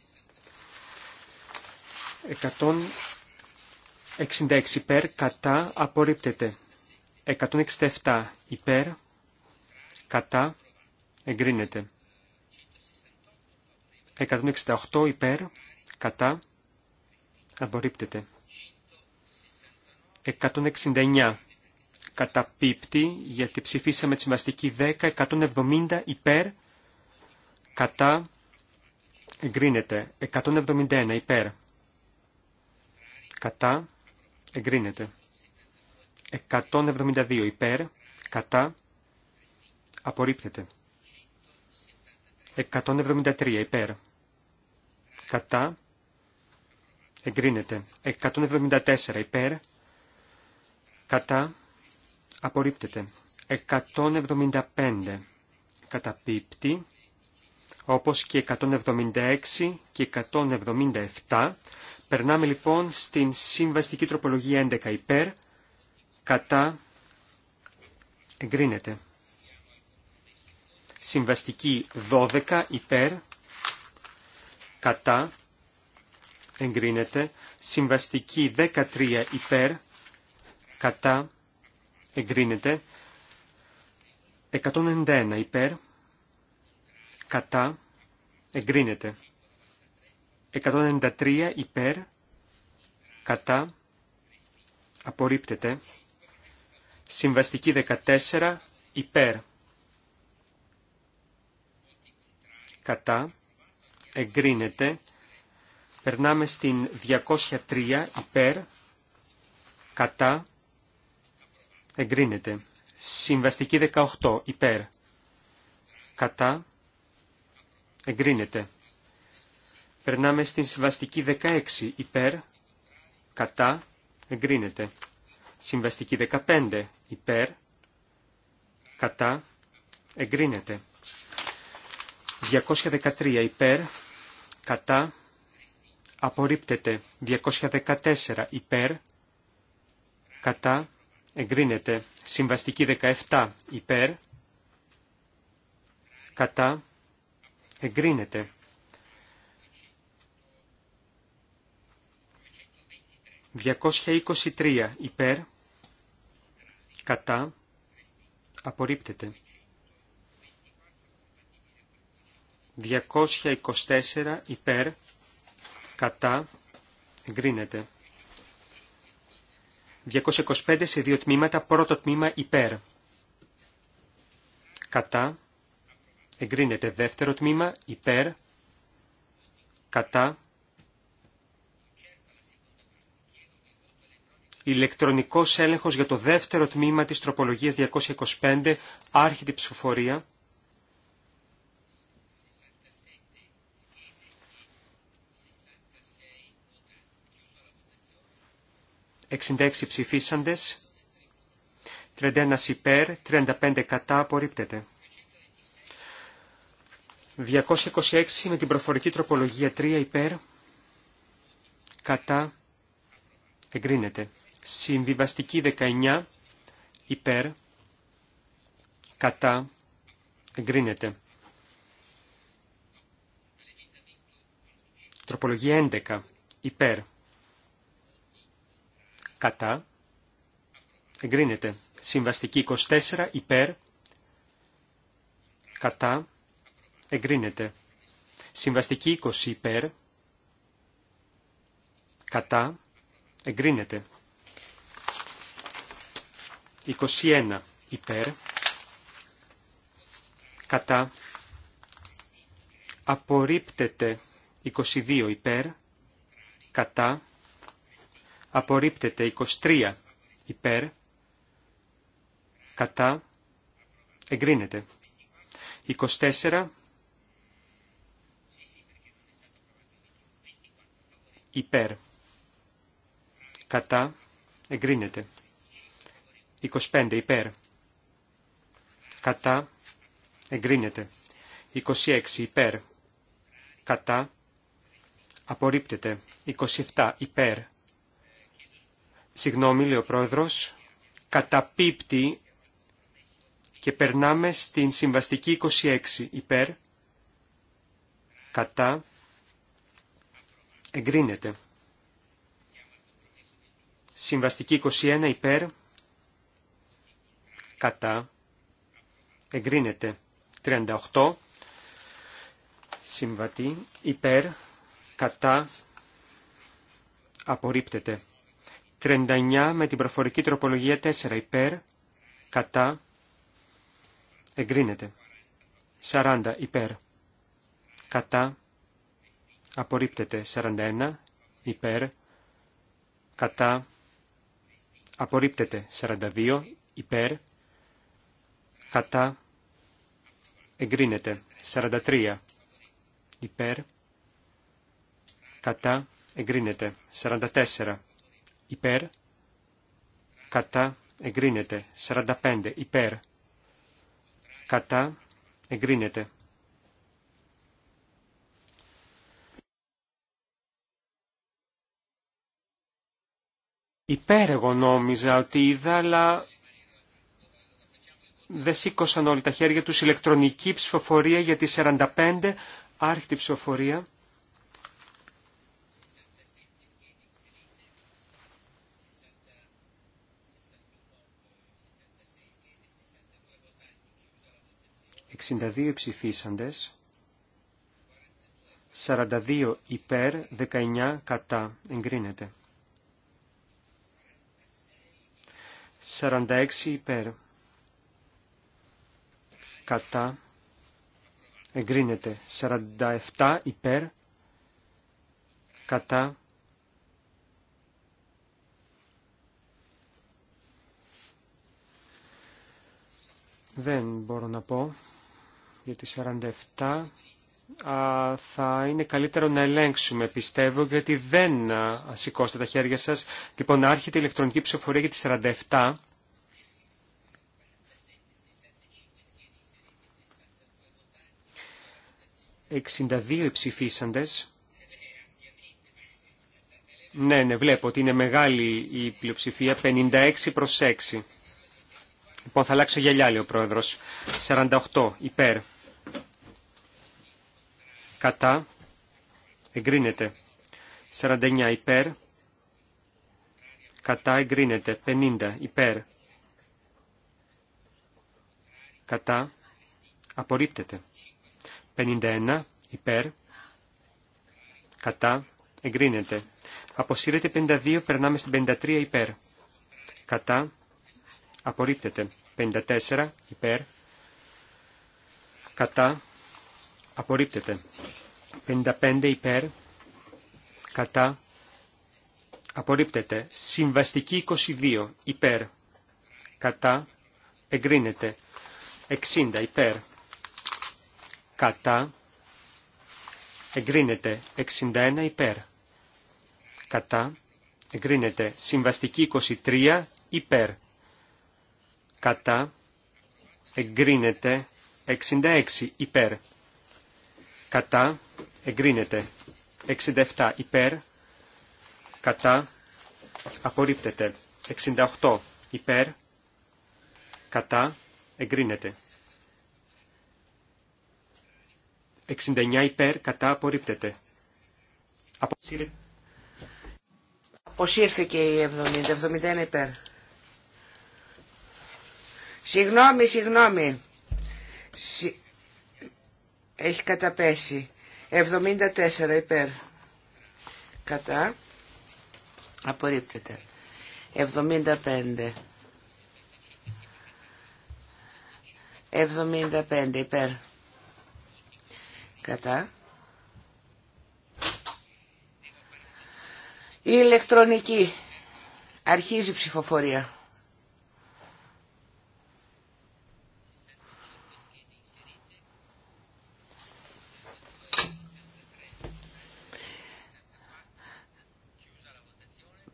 166 υπέρ κατά απορρίπτεται. 167 υπέρ, κατά, εγκρίνεται. 168 υπέρ, κατά, απορρίπτεται. 169 καταπίπτει γιατί ψηφίσαμε τη συμβαστική 10, 170 υπέρ, κατά, εγκρίνεται. 171 υπέρ, κατά, εγκρίνεται. 172 υπέρ, κατά, απορρίπτεται. 173 υπέρ, κατά, εγκρίνεται. 174 υπέρ, κατά, απορρίπτεται. 175 καταπίπτει, όπως και 176 και 177. Περνάμε λοιπόν στην συμβαστική τροπολογία 11 υπέρ, κατά εγκρίνεται. Συμβαστική 12 υπέρ κατά εγκρίνεται. Συμβαστική 13 υπέρ κατά εγκρίνεται. 191 υπέρ κατά εγκρίνεται. 193 υπέρ κατά απορρίπτεται. Συμβαστική 14 υπέρ. Κατά. Εγκρίνεται. Περνάμε στην 203 υπέρ. Κατά. Εγκρίνεται. Συμβαστική 18 υπέρ. Κατά. Εγκρίνεται. Περνάμε στην συμβαστική 16 υπέρ. Κατά. Εγκρίνεται. Συμβαστική 15 υπέρ, κατά, εγκρίνεται. 213 υπέρ, κατά, απορρίπτεται. 214 υπέρ, κατά, εγκρίνεται. Συμβαστική 17 υπέρ, κατά, εγκρίνεται. 223 υπέρ, κατά, απορρίπτεται. 224 υπέρ, κατά, εγκρίνεται. 225 σε δύο τμήματα, πρώτο τμήμα υπέρ. Κατά, εγκρίνεται. Δεύτερο τμήμα υπέρ, κατά, ηλεκτρονικός έλεγχος για το δεύτερο τμήμα της τροπολογίας 225, άρχιτη ψηφοφορία. «66 ψηφίσαντες, 31 υπέρ, 35 κατά, απορρίπτεται». 226 με την προφορική τροπολογία 3 υπέρ, κατά, εγκρίνεται. Συμβιβαστική 19 υπέρ κατά εγκρίνεται. Τροπολογία 11 υπέρ κατά εγκρίνεται. Συμβαστική 24 υπέρ κατά εγκρίνεται. Συμβαστική 20 υπέρ κατά εγκρίνεται. 21 υπέρ, κατά, απορρίπτεται 22 υπέρ, κατά, απορρίπτεται 23 υπέρ, κατά, εγκρίνεται. 24 υπέρ, κατά, εγκρίνεται. 25 υπέρ. Κατά. Εγκρίνεται. 26 υπέρ. Κατά. Απορρίπτεται. 27 υπέρ. Συγγνώμη, λέει ο πρόεδρος. Καταπίπτει και περνάμε στην συμβαστική 26 υπέρ. Κατά. Εγκρίνεται. Συμβαστική 21 υπέρ κατά, εγκρίνεται. 38 συμβατή, υπέρ, κατά, απορρίπτεται. 39 με την προφορική τροπολογία 4 υπέρ, κατά, εγκρίνεται. 40 υπέρ, κατά, απορρίπτεται. 41 υπέρ, κατά, απορρίπτεται. 42 υπέρ, κατά, εγκρίνεται. 43 υπέρ, κατά, εγκρίνεται. 44 υπέρ, κατά, εγκρίνεται. 45 υπέρ, κατά, εγκρίνεται. Υπέρ εγώ νόμιζα ότι είδα, αλλά δεν σήκωσαν όλοι τα χέρια τους ηλεκτρονική ψηφοφορία για τη 45 άρχιτη ψηφοφορία. «62 ψηφίσαντες, 42 υπέρ, 19 κατά. Εγκρίνεται. 46 υπέρ, κατά, εγκρίνεται. 47 υπέρ, κατά, δεν μπορώ να πω, γιατί 47 α, θα είναι καλύτερο να ελέγξουμε, πιστεύω, γιατί δεν α, σηκώστε τα χέρια σας. Λοιπόν, άρχεται η ηλεκτρονική ψηφοφορία για τη 47. 62 ψηφίσαντες. Ναι, ναι, βλέπω ότι είναι μεγάλη η πλειοψηφία, 56 προς 6. Λοιπόν, θα αλλάξω γυαλιά, λέει ο πρόεδρος. 48, υπέρ. Κατά. Εγκρίνεται. 49, υπέρ. Κατά, εγκρίνεται. 50, υπέρ. Κατά. Απορρίπτεται. 51 υπέρ, κατά, εγκρίνεται. Αποσύρεται 52, περνάμε στην 53 υπέρ, κατά, απορρίπτεται. 54 υπέρ, κατά, απορρίπτεται. 55 υπέρ, κατά, απορρίπτεται. Συμβαστική 22 υπέρ, κατά, εγκρίνεται. 60 υπέρ, κατά, εγκρίνεται 61 υπέρ, κατά, εγκρίνεται συμβαστική 23 υπέρ, κατά, εγκρίνεται 66 υπέρ, κατά, εγκρίνεται 67 υπέρ, κατά, απορρίπτεται 68 υπέρ, κατά, εγκρίνεται 69 υπέρ κατά απορρίπτεται. Αποσύρε... Αποσύρθηκε η 70, 71 υπέρ. Συγγνώμη, συγγνώμη. Έχει καταπέσει. 74 υπέρ. Κατά. Απορρίπτεται. 75. 75 υπέρ. Κατά. Η ηλεκτρονική. Αρχίζει ψηφοφορία.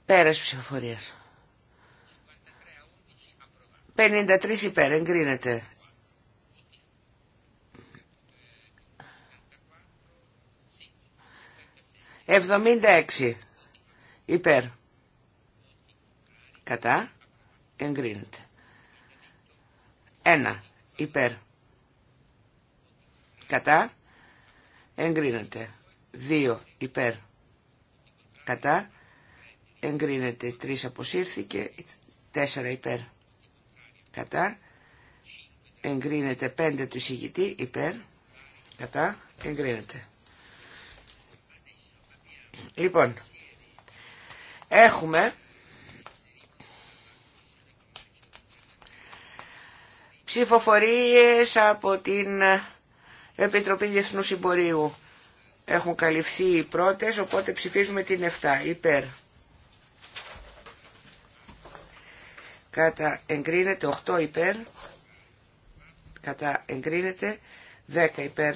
Πέρας ψηφοφορίας. 53 υπέρ, εγκρίνεται. 76 υπέρ κατά εγκρίνεται 1 υπέρ κατά εγκρίνεται 2 υπέρ κατά εγκρίνεται 3 αποσύρθηκε 4 υπέρ κατά εγκρίνεται 5 του εισηγητή υπέρ κατά εγκρίνεται Λοιπόν, έχουμε ψηφοφορίες από την Επιτροπή Διεθνού Συμπορίου. Έχουν καλυφθεί οι πρώτες, οπότε ψηφίζουμε την 7, υπέρ. Κατά εγκρίνεται 8 υπέρ, κατά εγκρίνεται 10 υπέρ,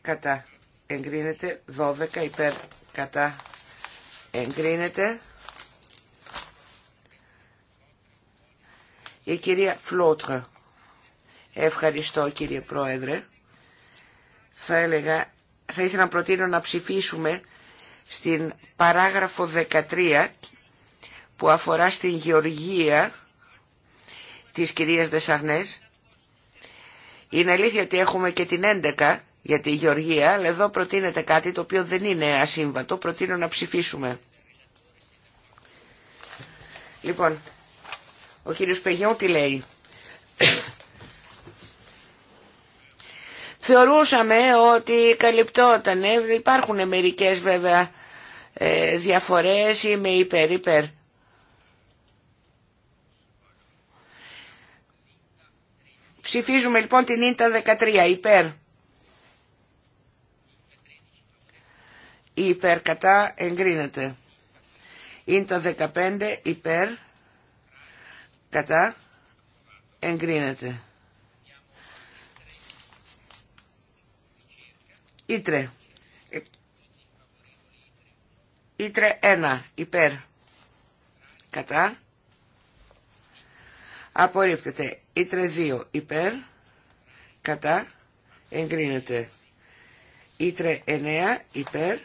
κατά εγκρίνεται 12 υπέρ κατά εγκρίνεται η κυρία Φλότρα ευχαριστώ κύριε πρόεδρε θα έλεγα θα ήθελα να προτείνω να ψηφίσουμε στην παράγραφο 13 που αφορά στην γεωργία της κυρίας Δεσαρνές είναι αλήθεια ότι έχουμε και την 11 για τη Γεωργία, αλλά εδώ προτείνεται κάτι το οποίο δεν είναι ασύμβατο, προτείνω να ψηφίσουμε. Λοιπόν, ο κύριος Πεγιόν τι λέει. Θεωρούσαμε ότι καλυπτόταν, υπάρχουν μερικές βέβαια ε, διαφορές, είμαι υπέρ, υπέρ. Ψηφίζουμε λοιπόν την ίντα 13, υπέρ. υπέρ κατά εγκρίνεται. Είναι το 15 υπέρ κατά εγκρίνεται. Ήτρε. Ήτρε 1 υπέρ κατά. Απορρίπτεται. Ήτρε 2 υπέρ κατά εγκρίνεται. Ήτρε 9 υπέρ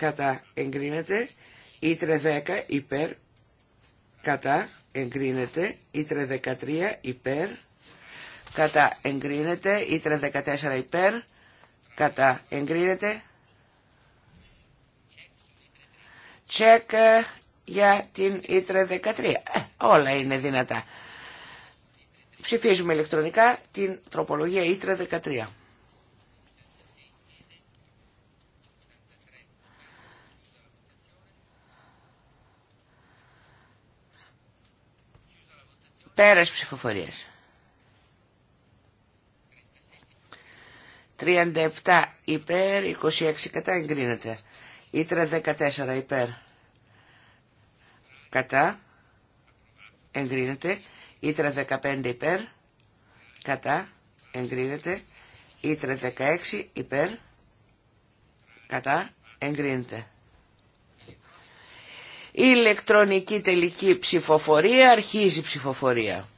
κατά εγκρίνεται, ήτρε 10 υπέρ, κατά εγκρίνεται, ήτρε 13 υπέρ, κατά εγκρίνεται, ήτρε 14 υπέρ, κατά εγκρίνεται. Τσεκ ε, για την ήτρε 13. Ε, όλα είναι δυνατά. Ψηφίζουμε ηλεκτρονικά την τροπολογία ήτρε 13. Πέρας ψηφοφορίας. 37 υπέρ, 26 κατά εγκρίνεται. Ήτρα 14 υπέρ. Κατά. Εγκρίνεται. Ήτρα 15 υπέρ. Κατά. Εγκρίνεται. Ήτρα 16 υπέρ. Κατά. Εγκρίνεται η ηλεκτρονική τελική ψηφοφορία αρχίζει ψηφοφορία.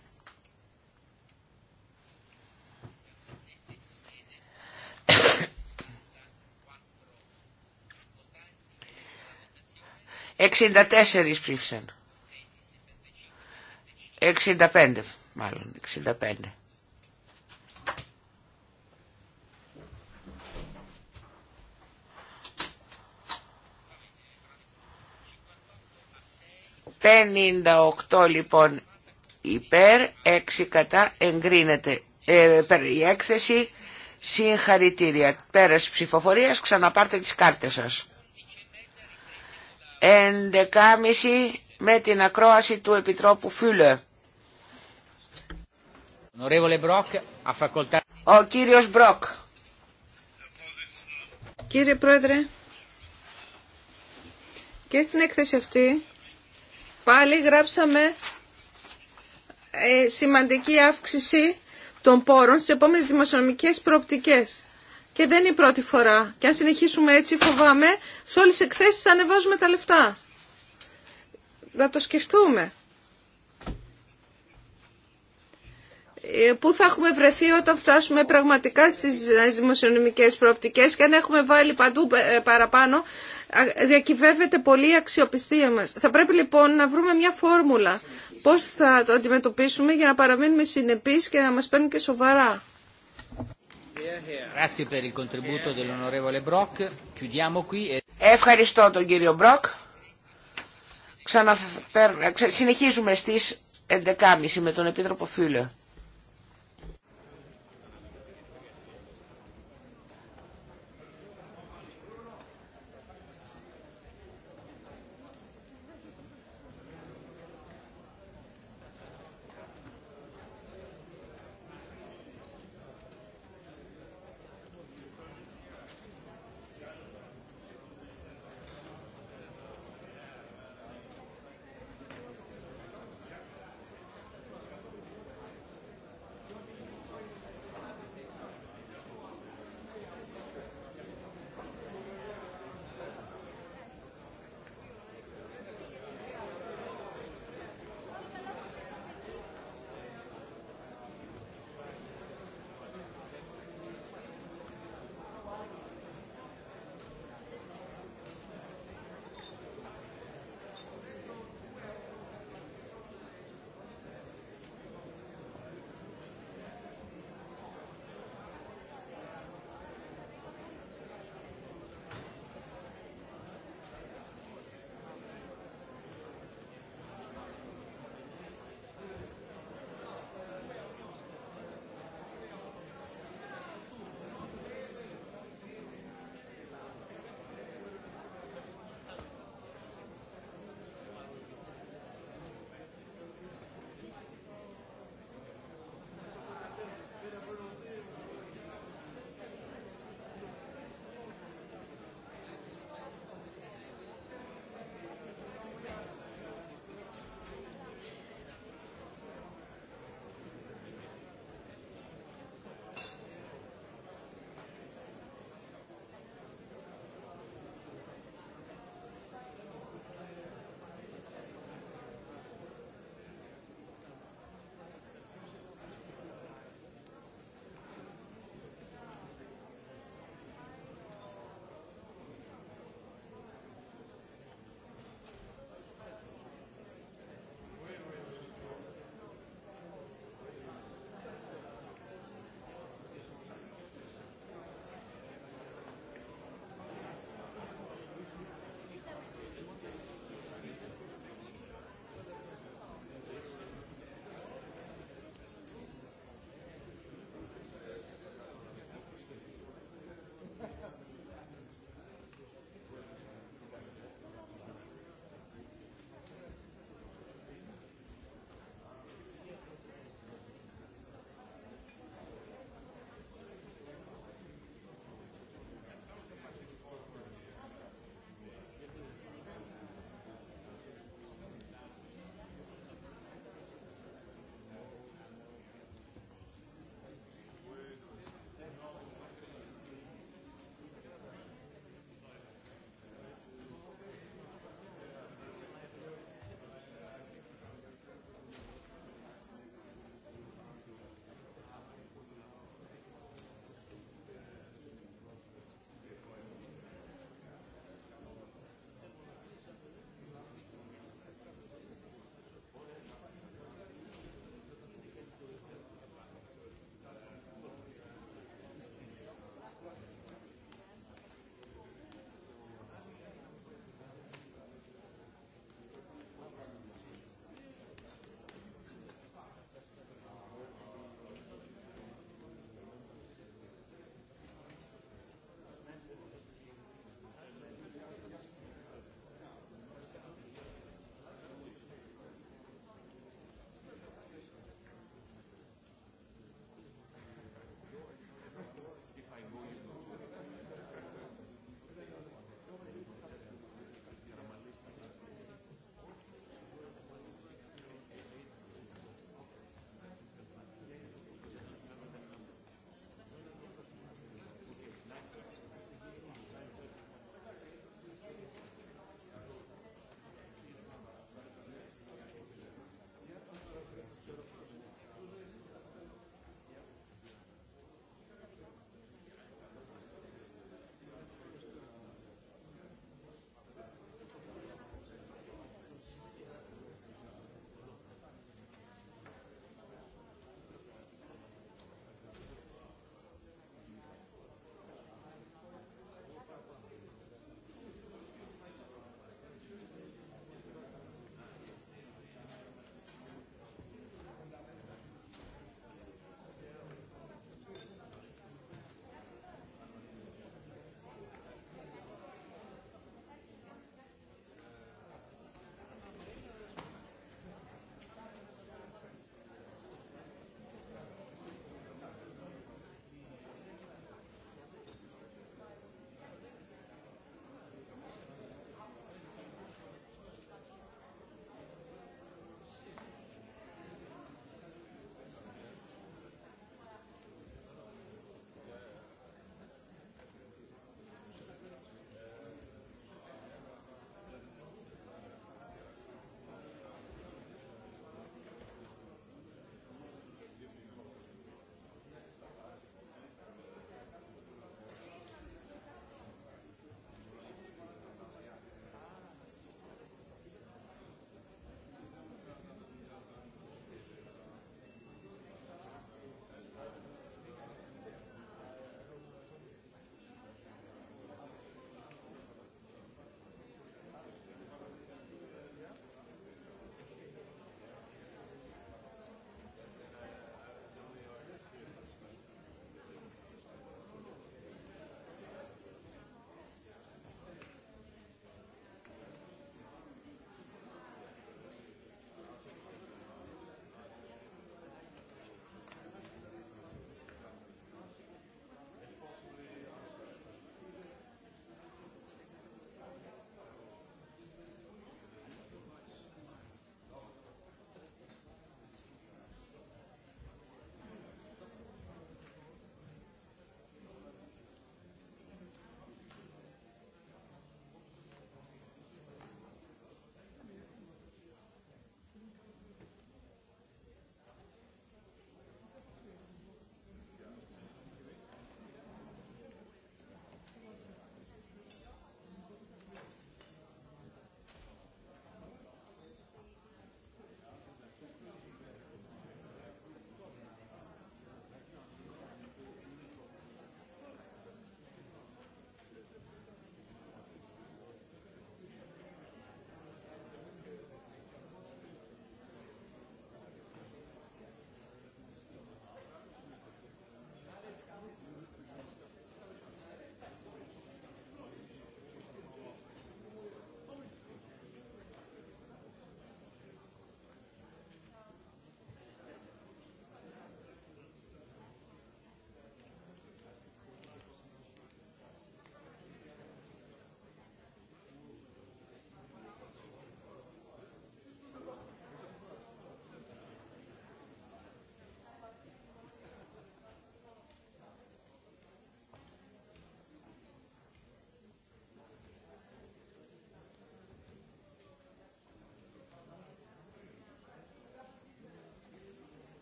Εξήντα τέσσερις ψήφισαν. Εξήντα πέντε, μάλλον, εξήντα πέντε. 58 λοιπόν υπέρ, 6 κατά εγκρίνεται ε, η έκθεση. Συγχαρητήρια. Πέρας ψηφοφορίας, ξαναπάρτε τις κάρτες σας. 11.30 με την ακρόαση του Επιτρόπου Φιούλε. Ο κύριος Μπροκ. Κύριε Πρόεδρε, και στην έκθεση αυτή πάλι γράψαμε ε, σημαντική αύξηση των πόρων στις επόμενες δημοσιονομικές προοπτικές. Και δεν είναι η πρώτη φορά. Και αν συνεχίσουμε έτσι φοβάμαι, σε όλες τις εκθέσεις ανεβάζουμε τα λεφτά. Να το σκεφτούμε. Ε, πού θα έχουμε βρεθεί όταν φτάσουμε πραγματικά στις ε, δημοσιονομικές προοπτικές και αν έχουμε βάλει παντού παραπάνω διακυβεύεται πολύ η αξιοπιστία μας. Θα πρέπει λοιπόν να βρούμε μια φόρμουλα πώς θα το αντιμετωπίσουμε για να παραμείνουμε συνεπείς και να μας παίρνουν και σοβαρά. E- Ευχαριστώ τον κύριο Μπροκ. Συνεχίζουμε στις 11.30 με τον Επίτροπο Φίλε.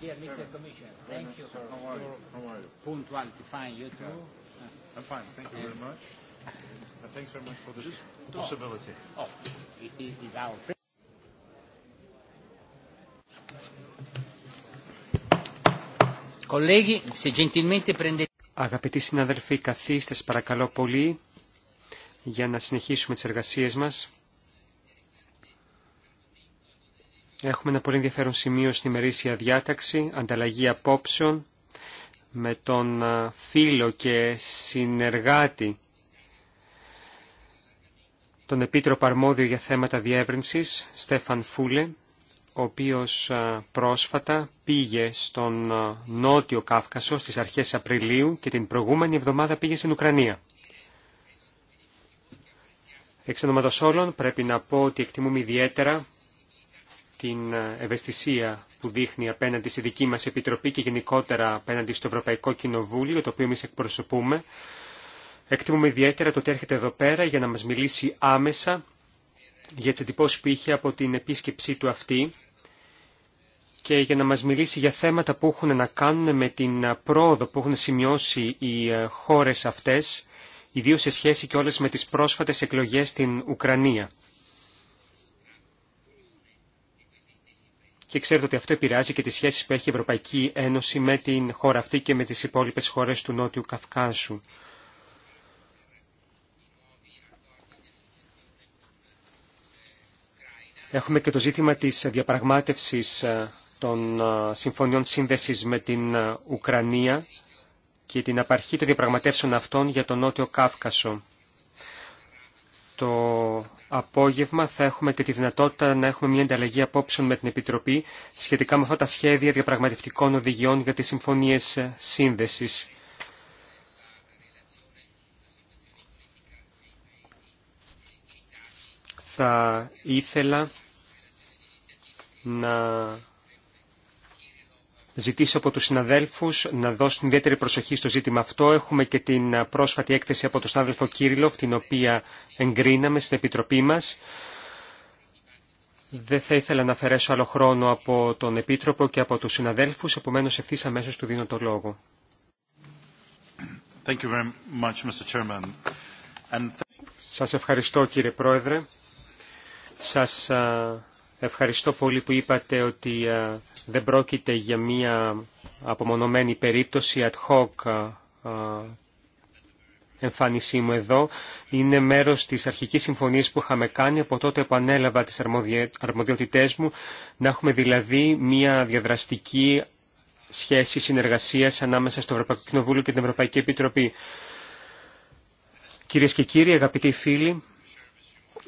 Dear Mr. Commissioner, thank you for your punctuality. Fine, you too? I'm fine, thank you very much. And thanks very much for this possibility. Oh, it is our Colleghi, se gentilmente prendete... Αγαπητοί συναδελφοί, καθίστε παρακαλώ πολύ για να συνεχίσουμε τις εργασίες μας. Έχουμε ένα πολύ ενδιαφέρον σημείο στη ημερήσια διάταξη, ανταλλαγή απόψεων με τον φίλο και συνεργάτη τον Επίτροπο Αρμόδιο για θέματα διεύρυνσης, Στέφαν Φούλε, ο οποίος πρόσφατα πήγε στον Νότιο Κάυκασο στις αρχές Απριλίου και την προηγούμενη εβδομάδα πήγε στην Ουκρανία. Εξ όλων πρέπει να πω ότι εκτιμούμε ιδιαίτερα την ευαισθησία που δείχνει απέναντι στη δική μας Επιτροπή και γενικότερα απέναντι στο Ευρωπαϊκό Κοινοβούλιο, το οποίο εμείς εκπροσωπούμε. Εκτιμούμε ιδιαίτερα το ότι έρχεται εδώ πέρα για να μας μιλήσει άμεσα για τις εντυπώσεις που είχε από την επίσκεψή του αυτή και για να μας μιλήσει για θέματα που έχουν να κάνουν με την πρόοδο που έχουν σημειώσει οι ε, χώρες αυτές, ιδίως σε σχέση και όλες με τις πρόσφατες εκλογές στην Ουκρανία. και ξέρετε ότι αυτό επηρεάζει και τις σχέσεις που έχει η Ευρωπαϊκή Ένωση με την χώρα αυτή και με τις υπόλοιπες χώρες του Νότιου Καυκάσου. Έχουμε και το ζήτημα της διαπραγμάτευσης ε, των ε, συμφωνιών σύνδεσης με την ε, Ουκρανία και την απαρχή των διαπραγματεύσεων αυτών για τον Νότιο Κάυκασο. Το απόγευμα θα έχουμε και τη δυνατότητα να έχουμε μια ανταλλαγή απόψεων με την Επιτροπή σχετικά με αυτά τα σχέδια διαπραγματευτικών οδηγιών για τις συμφωνίες ε, σύνδεσης. Θα ήθελα να ζητήσω από τους συναδέλφους να δώσουν ιδιαίτερη προσοχή στο ζήτημα αυτό. Έχουμε και την πρόσφατη έκθεση από τον συνάδελφο Κύριλοφ, την οποία εγκρίναμε στην Επιτροπή μας. Δεν θα ήθελα να αφαιρέσω άλλο χρόνο από τον Επίτροπο και από τους συναδέλφους, επομένως ευθύς αμέσως του δίνω το λόγο. Thank you very much, Mr. Chairman. And... Σας ευχαριστώ κύριε Πρόεδρε. Σας ευχαριστώ πολύ που είπατε ότι δεν πρόκειται για μία απομονωμένη περίπτωση ad hoc εμφάνισή μου εδώ είναι μέρος της αρχικής συμφωνίας που είχαμε κάνει. Από τότε ανέλαβα τις αρμοδιότητές μου να έχουμε δηλαδή μια διαδραστική σχέση συνεργασίας ανάμεσα στο Ευρωπαϊκό Κοινοβούλιο και την Ευρωπαϊκή Επιτροπή. Κυρίες και κύριοι, αγαπητοί φίλοι,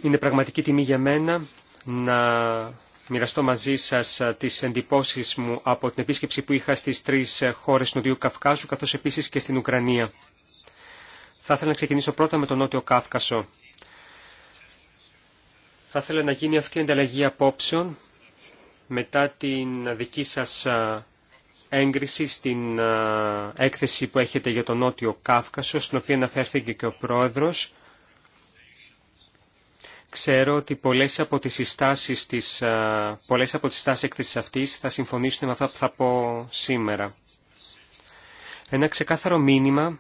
είναι πραγματική τιμή για μένα να μοιραστώ μαζί σα ε, τι εντυπωσει μου από την επίσκεψη που είχα στι τρει ε, χώρε του Νοτιού Καυκάσου καθώ επίση και στην Ουκρανία. Θα ήθελα να ξεκινήσω πρώτα με τον Νότιο Κάυκασο. Θα ήθελα να γίνει αυτή η ανταλλαγή απόψεων μετά την δική σας ε, έγκριση στην έκθεση που έχετε για τον Νότιο Κάυκασο, στην οποία αναφέρθηκε και ο Πρόεδρος. Ξέρω ότι πολλές από τις συστάσεις, της, ε, πολλές από τις συστάσεις αυτής θα συμφωνήσουν με αυτά που θα πω σήμερα. Ένα ξεκάθαρο μήνυμα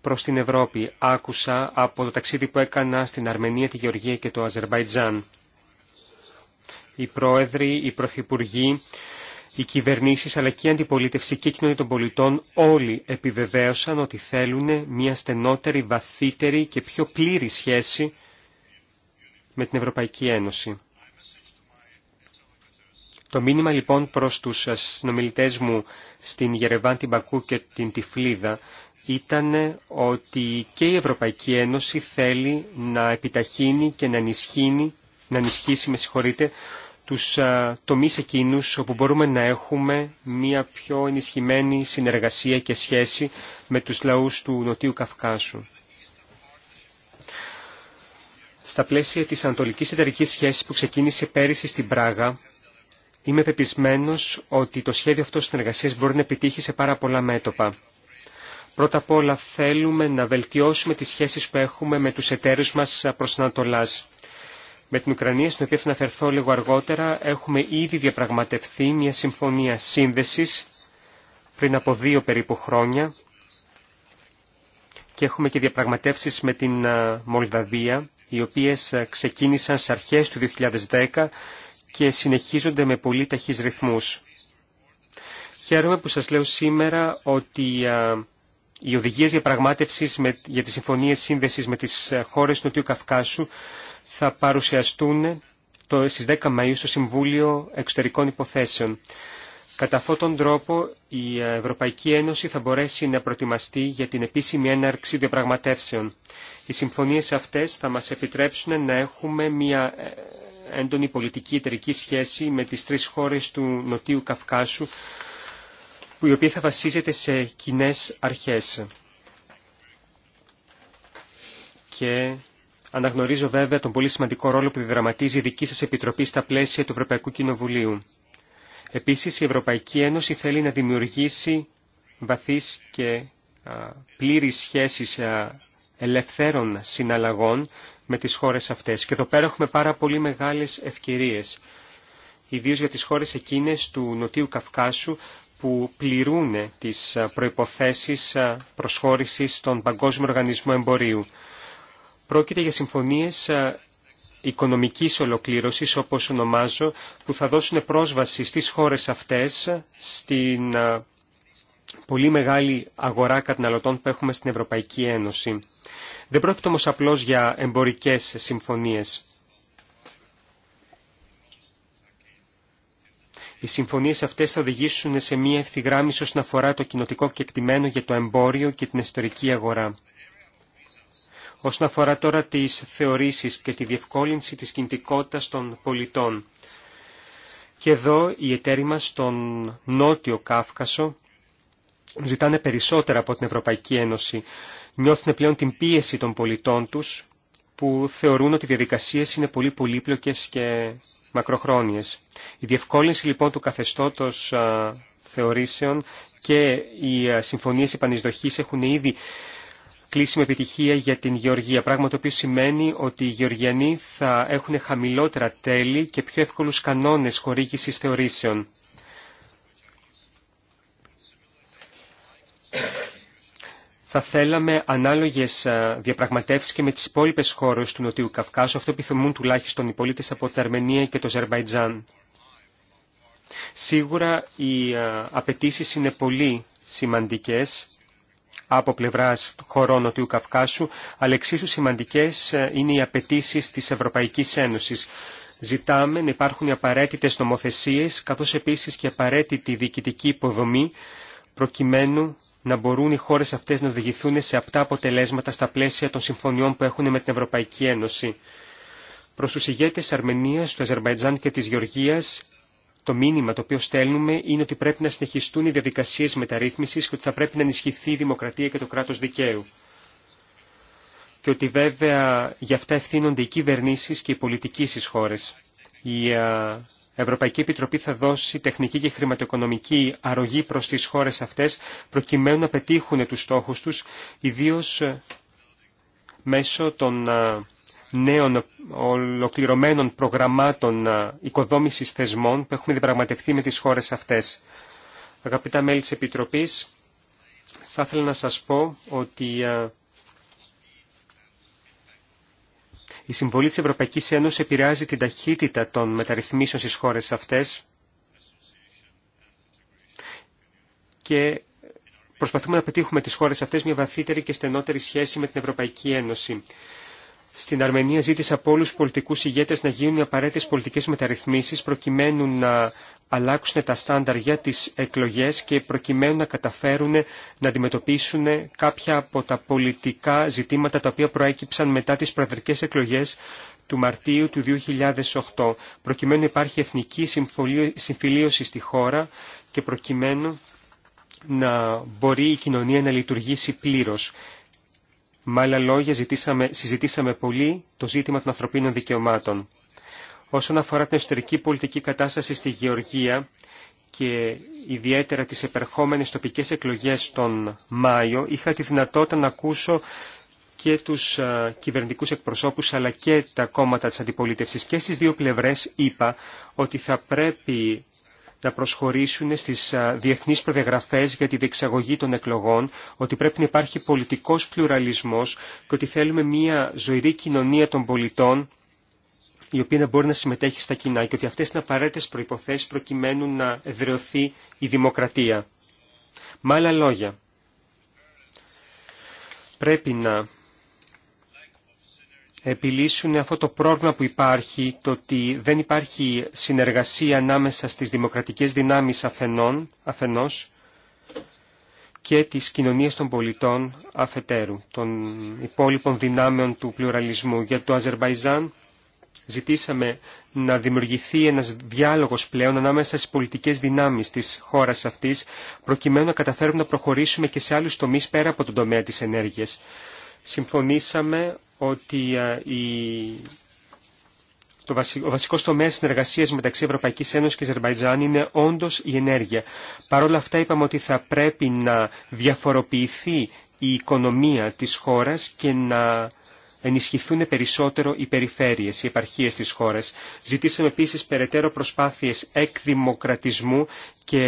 προς την Ευρώπη άκουσα από το ταξίδι που έκανα στην Αρμενία, τη Γεωργία και το Αζερβαϊτζάν. Οι πρόεδροι, οι πρωθυπουργοί, οι κυβερνήσεις αλλά και η αντιπολίτευση και η κοινωνία των πολιτών όλοι επιβεβαίωσαν ότι θέλουν μια στενότερη, βαθύτερη και πιο πλήρη σχέση με την Ευρωπαϊκή Ένωση. Το μήνυμα λοιπόν προς τους συνομιλητές μου στην Γερεβάν, την Πακού και την Τυφλίδα ήταν ότι και η Ευρωπαϊκή Ένωση θέλει να επιταχύνει και να ενισχύσει, να ενισχύσει με συγχωρείτε, τους τομείς εκείνους όπου μπορούμε να έχουμε μια πιο ενισχυμένη συνεργασία και σχέση με τους λαούς του Νοτίου Καυκάσου. Στα πλαίσια της ανατολικής εταιρικής σχέσης που ξεκίνησε πέρυσι στην Πράγα, είμαι πεπισμένος ότι το σχέδιο αυτό συνεργασίας μπορεί να επιτύχει σε πάρα πολλά μέτωπα. Πρώτα απ' όλα θέλουμε να βελτιώσουμε τις σχέσεις που έχουμε με τους εταίρους μας προς Ανατολάς. Με την Ουκρανία, στην οποία θα αναφερθώ λίγο αργότερα, έχουμε ήδη διαπραγματευτεί μια συμφωνία σύνδεσης πριν από δύο περίπου χρόνια και έχουμε και διαπραγματεύσεις με την ε, Μολδαβία οι οποίες ε, ξεκίνησαν σε αρχές του 2010 και συνεχίζονται με πολύ ταχύς ρυθμούς. Χαίρομαι που σας λέω σήμερα ότι ε, οι οδηγίες διαπραγμάτευσης με, για τις συμφωνίες σύνδεσης με τις ε, χώρες του Νοτιού Καυκάσου θα παρουσιαστούν το, στις 10 Μαΐου στο Συμβούλιο Εξωτερικών Υποθέσεων. Κατά αυτόν τον τρόπο η Ευρωπαϊκή Ένωση θα μπορέσει να προετοιμαστεί για την επίσημη έναρξη διαπραγματεύσεων. Οι συμφωνίες αυτές θα μας επιτρέψουν να έχουμε μια ε, έντονη πολιτική εταιρική σχέση με τις τρεις χώρες του Νοτίου Καυκάσου, που η οποία θα βασίζεται σε κοινέ αρχές. Και αναγνωρίζω βέβαια τον πολύ σημαντικό ρόλο που διδραματίζει η δική σας Επιτροπή στα πλαίσια του Ευρωπαϊκού Κοινοβουλίου. Επίσης, η Ευρωπαϊκή Ένωση θέλει να δημιουργήσει βαθείς και πλήρης σχέσεις ελευθέρων συναλλαγών με τις χώρες αυτές. Και εδώ πέρα έχουμε πάρα πολύ μεγάλες ευκαιρίες, ιδίως για τις χώρες εκείνες του Νοτίου Καυκάσου που πληρούν τις προϋποθέσεις προσχώρησης στον Παγκόσμιο Οργανισμό Εμπορίου. Πρόκειται για συμφωνίες οικονομικής ολοκλήρωσης, όπως ονομάζω, που θα δώσουν πρόσβαση στις χώρες αυτές στην πολύ μεγάλη αγορά καταναλωτών που έχουμε στην Ευρωπαϊκή Ένωση. Δεν πρόκειται όμως απλώς για εμπορικές συμφωνίες. Οι συμφωνίες αυτές θα οδηγήσουν σε μία ευθυγράμμιση όσον αφορά το κοινοτικό κεκτημένο για το εμπόριο και την ιστορική αγορά. Όσον αφορά τώρα τις θεωρήσεις και τη διευκόλυνση της κινητικότητας των πολιτών. Και εδώ η εταίροι μας στον Νότιο Κάφκασο ζητάνε περισσότερα από την Ευρωπαϊκή Ένωση. Νιώθουν πλέον την πίεση των πολιτών τους που θεωρούν ότι οι διαδικασίες είναι πολύ πολύπλοκες και μακροχρόνιες. Η διευκόλυνση λοιπόν του καθεστώτος θεωρήσεων και οι α, συμφωνίες επανεισδοχής έχουν ήδη κλείσει με επιτυχία για την Γεωργία, πράγμα το οποίο σημαίνει ότι οι Γεωργιανοί θα έχουν χαμηλότερα τέλη και πιο εύκολους κανόνες χορήγησης θεωρήσεων. θα θέλαμε ανάλογες ε, διαπραγματεύσεις και με τις υπόλοιπε χώρες του Νοτιού Καυκάσου. Αυτό επιθυμούν τουλάχιστον οι πολίτες από την Αρμενία και το Ζερβαϊτζάν. Σίγουρα οι ε, απαιτήσει είναι πολύ σημαντικές από πλευράς χωρών Νοτιού Καυκάσου, αλλά εξίσου σημαντικές ε, είναι οι απαιτήσει της Ευρωπαϊκής Ένωσης. Ζητάμε να υπάρχουν οι απαραίτητες νομοθεσίες, καθώς επίσης και απαραίτητη διοικητική υποδομή, προκειμένου να μπορούν οι χώρες αυτές να οδηγηθούν σε απτά αποτελέσματα στα πλαίσια των συμφωνιών που έχουν με την Ευρωπαϊκή Ένωση. Προς τους ηγέτες τη Αρμενίας, του Αζερβαϊτζάν και της Γεωργίας, το μήνυμα το οποίο στέλνουμε είναι ότι πρέπει να συνεχιστούν οι διαδικασίες μεταρρύθμισης και ότι θα πρέπει να ενισχυθεί η δημοκρατία και το κράτος δικαίου. Και ότι βέβαια γι' αυτά ευθύνονται οι κυβερνήσεις και οι πολιτικοί στις χώρες. Η Ευρωπαϊκή Επιτροπή θα δώσει τεχνική και χρηματοοικονομική αρρωγή προς τις χώρες αυτές προκειμένου να πετύχουν τους στόχους τους, ιδίως ε, μέσω των ε, νέων ολοκληρωμένων προγραμμάτων ε, οικοδόμησης θεσμών που έχουμε διαπραγματευτεί με τις χώρες αυτές. Αγαπητά μέλη της Επιτροπής, θα ήθελα να σας πω ότι Η συμβολή της Ευρωπαϊκής Ένωσης επηρεάζει την ταχύτητα των μεταρρυθμίσεων στις χώρες αυτές και προσπαθούμε να πετύχουμε τις χώρες αυτές μια βαθύτερη και στενότερη σχέση με την Ευρωπαϊκή Ένωση. Στην Αρμενία ζήτησα από όλου του πολιτικού ηγέτε να γίνουν οι απαραίτητε πολιτικέ μεταρρυθμίσει προκειμένου να αλλάξουν τα στάνταρ για τι εκλογέ και προκειμένου να καταφέρουν να αντιμετωπίσουν κάποια από τα πολιτικά ζητήματα τα οποία προέκυψαν μετά τι προεδρικέ εκλογέ του Μαρτίου του 2008, προκειμένου να υπάρχει εθνική συμφιλίωση στη χώρα και προκειμένου να μπορεί η κοινωνία να λειτουργήσει πλήρως. Με άλλα λόγια, ζητήσαμε, συζητήσαμε πολύ το ζήτημα των ανθρωπίνων δικαιωμάτων. Όσον αφορά την εσωτερική πολιτική κατάσταση στη Γεωργία και ιδιαίτερα τις επερχόμενες τοπικές εκλογές τον Μάιο, είχα τη δυνατότητα να ακούσω και τους κυβερνητικούς εκπροσώπους αλλά και τα κόμματα της αντιπολίτευσης. Και στις δύο πλευρές είπα ότι θα πρέπει να προσχωρήσουν στις διεθνείς προδιαγραφές για τη διεξαγωγή των εκλογών, ότι πρέπει να υπάρχει πολιτικός πλουραλισμός και ότι θέλουμε μια ζωηρή κοινωνία των πολιτών η οποία να μπορεί να συμμετέχει στα κοινά και ότι αυτές είναι απαραίτητες προϋποθέσεις προκειμένου να εδραιωθεί η δημοκρατία. Με άλλα λόγια, πρέπει να επιλύσουν αυτό το πρόβλημα που υπάρχει, το ότι δεν υπάρχει συνεργασία ανάμεσα στις δημοκρατικές δυνάμεις αφενών, αφενός και τις κοινωνίες των πολιτών αφετέρου, των υπόλοιπων δυνάμεων του πλουραλισμού. Για το Αζερβαϊζάν ζητήσαμε να δημιουργηθεί ένας διάλογος πλέον ανάμεσα στις πολιτικές δυνάμεις της χώρας αυτής, προκειμένου να καταφέρουμε να προχωρήσουμε και σε άλλους τομείς πέρα από τον τομέα της ενέργειας. Συμφωνήσαμε ότι ε, η... Το βασικό, ο βασικός τομέας συνεργασίας μεταξύ Ευρωπαϊκής Ένωσης και Αζερβαϊτζάν είναι όντως η ενέργεια. Παρ' όλα αυτά είπαμε ότι θα πρέπει να διαφοροποιηθεί η οικονομία της χώρας και να ενισχυθούν περισσότερο οι περιφέρειες, οι επαρχίες της χώρας. Ζητήσαμε επίσης περαιτέρω προσπάθειες εκδημοκρατισμού και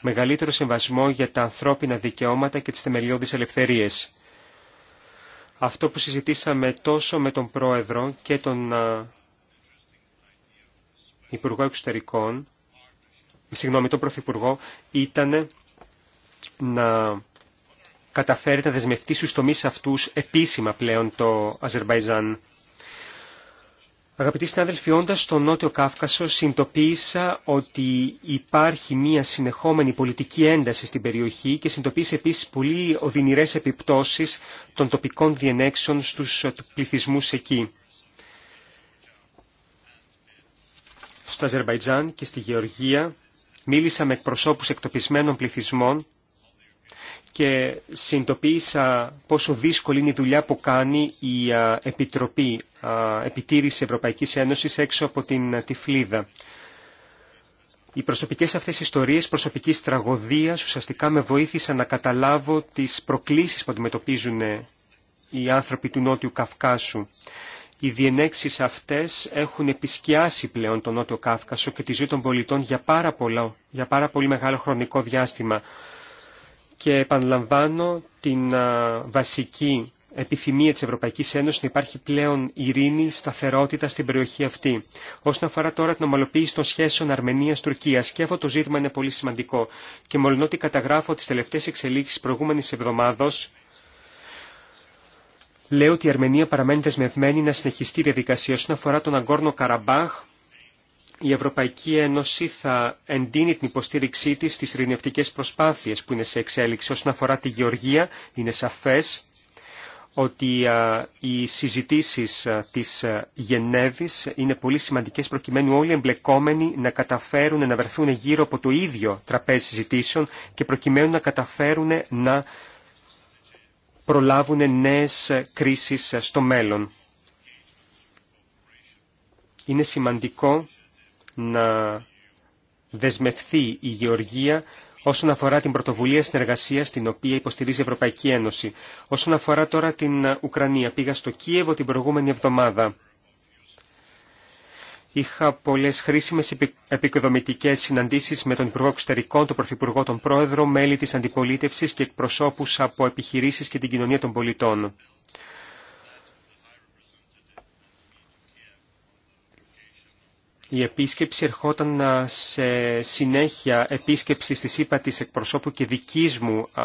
μεγαλύτερο συμβασμό για τα ανθρώπινα δικαιώματα και τις θεμελιώδεις ελευθερίες αυτό που συζητήσαμε τόσο με τον Πρόεδρο και τον Υπουργό Εξωτερικών, συγγνώμη, τον Πρωθυπουργό, ήταν να καταφέρει να δεσμευτεί στους τομείς αυτούς επίσημα πλέον το Αζερβαϊζάν. Αγαπητοί συνάδελφοι, όντα στο Νότιο Κάφκασο, συνειδητοποίησα ότι υπάρχει μια συνεχόμενη πολιτική ένταση στην περιοχή και συνειδητοποίησα επίση πολύ οδυνηρέ επιπτώσει των τοπικών διενέξεων στου ε, πληθυσμού εκεί. Στο Αζερβαϊτζάν και στη Γεωργία μίλησα με εκπροσώπου εκτοπισμένων πληθυσμών και συνειδητοποίησα πόσο δύσκολη είναι η δουλειά που κάνει η Επιτροπή Επιτήρηση Ευρωπαϊκής Ένωσης έξω από την Τυφλίδα. Οι προσωπικές αυτές ιστορίες προσωπικής τραγωδίας ουσιαστικά με βοήθησαν να καταλάβω τις προκλήσεις που αντιμετωπίζουν οι άνθρωποι του Νότιου Καυκάσου. Οι διενέξεις αυτές έχουν επισκιάσει πλέον τον Νότιο Καύκασο και τη ζωή των πολιτών για πάρα, πολλά, για πάρα πολύ μεγάλο χρονικό διάστημα και επαναλαμβάνω την βασική επιθυμία της Ευρωπαϊκής Ένωσης να υπάρχει πλέον ειρήνη, σταθερότητα στην περιοχή αυτή. Όσον αφορά τώρα την ομαλοποίηση των σχέσεων Αρμενίας-Τουρκίας, και αυτό το ζήτημα είναι πολύ σημαντικό. Και ότι καταγράφω τις τελευταίες εξελίξεις προηγούμενης εβδομάδος, Λέω ότι η Αρμενία παραμένει δεσμευμένη να συνεχιστεί η διαδικασία όσον αφορά τον Αγκόρνο Καραμπάχ η Ευρωπαϊκή Ένωση θα εντείνει την υποστήριξή της στις ειρηνευτικές προσπάθειες που είναι σε εξέλιξη. Όσον αφορά τη Γεωργία, είναι σαφές ότι οι συζητήσεις της Γενέβης είναι πολύ σημαντικές προκειμένου όλοι οι εμπλεκόμενοι να καταφέρουν να βρεθούν γύρω από το ίδιο τραπέζι συζητήσεων και προκειμένου να καταφέρουν να προλάβουν νέες κρίσεις στο μέλλον. Είναι σημαντικό να δεσμευθεί η Γεωργία όσον αφορά την πρωτοβουλία συνεργασία την οποία υποστηρίζει η Ευρωπαϊκή Ένωση. Όσον αφορά τώρα την Ουκρανία, πήγα στο Κίεβο την προηγούμενη εβδομάδα. Είχα πολλέ χρήσιμε επικοδομητικέ συναντήσει με τον Υπουργό Εξωτερικών, τον Πρωθυπουργό, τον Πρόεδρο, μέλη τη Αντιπολίτευση και εκπροσώπου από επιχειρήσει και την κοινωνία των πολιτών. η επίσκεψη ερχόταν σε συνέχεια επίσκεψη της ΥΠΑ της εκπροσώπου και δικής μου α,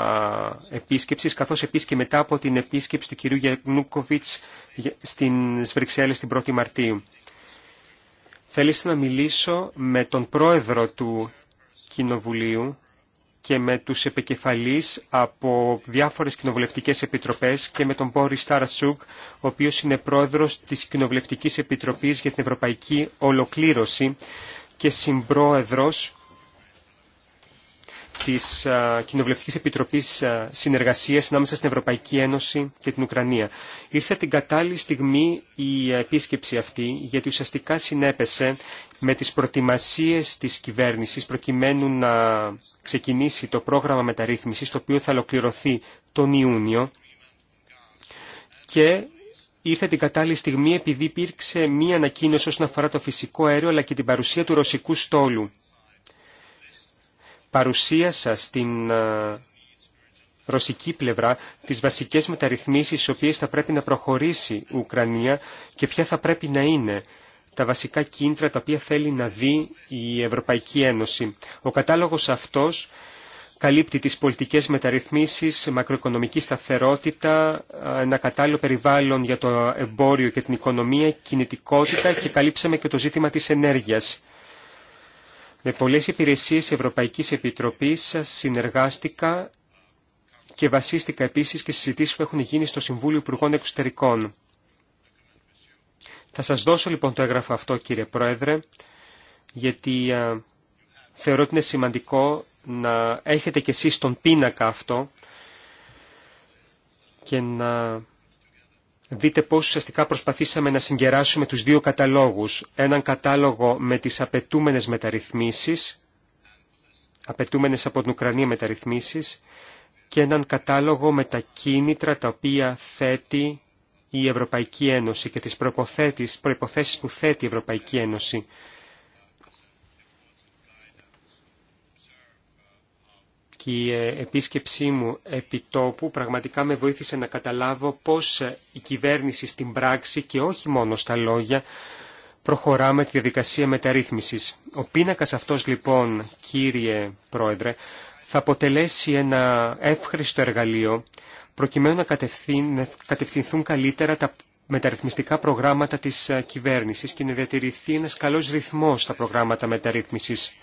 επίσκεψης, καθώς επίσης και μετά από την επίσκεψη του κυρίου Γιαννούκοβιτς στην Βρυξέλλες την 1η Μαρτίου. Θέλησα να μιλήσω με τον πρόεδρο του Κοινοβουλίου, και με τους επικεφαλείς από διάφορες κοινοβουλευτικές επιτροπές και με τον Μπόρι Σταρασούκ, ο οποίος είναι πρόεδρος της Κοινοβουλευτικής Επιτροπής για την Ευρωπαϊκή Ολοκλήρωση και συμπρόεδρος της Κοινοβουλευτικής Επιτροπής Συνεργασίας ανάμεσα στην Ευρωπαϊκή Ένωση και την Ουκρανία. Ήρθε την κατάλληλη στιγμή η επίσκεψη αυτή, γιατί ουσιαστικά συνέπεσε με τις προτιμασίες της κυβέρνησης προκειμένου να ξεκινήσει το πρόγραμμα μεταρρύθμισης, το οποίο θα ολοκληρωθεί τον Ιούνιο και ήρθε την κατάλληλη στιγμή επειδή υπήρξε μία ανακοίνωση όσον αφορά το φυσικό αέριο αλλά και την παρουσία του ρωσικού στόλου παρουσίασα στην ε, ρωσική πλευρά τις βασικές μεταρρυθμίσεις στις οποίες θα πρέπει να προχωρήσει η Ουκρανία και ποια θα πρέπει να είναι τα βασικά κίνητρα τα οποία θέλει να δει η Ευρωπαϊκή Ένωση. Ο κατάλογος αυτός καλύπτει τις πολιτικές μεταρρυθμίσεις, μακροοικονομική σταθερότητα, ένα κατάλληλο περιβάλλον για το εμπόριο και την οικονομία, κινητικότητα και καλύψαμε και το ζήτημα της ενέργειας. Με πολλές υπηρεσίες Ευρωπαϊκής Επιτροπής σας συνεργάστηκα και βασίστηκα επίσης και συζητήσεις που έχουν γίνει στο Συμβούλιο Υπουργών Εξωτερικών. Θα σας δώσω λοιπόν το έγγραφο αυτό κύριε Πρόεδρε, γιατί ε, θεωρώ ότι είναι σημαντικό να έχετε κι εσείς τον πίνακα αυτό και να δείτε πώς ουσιαστικά προσπαθήσαμε να συγκεράσουμε τους δύο καταλόγους. Έναν κατάλογο με τις απαιτούμενες μεταρρυθμίσεις, απαιτούμενες από την Ουκρανία μεταρρυθμίσεις, και έναν κατάλογο με τα κίνητρα τα οποία θέτει η Ευρωπαϊκή Ένωση και τις προϋποθέσεις που θέτει η Ευρωπαϊκή Ένωση. και η ε, επίσκεψή μου επί τόπου πραγματικά με βοήθησε να καταλάβω πώς ε, η κυβέρνηση στην πράξη και όχι μόνο στα λόγια προχωρά με τη διαδικασία μεταρρύθμισης. Ο πίνακας αυτός λοιπόν, κύριε Πρόεδρε, θα αποτελέσει ένα εύχριστο εργαλείο προκειμένου να κατευθυνθούν καλύτερα τα μεταρρυθμιστικά προγράμματα της ε, κυβέρνησης και να διατηρηθεί ένας καλός ρυθμός στα προγράμματα μεταρρύθμισης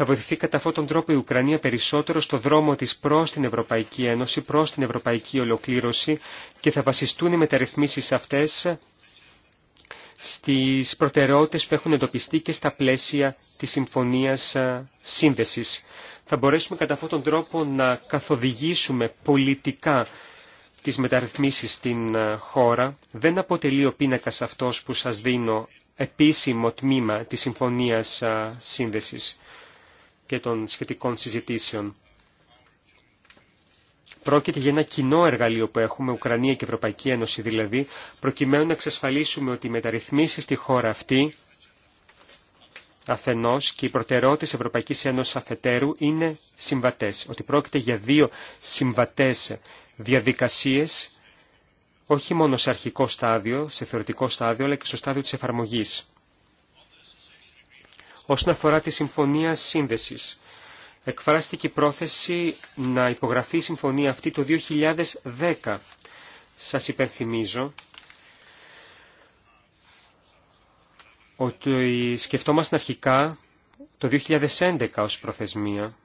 θα βοηθηθεί κατά αυτόν τον τρόπο η Ουκρανία περισσότερο στο δρόμο της προς την Ευρωπαϊκή Ένωση, προς την Ευρωπαϊκή Ολοκλήρωση και θα βασιστούν οι μεταρρυθμίσεις αυτές στις προτεραιότητες που έχουν εντοπιστεί και στα πλαίσια της Συμφωνίας ε, Σύνδεσης. Θα μπορέσουμε κατά αυτόν τον τρόπο να καθοδηγήσουμε πολιτικά τις μεταρρυθμίσεις στην ε, χώρα. Δεν αποτελεί ο πίνακας αυτός που σας δίνω επίσημο τμήμα της Συμφωνίας ε, Σύνδεσης και των σχετικών συζητήσεων. Πρόκειται για ένα κοινό εργαλείο που έχουμε, Ουκρανία και Ευρωπαϊκή Ένωση δηλαδή, προκειμένου να εξασφαλίσουμε ότι οι μεταρρυθμίσεις στη χώρα αυτή αφενός και οι προτεραιότητες Ευρωπαϊκής Ένωσης αφετέρου είναι συμβατές. Ότι πρόκειται για δύο συμβατές διαδικασίες, όχι μόνο σε αρχικό στάδιο, σε θεωρητικό στάδιο, αλλά και στο στάδιο της εφαρμογής. Όσον αφορά τη Συμφωνία Σύνδεσης, εκφράστηκε η πρόθεση να υπογραφεί η συμφωνία αυτή το 2010. Σας υπενθυμίζω ότι σκεφτόμαστε αρχικά το 2011 ως προθεσμία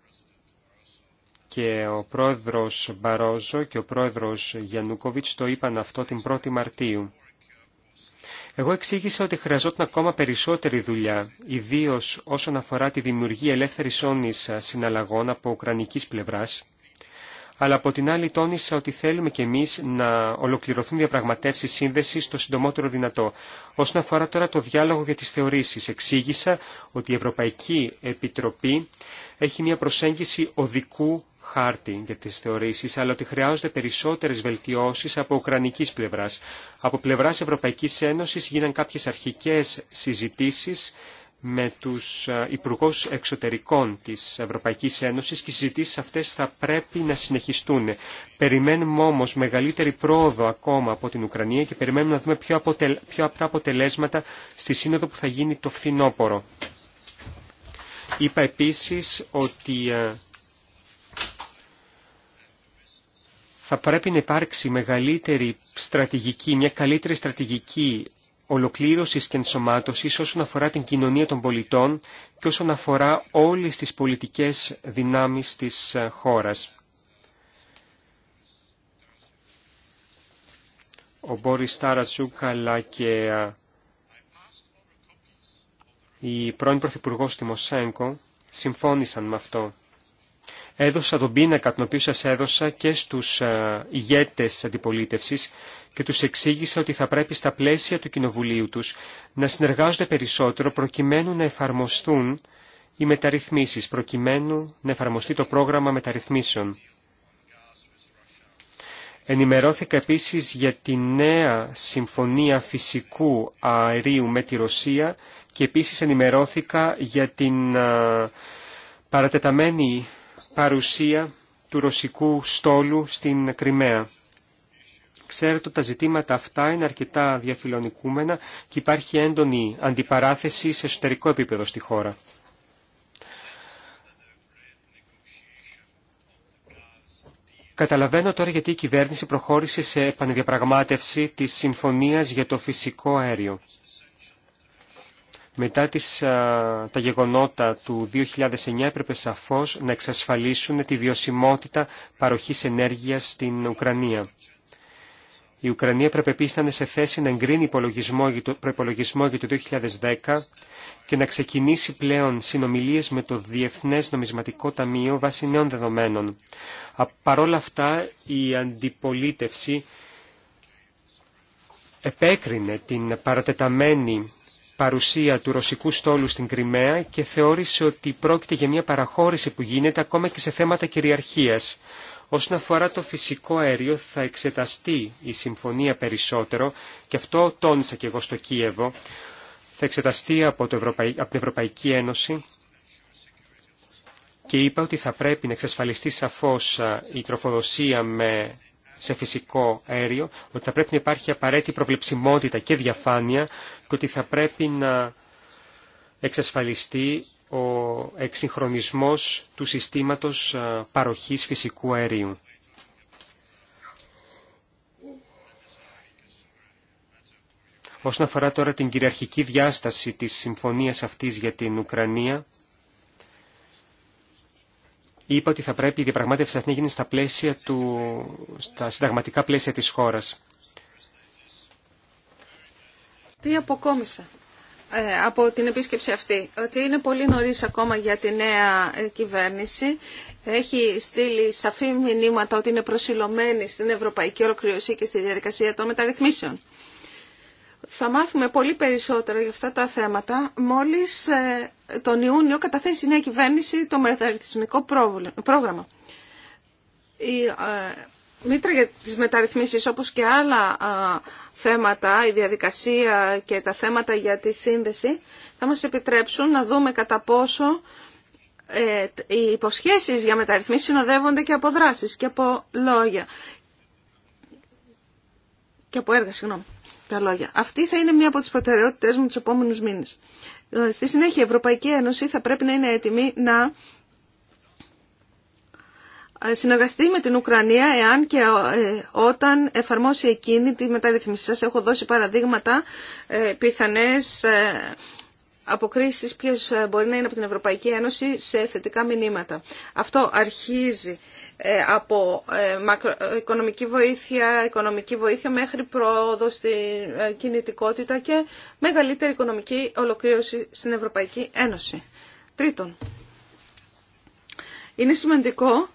και ο πρόεδρος Μπαρόζο και ο πρόεδρος Γιαννούκοβιτς το είπαν αυτό την 1η Μαρτίου. Εγώ εξήγησα ότι χρειαζόταν ακόμα περισσότερη δουλειά, ιδίω όσον αφορά τη δημιουργία ελεύθερη όνη συναλλαγών από ουκρανική πλευρά, αλλά από την άλλη τόνισα ότι θέλουμε κι εμεί να ολοκληρωθούν διαπραγματεύσει σύνδεση στο συντομότερο δυνατό. Όσον αφορά τώρα το διάλογο για τι θεωρήσει, εξήγησα ότι η Ευρωπαϊκή Επιτροπή έχει μια προσέγγιση οδικού χάρτη για τις θεωρήσεις, αλλά ότι χρειάζονται περισσότερες βελτιώσεις από ουκρανικής πλευράς. Από πλευράς Ευρωπαϊκής Ένωσης γίναν κάποιες αρχικές συζητήσεις με τους ε, υπουργούς εξωτερικών της Ευρωπαϊκής Ένωσης και οι συζητήσεις αυτές θα πρέπει να συνεχιστούν. Περιμένουμε όμως μεγαλύτερη πρόοδο ακόμα από την Ουκρανία και περιμένουμε να δούμε πιο απτά αποτελέσματα στη σύνοδο που θα γίνει το φθινόπωρο. Είπα επίσης ότι ε, θα πρέπει να υπάρξει μεγαλύτερη στρατηγική, μια καλύτερη στρατηγική ολοκλήρωσης και ενσωμάτωση όσον αφορά την κοινωνία των πολιτών και όσον αφορά όλες τις πολιτικές δυνάμεις της ε, χώρας. Ο Μπόρις Τάρατσουκ αλλά και ε, η πρώην Πρωθυπουργός Τιμοσέγκο συμφώνησαν με αυτό. Έδωσα τον πίνακα τον οποίο σας έδωσα και στους ε, ηγέτες αντιπολίτευσης και τους εξήγησα ότι θα πρέπει στα πλαίσια του κοινοβουλίου τους να συνεργάζονται περισσότερο προκειμένου να εφαρμοστούν οι μεταρρυθμίσεις, προκειμένου να εφαρμοστεί το πρόγραμμα μεταρρυθμίσεων. Ενημερώθηκα επίσης για τη νέα συμφωνία φυσικού αερίου με τη Ρωσία και επίσης ενημερώθηκα για την ε, παρατεταμένη παρουσία του ρωσικού στόλου στην Κρυμαία. Ξέρετε ότι τα ζητήματα αυτά είναι αρκετά διαφιλονικούμενα και υπάρχει έντονη αντιπαράθεση σε εσωτερικό επίπεδο στη χώρα. Καταλαβαίνω τώρα γιατί η κυβέρνηση προχώρησε σε επανεδιαπραγμάτευση της Συμφωνίας για το Φυσικό Αέριο. Μετά τις, τα γεγονότα του 2009 έπρεπε σαφώς να εξασφαλίσουν τη βιωσιμότητα παροχής ενέργειας στην Ουκρανία. Η Ουκρανία πρέπει επίσης να είναι σε θέση να εγκρίνει προπολογισμό για το 2010 και να ξεκινήσει πλέον συνομιλίες με το Διεθνές Νομισματικό Ταμείο βάσει νέων δεδομένων. Παρ' όλα αυτά η αντιπολίτευση επέκρινε την παρατεταμένη παρουσία του ρωσικού στόλου στην Κρυμαία και θεώρησε ότι πρόκειται για μια παραχώρηση που γίνεται ακόμα και σε θέματα κυριαρχίας. Όσον αφορά το φυσικό αέριο θα εξεταστεί η συμφωνία περισσότερο και αυτό τόνισα και εγώ στο Κίεβο. Θα εξεταστεί από, την Ευρωπαϊκή Ένωση και είπα ότι θα πρέπει να εξασφαλιστεί σαφώς η τροφοδοσία με σε φυσικό αέριο, ότι θα πρέπει να υπάρχει απαραίτητη προβλεψιμότητα και διαφάνεια και ότι θα πρέπει να εξασφαλιστεί ο εξυγχρονισμός του συστήματος παροχής φυσικού αερίου. Όσον αφορά τώρα την κυριαρχική διάσταση της συμφωνίας αυτής για την Ουκρανία, είπα ότι θα πρέπει η διαπραγμάτευση αυτή να γίνει στα, πλαίσια του, στα συνταγματικά πλαίσια της χώρας. Τι αποκόμισα ε, από την επίσκεψη αυτή, ότι είναι πολύ νωρίς ακόμα για τη νέα ε, κυβέρνηση. Έχει στείλει σαφή μηνύματα ότι είναι προσιλωμένη στην ευρωπαϊκή ολοκληρωσία και στη διαδικασία των μεταρρυθμίσεων. Θα μάθουμε πολύ περισσότερο για αυτά τα θέματα μόλις ε, τον Ιούνιο καταθέσει η νέα κυβέρνηση το μεταρρυθμικό πρόγραμμα. Η ε, μήτρα για τις μεταρρυθμίσεις όπως και άλλα ε, θέματα, η διαδικασία και τα θέματα για τη σύνδεση θα μας επιτρέψουν να δούμε κατά πόσο οι υποσχέσεις για μεταρρυθμίσεις συνοδεύονται και από δράσεις και από λόγια και από έργα, συγγνώμη. Αυτή θα είναι μία από τις προτεραιότητε μου του επόμενου μήνες. Ε, στη συνέχεια η Ευρωπαϊκή Ένωση θα πρέπει να είναι έτοιμη να ε, συνεργαστεί με την Ουκρανία εάν και ε, όταν εφαρμόσει εκείνη τη μεταρρύθμιση. Σας έχω δώσει παραδείγματα πιθανές αποκρίσεις ποιες ε, μπορεί να είναι από την Ευρωπαϊκή Ένωση σε θετικά μηνύματα. Αυτό αρχίζει ε, από ε, οικονομική βοήθεια, οικονομική βοήθεια μέχρι πρόοδο στην κινητικότητα και μεγαλύτερη οικονομική ολοκλήρωση στην Ευρωπαϊκή Ένωση. Τρίτον, είναι σημαντικό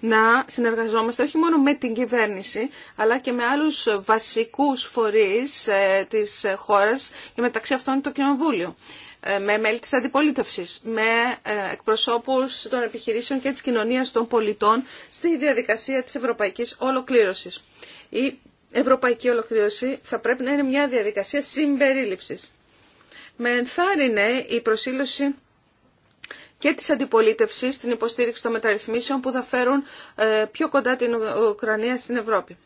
να συνεργαζόμαστε όχι μόνο με την κυβέρνηση, αλλά και με άλλους βασικούς φορείς της χώρας και μεταξύ αυτών το Κοινοβούλιο. Ε, με μέλη της αντιπολίτευσης, με ε, εκπροσώπους των επιχειρήσεων και της κοινωνίας των πολιτών στη διαδικασία της ευρωπαϊκής ολοκλήρωσης. Η ευρωπαϊκή ολοκλήρωση θα πρέπει να είναι μια διαδικασία συμπερίληψης. Με ενθάρρυνε η προσήλωση και της αντιπολίτευσης στην υποστήριξη των μεταρρυθμίσεων που θα φέρουν ε, πιο κοντά την Ουκρανία στην Ευρώπη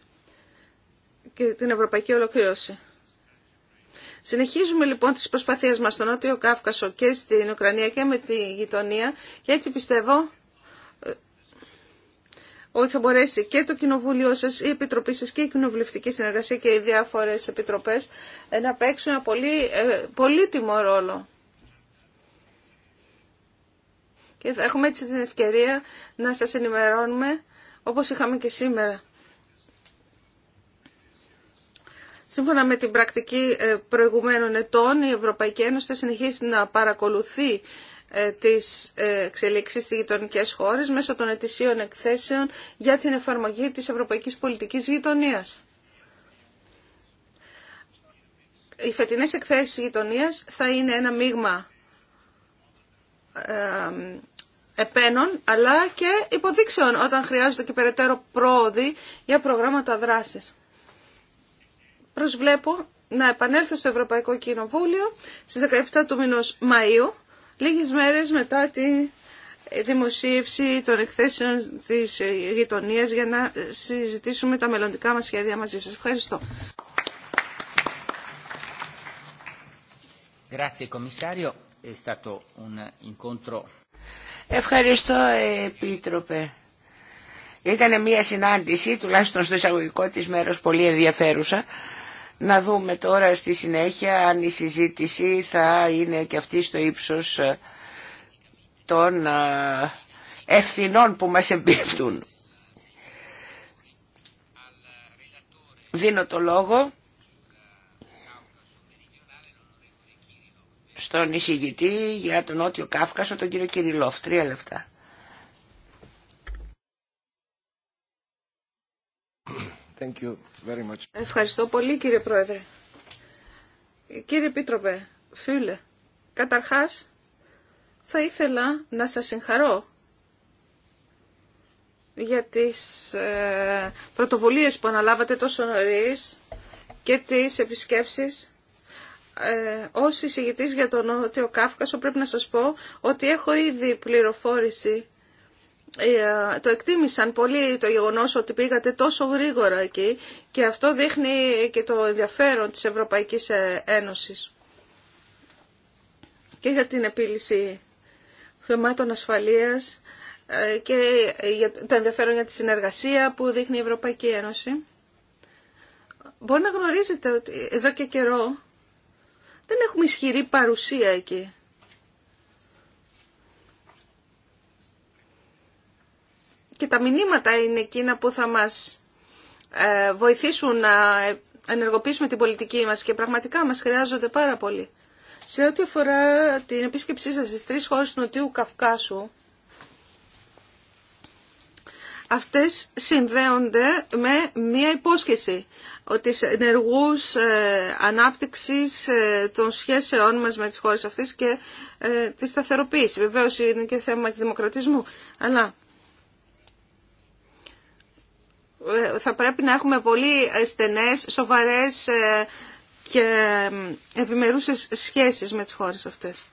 και την ευρωπαϊκή ολοκλήρωση. Συνεχίζουμε λοιπόν τις προσπαθίες μας στο Νότιο Κάφκασο και στην Ουκρανία και με τη γειτονία και έτσι πιστεύω ε, ότι θα μπορέσει και το Κοινοβούλιο σας, η Επιτροπή σας και η Κοινοβουλευτική Συνεργασία και οι διάφορες επιτροπές να παίξουν ένα πολύ ε, πολύτιμο ρόλο. Και θα έχουμε έτσι την ευκαιρία να σας ενημερώνουμε όπως είχαμε και σήμερα. Σύμφωνα με την πρακτική ε, προηγουμένων ετών, η Ευρωπαϊκή Ένωση θα συνεχίσει να παρακολουθεί ε, τις ε, εξελίξεις στις γειτονικέ χώρες μέσω των ετησίων εκθέσεων για την εφαρμογή της Ευρωπαϊκής Πολιτικής Γειτονίας. Οι φετινές εκθέσεις γειτονίας θα είναι ένα μείγμα επένων αλλά και υποδείξεων όταν χρειάζεται και περαιτέρω πρόοδοι για προγράμματα δράσης προσβλέπω να επανέλθω στο Ευρωπαϊκό Κοινοβούλιο στις 17 του μήνους Μαΐου, λίγες μέρες μετά τη δημοσίευση των εκθέσεων της γειτονία για να συζητήσουμε τα μελλοντικά μας σχέδια μαζί σας. Ευχαριστώ. Ευχαριστώ, Επίτροπε. Ήταν μια συνάντηση, τουλάχιστον στο εισαγωγικό της μέρος, πολύ ενδιαφέρουσα. Να δούμε τώρα στη συνέχεια αν η συζήτηση θα είναι και αυτή στο ύψος ε, των ε, ευθυνών που μας εμπίπτουν. Δίνω το λόγο στον εισηγητή για τον Νότιο Κάφκασο, τον κύριο Κυριλόφ. Τρία λεφτά. Ευχαριστώ πολύ κύριε Πρόεδρε. Κύριε Επίτροπε, φίλε, καταρχάς θα ήθελα να σας συγχαρώ για τις ε, πρωτοβουλίες που αναλάβατε τόσο νωρίς και τις επισκέψεις. Ε, ως εισηγητής για τον Νότιο Κάφκασο πρέπει να σας πω ότι έχω ήδη πληροφόρηση ε, το εκτίμησαν πολύ το γεγονός ότι πήγατε τόσο γρήγορα εκεί και αυτό δείχνει και το ενδιαφέρον της Ευρωπαϊκής ε, Ένωσης και για την επίλυση θεμάτων ασφαλείας ε, και για το ενδιαφέρον για τη συνεργασία που δείχνει η Ευρωπαϊκή Ένωση. Μπορεί να γνωρίζετε ότι εδώ και καιρό δεν έχουμε ισχυρή παρουσία εκεί. και τα μηνύματα είναι εκείνα που θα μας ε, βοηθήσουν να ενεργοποιήσουμε την πολιτική μας και πραγματικά μας χρειάζονται πάρα πολύ. Σε ό,τι αφορά την επίσκεψή σας στις τρεις χώρες του Νοτιού Καυκάσου, αυτές συνδέονται με μία υπόσχεση ότι ενεργούς ε, ανάπτυξης ε, των σχέσεών μας με τις χώρες αυτές και τη σταθεροποίηση. Βεβαίως είναι και θέμα δημοκρατισμού. Αλλά θα πρέπει να έχουμε πολύ στενές, σοβαρές ε, και επιμερούσες σχέσεις με τις χώρες αυτές.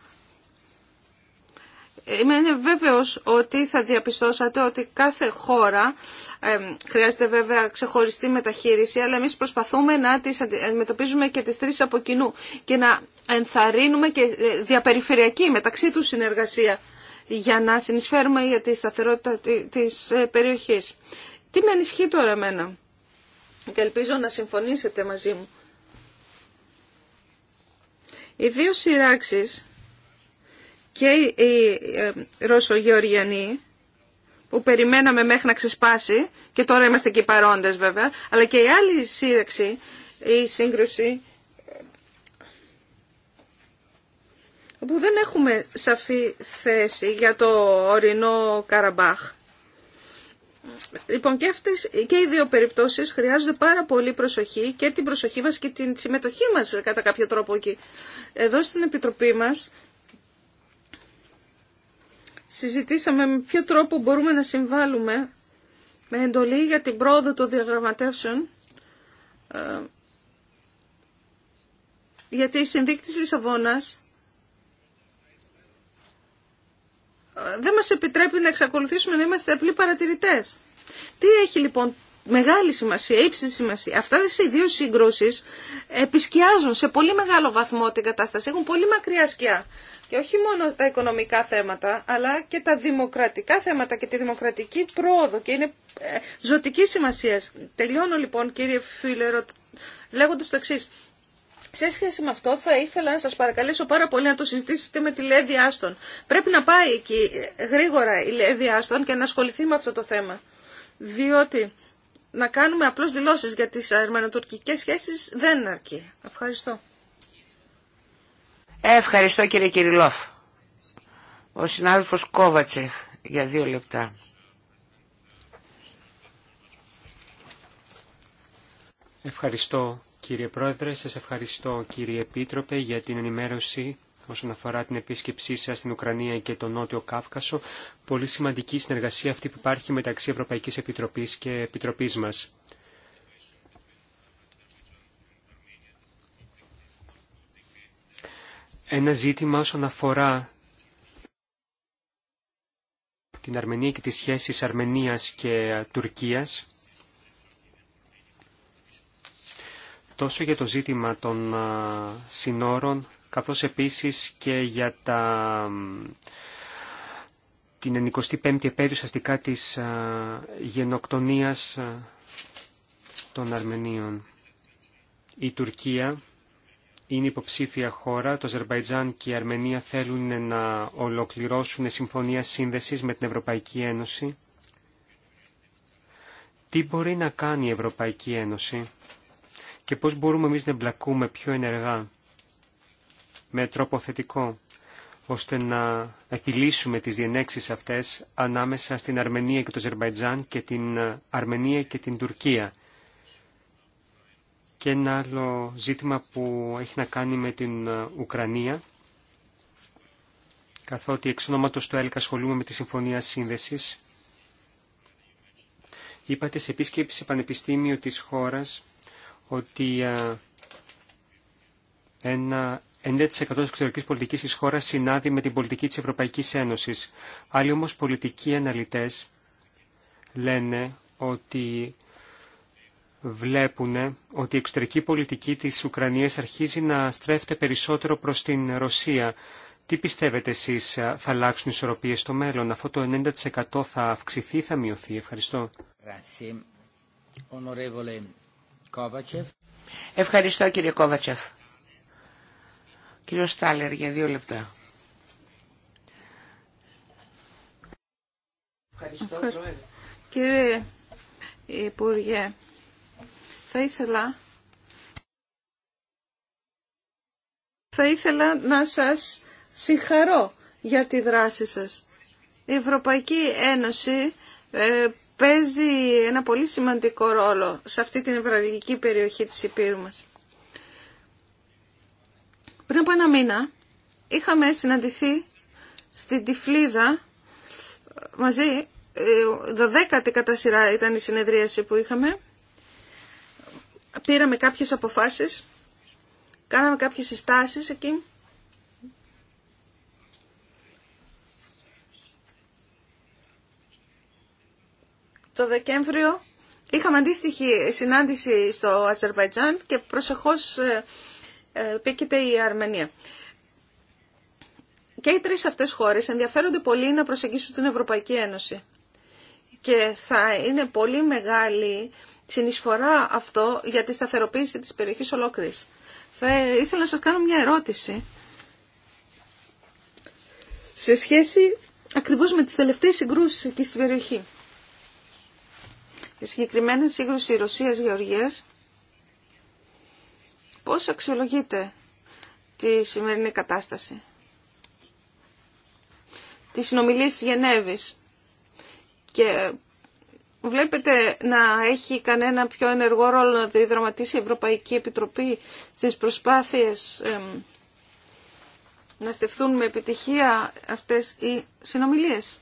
Είμαι βέβαιος ότι θα διαπιστώσατε ότι κάθε χώρα ε, χρειάζεται βέβαια ξεχωριστή μεταχείριση, αλλά εμείς προσπαθούμε να τις αντιμετωπίζουμε και τις τρεις από κοινού και να ενθαρρύνουμε και ε, διαπεριφερειακή μεταξύ τους συνεργασία για να συνεισφέρουμε για τη σταθερότητα της περιοχής. Τι με ενισχύει τώρα εμένα και ελπίζω να συμφωνήσετε μαζί μου. Οι δύο σειράξεις και οι ε, Ρωσογεωργιανοί που περιμέναμε μέχρι να ξεσπάσει και τώρα είμαστε και παρόντες βέβαια, αλλά και η άλλη σύραξη, η σύγκρουση που δεν έχουμε σαφή θέση για το ορεινό Καραμπάχ. Λοιπόν και, και οι δύο περιπτώσεις χρειάζονται πάρα πολύ προσοχή και την προσοχή μας και την συμμετοχή μας κατά κάποιο τρόπο εκεί. Εδώ στην Επιτροπή μας συζητήσαμε με ποιο τρόπο μπορούμε να συμβάλλουμε με εντολή για την πρόοδο των διαγραμματεύσεων ε, γιατί η συνδίκτηση Λισαβόνας δεν μας επιτρέπει να εξακολουθήσουμε να είμαστε απλοί παρατηρητές. Τι έχει λοιπόν μεγάλη σημασία, ύψη σημασία. Αυτά οι δύο σύγκρουσει επισκιάζουν σε πολύ μεγάλο βαθμό την κατάσταση. Έχουν πολύ μακριά σκιά. Και όχι μόνο τα οικονομικά θέματα, αλλά και τα δημοκρατικά θέματα και τη δημοκρατική πρόοδο. Και είναι ε, ζωτική σημασία. Τελειώνω λοιπόν, κύριε Φίλερο, λέγοντα το εξή. Σε σχέση με αυτό θα ήθελα να σας παρακαλέσω πάρα πολύ να το συζητήσετε με τη Λέδη Άστον. Πρέπει να πάει εκεί γρήγορα η Λέδη Άστον και να ασχοληθεί με αυτό το θέμα. Διότι να κάνουμε απλώς δηλώσεις για τις αρμενοτουρκικές σχέσεις δεν αρκεί. Ευχαριστώ. Ευχαριστώ κύριε Κυριλόφ. Ο συνάδελφος Κόβατσεφ για δύο λεπτά. Ευχαριστώ Κύριε Πρόεδρε, σας ευχαριστώ κύριε Επίτροπε για την ενημέρωση όσον αφορά την επίσκεψή σα στην Ουκρανία και τον Νότιο Κάυκασο. Πολύ σημαντική συνεργασία αυτή που υπάρχει μεταξύ Ευρωπαϊκής Επιτροπής και Επιτροπής μας. Ένα ζήτημα όσον αφορά την Αρμενία και τις σχέσεις Αρμενίας και Τουρκίας τόσο για το ζήτημα των συνόρων, καθώς επίσης και για τα, την 25η επέριουσαστικά της γενοκτονίας των Αρμενίων. Η Τουρκία είναι υποψήφια χώρα, το Αζερβαϊτζάν και η Αρμενία θέλουν να ολοκληρώσουν συμφωνία σύνδεσης με την Ευρωπαϊκή Ένωση. Τι μπορεί να κάνει η Ευρωπαϊκή Ένωση και πώς μπορούμε εμείς να εμπλακούμε πιο ενεργά με τρόπο θετικό ώστε να επιλύσουμε τις διενέξεις αυτές ανάμεσα στην Αρμενία και το Ζερμπαϊτζάν και την Αρμενία και την Τουρκία. Και ένα άλλο ζήτημα που έχει να κάνει με την Ουκρανία, καθότι εξ ονόματος του ΕΛΚ ασχολούμαι με τη Συμφωνία Σύνδεσης. Είπατε σε επίσκεψη πανεπιστήμιο της χώρας ότι ένα 90% της εξωτερικής πολιτικής της χώρας συνάδει με την πολιτική της Ευρωπαϊκής Ένωσης. Άλλοι όμως πολιτικοί αναλυτές λένε ότι βλέπουν ότι η εξωτερική πολιτική της Ουκρανίας αρχίζει να στρέφεται περισσότερο προς την Ρωσία. Τι πιστεύετε εσείς, θα αλλάξουν οι ισορροπίες στο μέλλον, αυτό το 90% θα αυξηθεί, ή θα μειωθεί. Ευχαριστώ. Ευχαριστώ κύριε Κόβατσεφ. Κύριο Στάλερ για δύο λεπτά. Κύριε Υπουργέ, θα ήθελα... Θα ήθελα να σας συγχαρώ για τη δράση σας. Η Ευρωπαϊκή Ένωση ε, παίζει ένα πολύ σημαντικό ρόλο σε αυτή την ευρωαλληλική περιοχή της Υπήρου μας. Πριν από ένα μήνα είχαμε συναντηθεί στην Τυφλίζα μαζί, 12η ε, κατά σειρά ήταν η συνεδρίαση που είχαμε. Πήραμε κάποιες αποφάσεις, κάναμε κάποιες συστάσεις εκεί Το Δεκέμβριο είχαμε αντίστοιχη συνάντηση στο Αζερβαϊτζάν και προσεχώς ε, ε, πήκεται η Αρμενία. Και οι τρεις αυτές χώρες ενδιαφέρονται πολύ να προσεγγίσουν την Ευρωπαϊκή Ένωση. Και θα είναι πολύ μεγάλη συνεισφορά αυτό για τη σταθεροποίηση της περιοχής ολόκληρης. Θα ήθελα να σας κάνω μια ερώτηση. Σε σχέση ακριβώς με τις τελευταίες συγκρούσεις εκεί στην περιοχή. Η συγκεκριμένη σύγκρουση Ρωσίας-Γεωργίας πώς αξιολογείται τη σημερινή κατάσταση. Τη συνομιλία της Γενέβης και βλέπετε να έχει κανένα πιο ενεργό ρόλο να διδραματίσει η Ευρωπαϊκή Επιτροπή στις προσπάθειες να στεφθούν με επιτυχία αυτές οι συνομιλίες.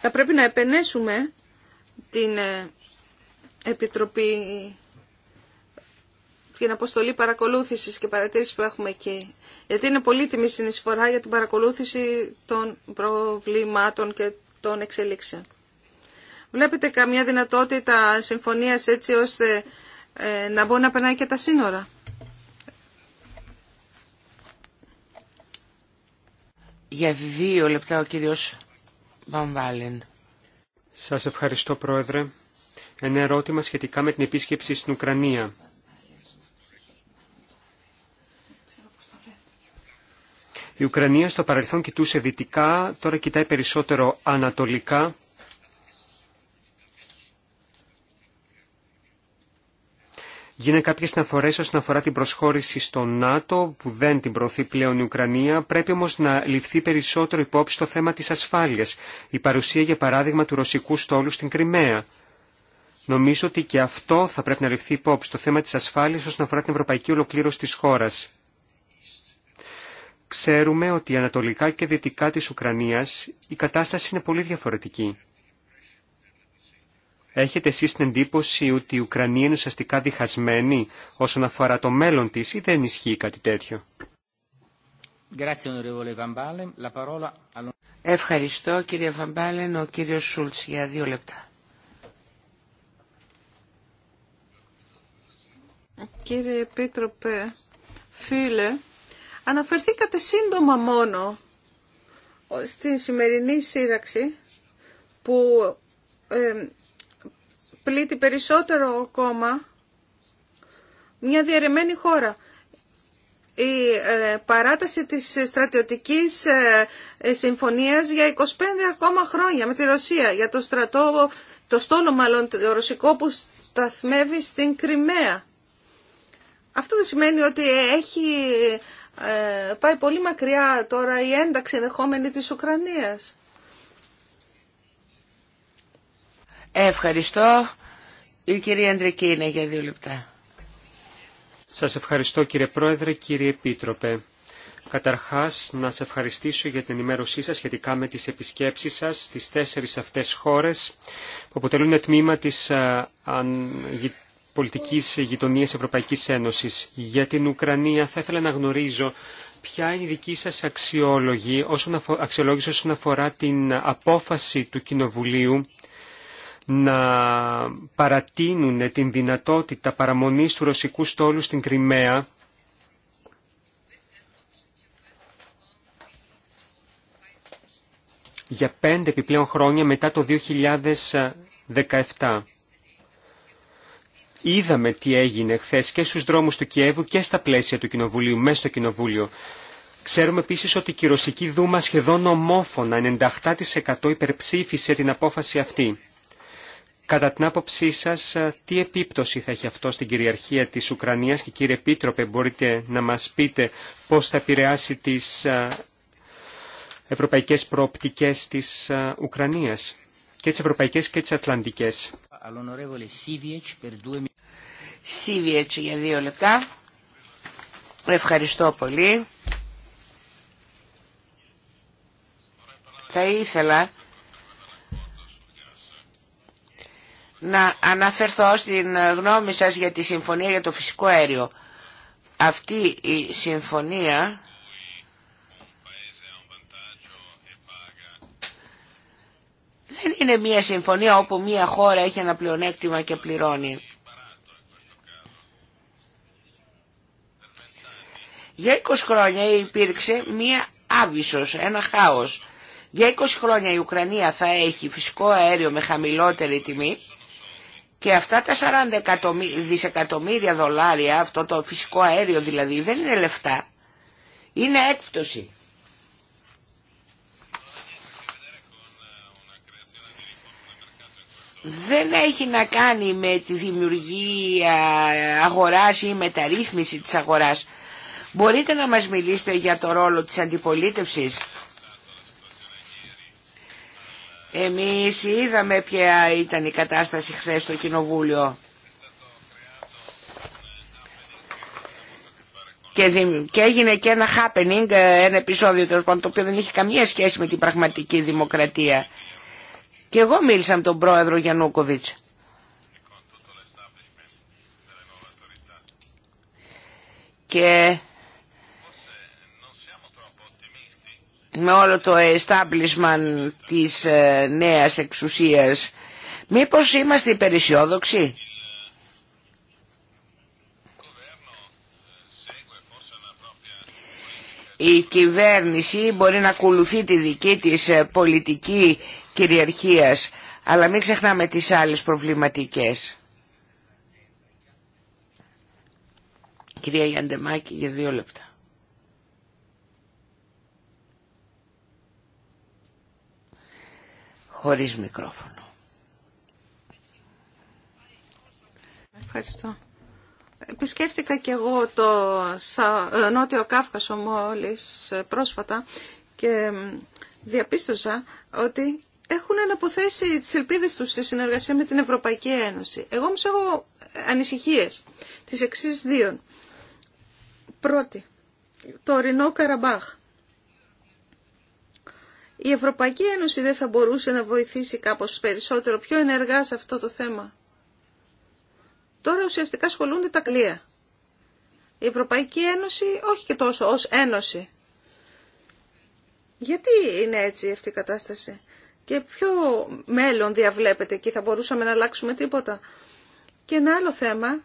θα πρέπει να επενέσουμε την ε, Επιτροπή την αποστολή παρακολούθησης και παρατήρησης που έχουμε εκεί. Γιατί είναι πολύτιμη συνεισφορά για την παρακολούθηση των προβλημάτων και των εξελίξεων. Βλέπετε καμία δυνατότητα συμφωνίας έτσι ώστε ε, να μπορεί να περνάει και τα σύνορα. Για δύο λεπτά ο κύριος σας ευχαριστώ Πρόεδρε. Ένα ερώτημα σχετικά με την επίσκεψη στην Ουκρανία. Η Ουκρανία στο παρελθόν κοιτούσε δυτικά, τώρα κοιτάει περισσότερο ανατολικά Γίνανε κάποιες αναφορές όσον αφορά την προσχώρηση στο ΝΑΤΟ που δεν την προωθεί πλέον η Ουκρανία. Πρέπει όμως να ληφθεί περισσότερο υπόψη το θέμα της ασφάλειας. Η παρουσία για παράδειγμα του ρωσικού στόλου στην Κρυμαία. Νομίζω ότι και αυτό θα πρέπει να ληφθεί υπόψη το θέμα της ασφάλειας όσον αφορά την ευρωπαϊκή ολοκλήρωση της χώρας. Ξέρουμε ότι ανατολικά και δυτικά της Ουκρανίας η κατάσταση είναι πολύ διαφορετική. Έχετε εσείς την εντύπωση ότι η Ουκρανία είναι ουσιαστικά διχασμένη όσον αφορά το μέλλον της ή δεν ισχύει κάτι τέτοιο. Ευχαριστώ κύριε Βαμπάλεν, ο κύριος Σούλτς για δύο λεπτά. Κύριε Επίτροπε, φίλε, αναφερθήκατε σύντομα μόνο στη σημερινή σύραξη που ε, πλήττει περισσότερο ακόμα μια διαιρεμένη χώρα. Η ε, παράταση της στρατιωτικής ε, ε, συμφωνίας για 25 ακόμα χρόνια με τη Ρωσία, για το στρατό, το στόλο μάλλον το ρωσικό που σταθμεύει στην Κρυμαία. Αυτό δεν σημαίνει ότι έχει πάει πολύ μακριά τώρα η ένταξη ενδεχόμενη της Ουκρανίας. Ευχαριστώ. Η κυρία Αντρική είναι για δύο λεπτά. Σας ευχαριστώ κύριε Πρόεδρε, κύριε Επίτροπε. Καταρχάς, να σας ευχαριστήσω για την ενημέρωσή σας σχετικά με τις επισκέψεις σας στις τέσσερις αυτές χώρες που αποτελούν τμήμα της πολιτικής γειτονίας Ευρωπαϊκής Ένωσης. Για την Ουκρανία θα ήθελα να γνωρίζω ποια είναι η δική σας αξιολόγηση όσον αφορά την απόφαση του Κοινοβουλίου να παρατείνουν την δυνατότητα παραμονής του ρωσικού στόλου στην Κρυμαία για πέντε επιπλέον χρόνια μετά το 2017. Είδαμε τι έγινε χθε και στους δρόμους του Κιέβου και στα πλαίσια του Κοινοβουλίου, μέσα στο Κοινοβούλιο. Ξέρουμε επίση ότι η Ρωσική Δούμα σχεδόν ομόφωνα, 98% υπερψήφισε την απόφαση αυτή. Κατά την άποψή σας, ε, τι επίπτωση θα έχει αυτό στην κυριαρχία της Ουκρανίας και κύριε Επίτροπε μπορείτε να μας πείτε πώς θα επηρεάσει τις ε, ευρωπαϊκές προοπτικές της ε, Ουκρανίας και τις ευρωπαϊκές και τις ατλαντικές. Σίβιετς για δύο λεπτά. Ευχαριστώ πολύ. Θα ήθελα να αναφερθώ στην γνώμη σας για τη συμφωνία για το φυσικό αέριο. Αυτή η συμφωνία δεν είναι μια συμφωνία όπου μια χώρα έχει ένα πλεονέκτημα και πληρώνει. Για 20 χρόνια υπήρξε μία άβυσος, ένα χάος. Για 20 χρόνια η Ουκρανία θα έχει φυσικό αέριο με χαμηλότερη τιμή και αυτά τα 40 δισεκατομμύρια δολάρια, αυτό το φυσικό αέριο δηλαδή, δεν είναι λεφτά. Είναι έκπτωση. Δεν έχει να κάνει με τη δημιουργία αγοράς ή μεταρρύθμιση της αγοράς. Μπορείτε να μας μιλήσετε για το ρόλο της αντιπολίτευσης. Εμείς είδαμε ποια ήταν η κατάσταση χθες στο Κοινοβούλιο. Και, έγινε και ένα happening, ένα επεισόδιο το οποίο δεν είχε καμία σχέση με την πραγματική δημοκρατία. Και εγώ μίλησα με τον πρόεδρο Γιαννούκοβιτς. Και με όλο το establishment της ε, νέας εξουσίας. Μήπως είμαστε υπερισιόδοξοι. Η κυβέρνηση μπορεί να ακολουθεί τη δική της ε, πολιτική κυριαρχίας, αλλά μην ξεχνάμε τις άλλες προβληματικές. Κυρία Γιαντεμάκη για δύο λεπτά. χωρίς μικρόφωνο. Ευχαριστώ. Επισκέφτηκα και εγώ το ε, Νότιο Κάφκασο μόλις ε, πρόσφατα και διαπίστωσα ότι έχουν αναποθέσει τις ελπίδες τους στη συνεργασία με την Ευρωπαϊκή Ένωση. Εγώ όμως έχω ανησυχίες, τις εξής δύο. Πρώτη, το ορεινό Καραμπάχ η Ευρωπαϊκή Ένωση δεν θα μπορούσε να βοηθήσει κάπως περισσότερο, πιο ενεργά σε αυτό το θέμα. Τώρα ουσιαστικά ασχολούνται τα κλία. Η Ευρωπαϊκή Ένωση όχι και τόσο ως ένωση. Γιατί είναι έτσι αυτή η κατάσταση και ποιο μέλλον διαβλέπετε εκεί, θα μπορούσαμε να αλλάξουμε τίποτα. Και ένα άλλο θέμα,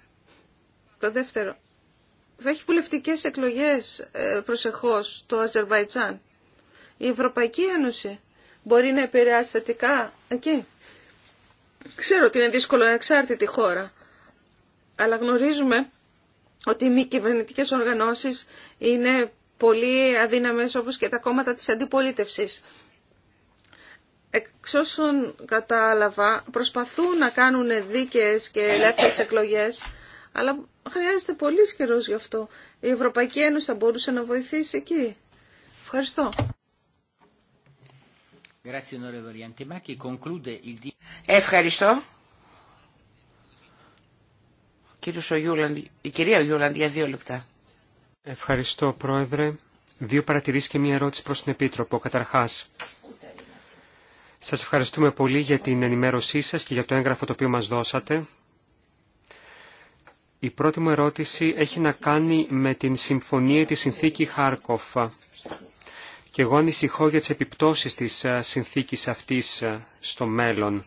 το δεύτερο, θα έχει βουλευτικές εκλογές ε, προσεχώς το Αζερβαϊτζάν η Ευρωπαϊκή Ένωση μπορεί να επηρεάσει θετικά εκεί. Ξέρω ότι είναι δύσκολο να τη χώρα, αλλά γνωρίζουμε ότι οι μη κυβερνητικές οργανώσεις είναι πολύ αδύναμες όπως και τα κόμματα της αντιπολίτευσης. Εξ όσων κατάλαβα, προσπαθούν να κάνουν δίκαιες και ελεύθερες εκλογές, αλλά χρειάζεται πολύ καιρό γι' αυτό. Η Ευρωπαϊκή Ένωση θα μπορούσε να βοηθήσει εκεί. Ευχαριστώ. Ευχαριστώ. Κύριος η κυρία Ογιούλαντ για δύο λεπτά. Ευχαριστώ Πρόεδρε. Δύο παρατηρήσεις και μία ερώτηση προς την Επίτροπο. Καταρχάς, σας ευχαριστούμε πολύ για την ενημέρωσή σας και για το έγγραφο το οποίο μας δώσατε. Η πρώτη μου ερώτηση έχει να κάνει με την συμφωνία της συνθήκη Χάρκοφα και εγώ ανησυχώ για τις επιπτώσεις της ε, συνθήκης αυτής ε, στο μέλλον.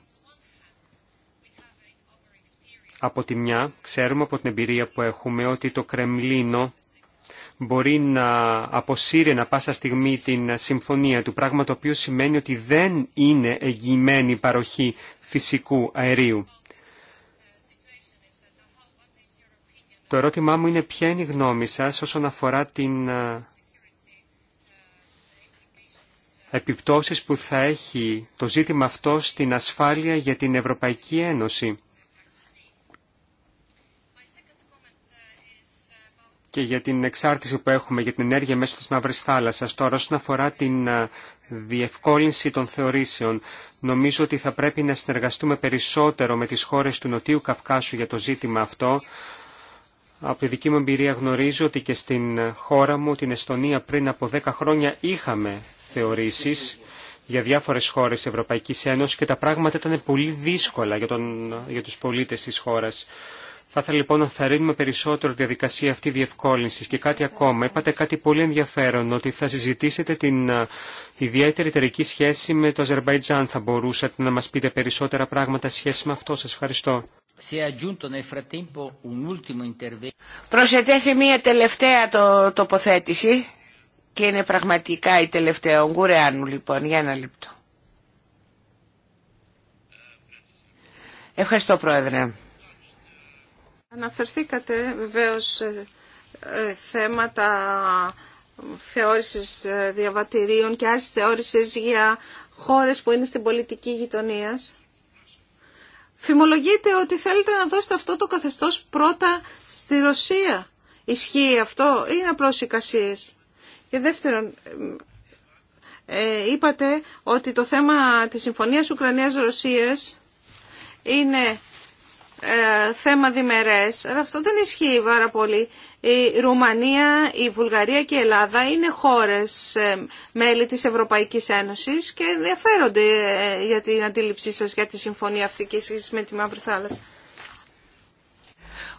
Από τη μια, ξέρουμε από την εμπειρία που έχουμε ότι το Κρεμλίνο μπορεί να αποσύρει να πάσα στιγμή την ε, συμφωνία του, πράγμα το οποίο σημαίνει ότι δεν είναι εγγυημένη παροχή φυσικού αερίου. Το ερώτημά μου είναι ποια είναι η γνώμη σας όσον αφορά την επιπτώσεις που θα έχει το ζήτημα αυτό στην ασφάλεια για την Ευρωπαϊκή Ένωση. και για την εξάρτηση που έχουμε για την ενέργεια μέσω της Μαύρης Θάλασσας. Τώρα, όσον αφορά την διευκόλυνση των θεωρήσεων, νομίζω ότι θα πρέπει να συνεργαστούμε περισσότερο με τις χώρες του Νοτίου Καυκάσου για το ζήτημα αυτό. Από τη δική μου εμπειρία γνωρίζω ότι και στην χώρα μου, την Εστονία, πριν από 10 χρόνια είχαμε θεωρήσεις για διάφορες χώρες Ευρωπαϊκής Ένωσης και τα πράγματα ήταν πολύ δύσκολα για, τον, για τους πολίτες της χώρας. Θα ήθελα λοιπόν να θαρρύνουμε περισσότερο τη διαδικασία αυτή διευκόλυνση. Και κάτι ακόμα. Είπατε κάτι πολύ ενδιαφέρον, ότι θα συζητήσετε την ε, ιδιαίτερη εταιρική σχέση με το Αζερβαϊτζάν. Θα μπορούσατε να μα πείτε περισσότερα πράγματα σχέση με αυτό. Σα ευχαριστώ. Προσετέθη μία τελευταία το, τοποθέτηση και είναι πραγματικά η τελευταία ογκουρεάνου λοιπόν για ένα λεπτό. Ευχαριστώ Πρόεδρε. Αναφερθήκατε βεβαίως ε, θέματα θεώρησης ε, διαβατηρίων και άρση θεώρησης για χώρες που είναι στην πολιτική γειτονία. Φημολογείτε ότι θέλετε να δώσετε αυτό το καθεστώς πρώτα στη Ρωσία. Ισχύει αυτό ή είναι απλώς και δεύτερον, ε, ε, είπατε ότι το θέμα της Συμφωνίας Ουκρανίας-Ρωσίας είναι ε, θέμα διμερές, αλλά αυτό δεν ισχύει πάρα πολύ. Η Ρουμανία, η Βουλγαρία και η Ελλάδα είναι χώρες μέλη της Ευρωπαϊκής Ένωσης και ενδιαφέρονται για την αντίληψή σας για τη συμφωνία αυτή και εσείς με τη Μαύρη Θάλασσα.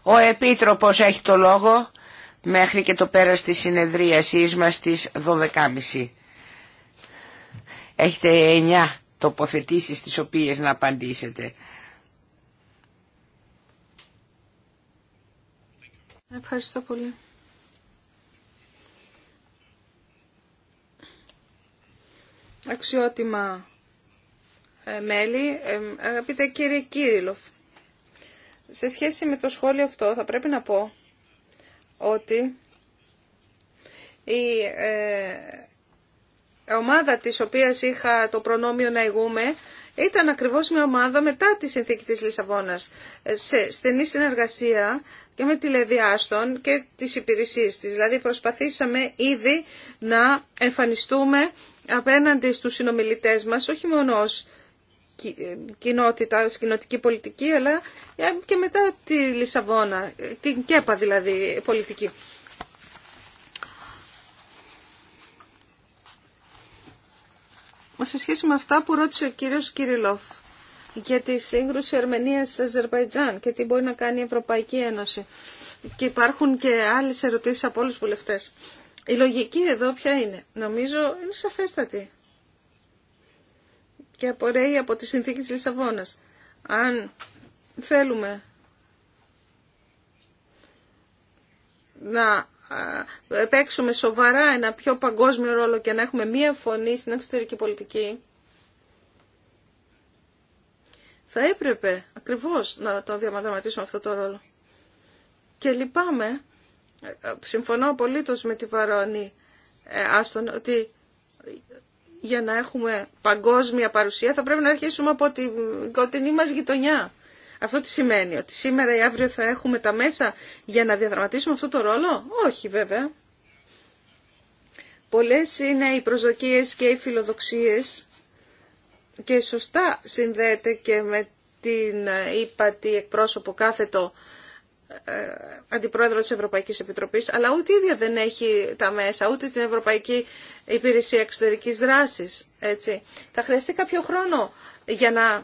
Ο Επίτροπος έχει το λόγο μέχρι και το πέρας της συνεδρίασής μας στις 12.30. Έχετε 9 τοποθετήσεις τις οποίες να απαντήσετε. Ευχαριστώ πολύ. Αξιότιμα ε, μέλη, ε, αγαπητέ κύριε Κύριλοφ, σε σχέση με το σχόλιο αυτό θα πρέπει να πω ότι η ε, ομάδα της οποίας είχα το προνόμιο να ηγούμε ήταν ακριβώς μια ομάδα μετά τη συνθήκη της Λισαβόνας σε στενή συνεργασία και με τη και τις υπηρεσίες της. Δηλαδή προσπαθήσαμε ήδη να εμφανιστούμε απέναντι στους συνομιλητές μας, όχι μόνο ε, κοινότητα, κοινοτική πολιτική, αλλά ε, και μετά τη Λισαβόνα, ε, την ΚΕΠΑ δηλαδή πολιτική. Σε σχέση με αυτά που ρώτησε ο κύριος Κυριλόφ για τη σύγκρουση Αρμενίας-Αζερβαϊτζάν και τι μπορεί να κάνει η Ευρωπαϊκή Ένωση. Και υπάρχουν και άλλες ερωτήσεις από όλους τους βουλευτές. Η λογική εδώ ποια είναι. Νομίζω είναι σαφέστατη και απορρέει από τη συνθήκη της Λισαβόνας. Αν θέλουμε να παίξουμε σοβαρά ένα πιο παγκόσμιο ρόλο και να έχουμε μία φωνή στην εξωτερική πολιτική, θα έπρεπε ακριβώς να το διαμαδραματίσουμε αυτό το ρόλο. Και λυπάμαι, ε, συμφωνώ απολύτως με τη Βαρόνη ε, Άστον, ότι για να έχουμε παγκόσμια παρουσία θα πρέπει να αρχίσουμε από την κοντινή μας γειτονιά. Αυτό τι σημαίνει, ότι σήμερα ή αύριο θα έχουμε τα μέσα για να διαδραματίσουμε αυτό το ρόλο. Όχι βέβαια. Πολλές είναι οι προσδοκίες και οι φιλοδοξίες και σωστά συνδέεται και με την ε, ύπατη εκπρόσωπο κάθετο ε, αντιπρόεδρο της Ευρωπαϊκής Επιτροπής, αλλά ούτε ίδια δεν έχει τα μέσα, ούτε την Ευρωπαϊκή Υπηρεσία Εξωτερικής Δράσης. Έτσι. Θα χρειαστεί κάποιο χρόνο για να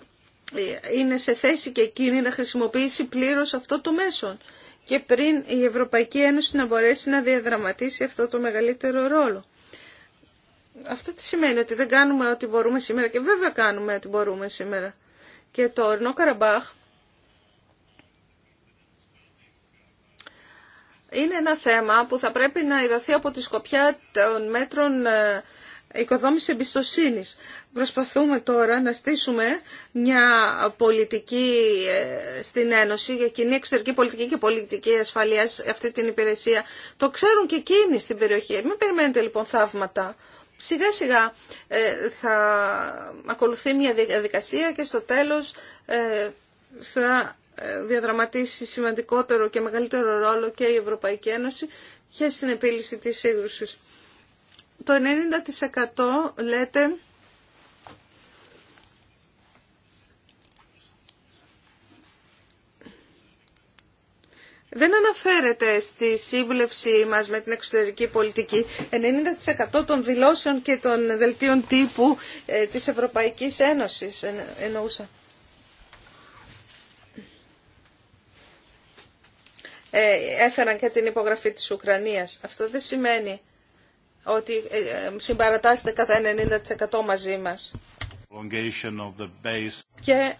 ε, είναι σε θέση και εκείνη να χρησιμοποιήσει πλήρως αυτό το μέσο και πριν η Ευρωπαϊκή Ένωση να μπορέσει να διαδραματίσει αυτό το μεγαλύτερο ρόλο. Αυτό τι σημαίνει, ότι δεν κάνουμε ό,τι μπορούμε σήμερα και βέβαια κάνουμε ό,τι μπορούμε σήμερα. Και το Ορνό Καραμπάχ είναι ένα θέμα που θα πρέπει να ειδωθεί από τη σκοπιά των μέτρων ε, οικοδόμηση εμπιστοσύνη. Προσπαθούμε τώρα να στήσουμε μια πολιτική ε, στην Ένωση για κοινή εξωτερική πολιτική και πολιτική ασφαλείας αυτή την υπηρεσία. Το ξέρουν και εκείνοι στην περιοχή. Μην περιμένετε λοιπόν θαύματα. Σιγά σιγά ε, θα ακολουθεί μια διαδικασία και στο τέλος θα ε, διαδραματίσει σημαντικότερο και μεγαλύτερο ρόλο και η Ευρωπαϊκή Ένωση και στην επίλυση της σύγκρουσης. Το 90% λέτε δεν αναφέρεται στη σύμβλεψή μας με την εξωτερική πολιτική. 90% των δηλώσεων και των δελτίων τύπου ε, της Ευρωπαϊκής Ένωσης εννοούσα. Ε, έφεραν και την υπογραφή της Ουκρανίας. Αυτό δεν σημαίνει ότι ε, ε, συμπαρατάσσεται κατά 90% μαζί μας. Και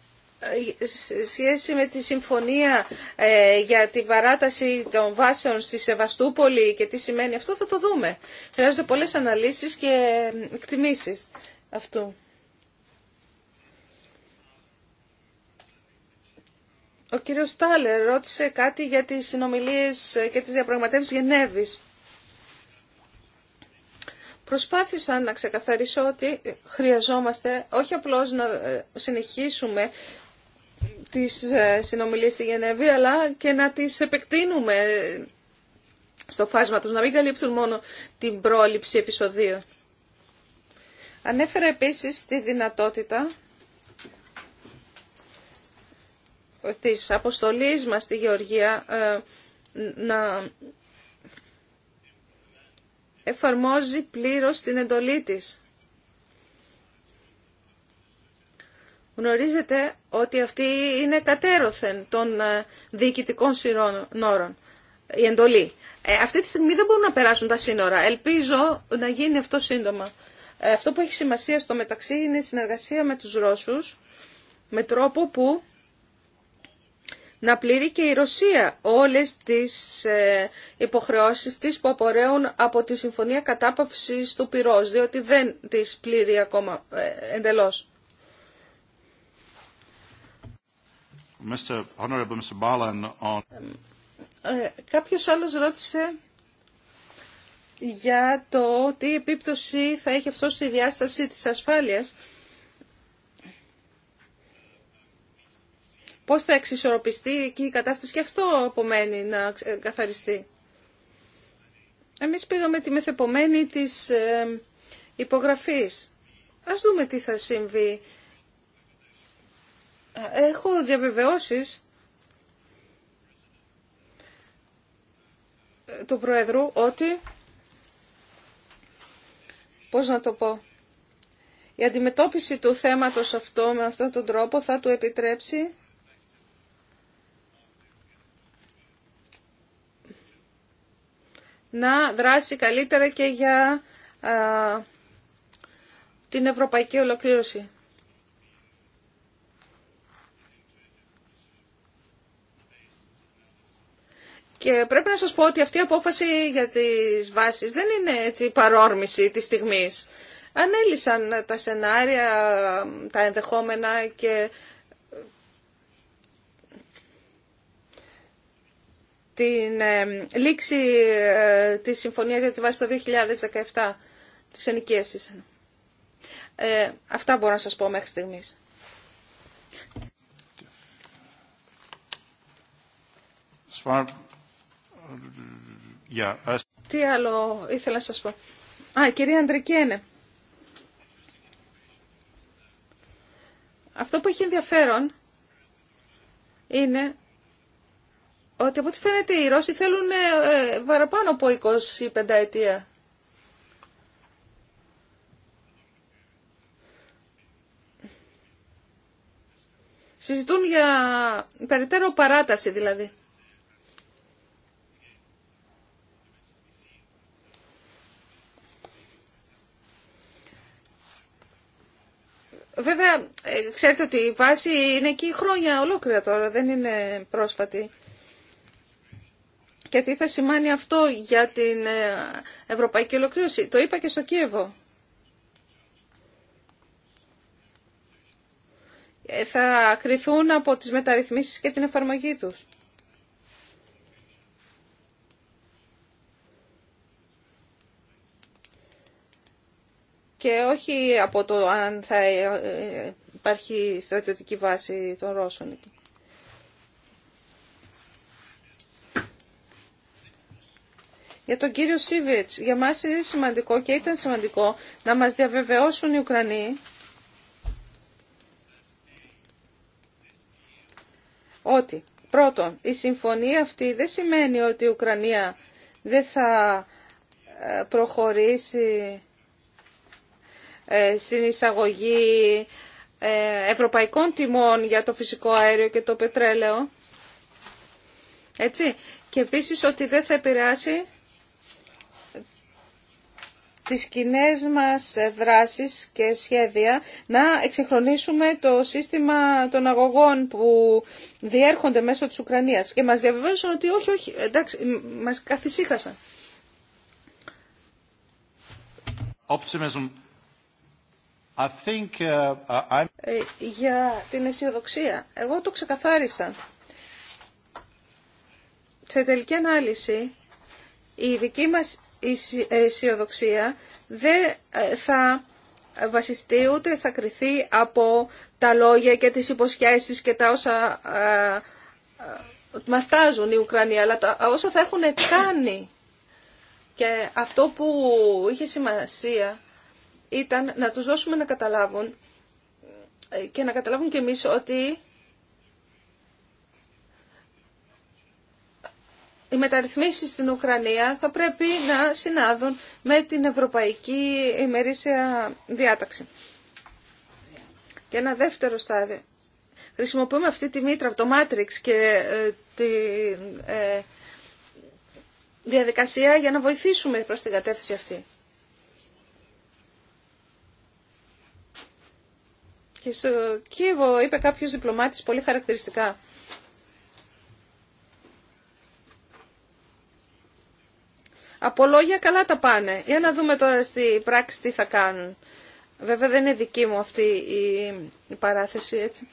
σε σχέση με τη συμφωνία για τη παράταση των βάσεων στη Σεβαστούπολη και τι σημαίνει αυτό θα το δούμε. Χρειάζονται πολλές αναλύσεις και εκτιμήσεις αυτού. Ο κύριος Στάλερ ρώτησε κάτι για τις συνομιλίες και τις διαπραγματεύσεις Γενέβης. Προσπάθησα να ξεκαθαρίσω ότι χρειαζόμαστε όχι απλώς να ε, συνεχίσουμε τις ε, συνομιλίες στη Γενέβη, αλλά και να τις επεκτείνουμε στο φάσμα τους, να μην καλύπτουν μόνο την πρόληψη επεισοδίου. Ανέφερα επίσης τη δυνατότητα της αποστολής μας στη Γεωργία ε, να εφαρμόζει πλήρως την εντολή της. Γνωρίζετε ότι αυτή είναι κατέρωθεν των ε, διοικητικών σύνορων η εντολή. Ε, αυτή τη στιγμή δεν μπορούν να περάσουν τα σύνορα. Ελπίζω να γίνει αυτό σύντομα. Ε, αυτό που έχει σημασία στο μεταξύ είναι η συνεργασία με τους Ρώσους με τρόπο που να πληρεί και η Ρωσία όλες τις ε, υποχρεώσεις της που απορρέουν από τη Συμφωνία Κατάπαυσης του πυρός, διότι δεν τις πλήρει ακόμα ε, εντελώς. Mr. Ε, κάποιος άλλος ρώτησε για το τι επίπτωση θα έχει αυτό στη διάσταση της ασφάλειας Πώς θα εξισορροπιστεί εκεί η κατάσταση και αυτό απομένει να καθαριστεί. Εμείς πήγαμε τη μεθεπομένη της ε, υπογραφής. Ας δούμε τι θα συμβεί. Έχω διαβεβαιώσεις του Προεδρού ότι, πώς να το πω, η αντιμετώπιση του θέματος αυτό με αυτόν τον τρόπο θα του επιτρέψει να δράσει καλύτερα και για την ευρωπαϊκή ολοκλήρωση. Και πρέπει να σας πω ότι αυτή η απόφαση για τις βάσεις δεν είναι έτσι παρόρμηση της στιγμής. Ανέλησαν τα σενάρια, τα ενδεχόμενα και την ε, λήξη ε, της Συμφωνίας για τις Βάσεις το 2017 της ενοικίασης. Ε, αυτά μπορώ να σας πω μέχρι στιγμής. Τι άλλο ήθελα να σας πω. Α, η κυρία Αντρικένε. Αυτό που έχει ενδιαφέρον είναι ότι από ό,τι φαίνεται οι Ρώσοι θέλουν ε, ε, παραπάνω από 25 ετία. Συζητούν για περαιτέρω παράταση δηλαδή. Βέβαια, ε, ξέρετε ότι η βάση είναι εκεί χρόνια ολόκληρα τώρα, δεν είναι πρόσφατη και τι θα σημαίνει αυτό για την ε, ευρωπαϊκή ολοκλήρωση. Το είπα και στο Κίεβο. Ε, θα κριθούν από τις μεταρρυθμίσεις και την εφαρμογή τους. Και όχι από το αν θα ε, υπάρχει στρατιωτική βάση των Ρώσων εκεί. Για τον κύριο Σίβιτς, για μας είναι σημαντικό και ήταν σημαντικό να μας διαβεβαιώσουν οι Ουκρανοί ότι πρώτον η συμφωνία αυτή δεν σημαίνει ότι η Ουκρανία δεν θα ε, προχωρήσει ε, στην εισαγωγή ε, ευρωπαϊκών τιμών για το φυσικό αέριο και το πετρέλαιο. Έτσι. Και επίσης ότι δεν θα επηρεάσει τις κοινέ μας δράσεις και σχέδια να εξυγχρονίσουμε το σύστημα των αγωγών που διέρχονται μέσω της Ουκρανίας. Και μας διαβεβαίωσαν ότι όχι, όχι, εντάξει, μας καθυσίχασαν. Optimism. I think, uh, ε, για την αισιοδοξία. Εγώ το ξεκαθάρισα. Σε τελική ανάλυση, η δική μας η ε, αισιοδοξία δεν ε, θα βασιστεί ούτε θα κριθεί από τα λόγια και τις υποσχέσεις και τα όσα ε, μαστάζουν οι Ουκρανοί, αλλά τα όσα θα έχουν κάνει. Και αυτό που είχε σημασία ήταν να τους δώσουμε να καταλάβουν και να καταλάβουν και εμείς ότι οι μεταρρυθμίσεις στην Ουκρανία θα πρέπει να συνάδουν με την Ευρωπαϊκή ημερήσια διάταξη. Και ένα δεύτερο στάδιο. Χρησιμοποιούμε αυτή τη μήτρα από το Matrix και ε, τη ε, διαδικασία για να βοηθήσουμε προς την κατεύθυνση αυτή. Και στο Κίβο είπε κάποιος διπλωμάτης πολύ χαρακτηριστικά Από λόγια καλά τα πάνε. Για να δούμε τώρα στη πράξη τι θα κάνουν. Βέβαια δεν είναι δική μου αυτή η παράθεση έτσι.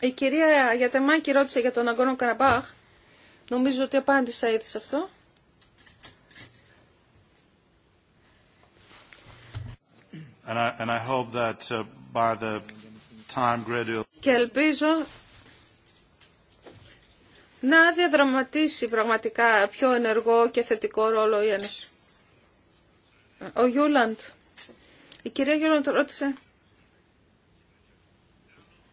Η κυρία Γιατεμάκη ρώτησε για τον Αγκόνο Καραμπάχ. Νομίζω ότι απάντησα ήδη σε αυτό. And I, hope that uh, by the time... Και ελπίζω να διαδραματίσει πραγματικά πιο ενεργό και θετικό ρόλο η Ένωση. Ο Γιούλαντ. Η κυρία Γιούλαντ ρώτησε.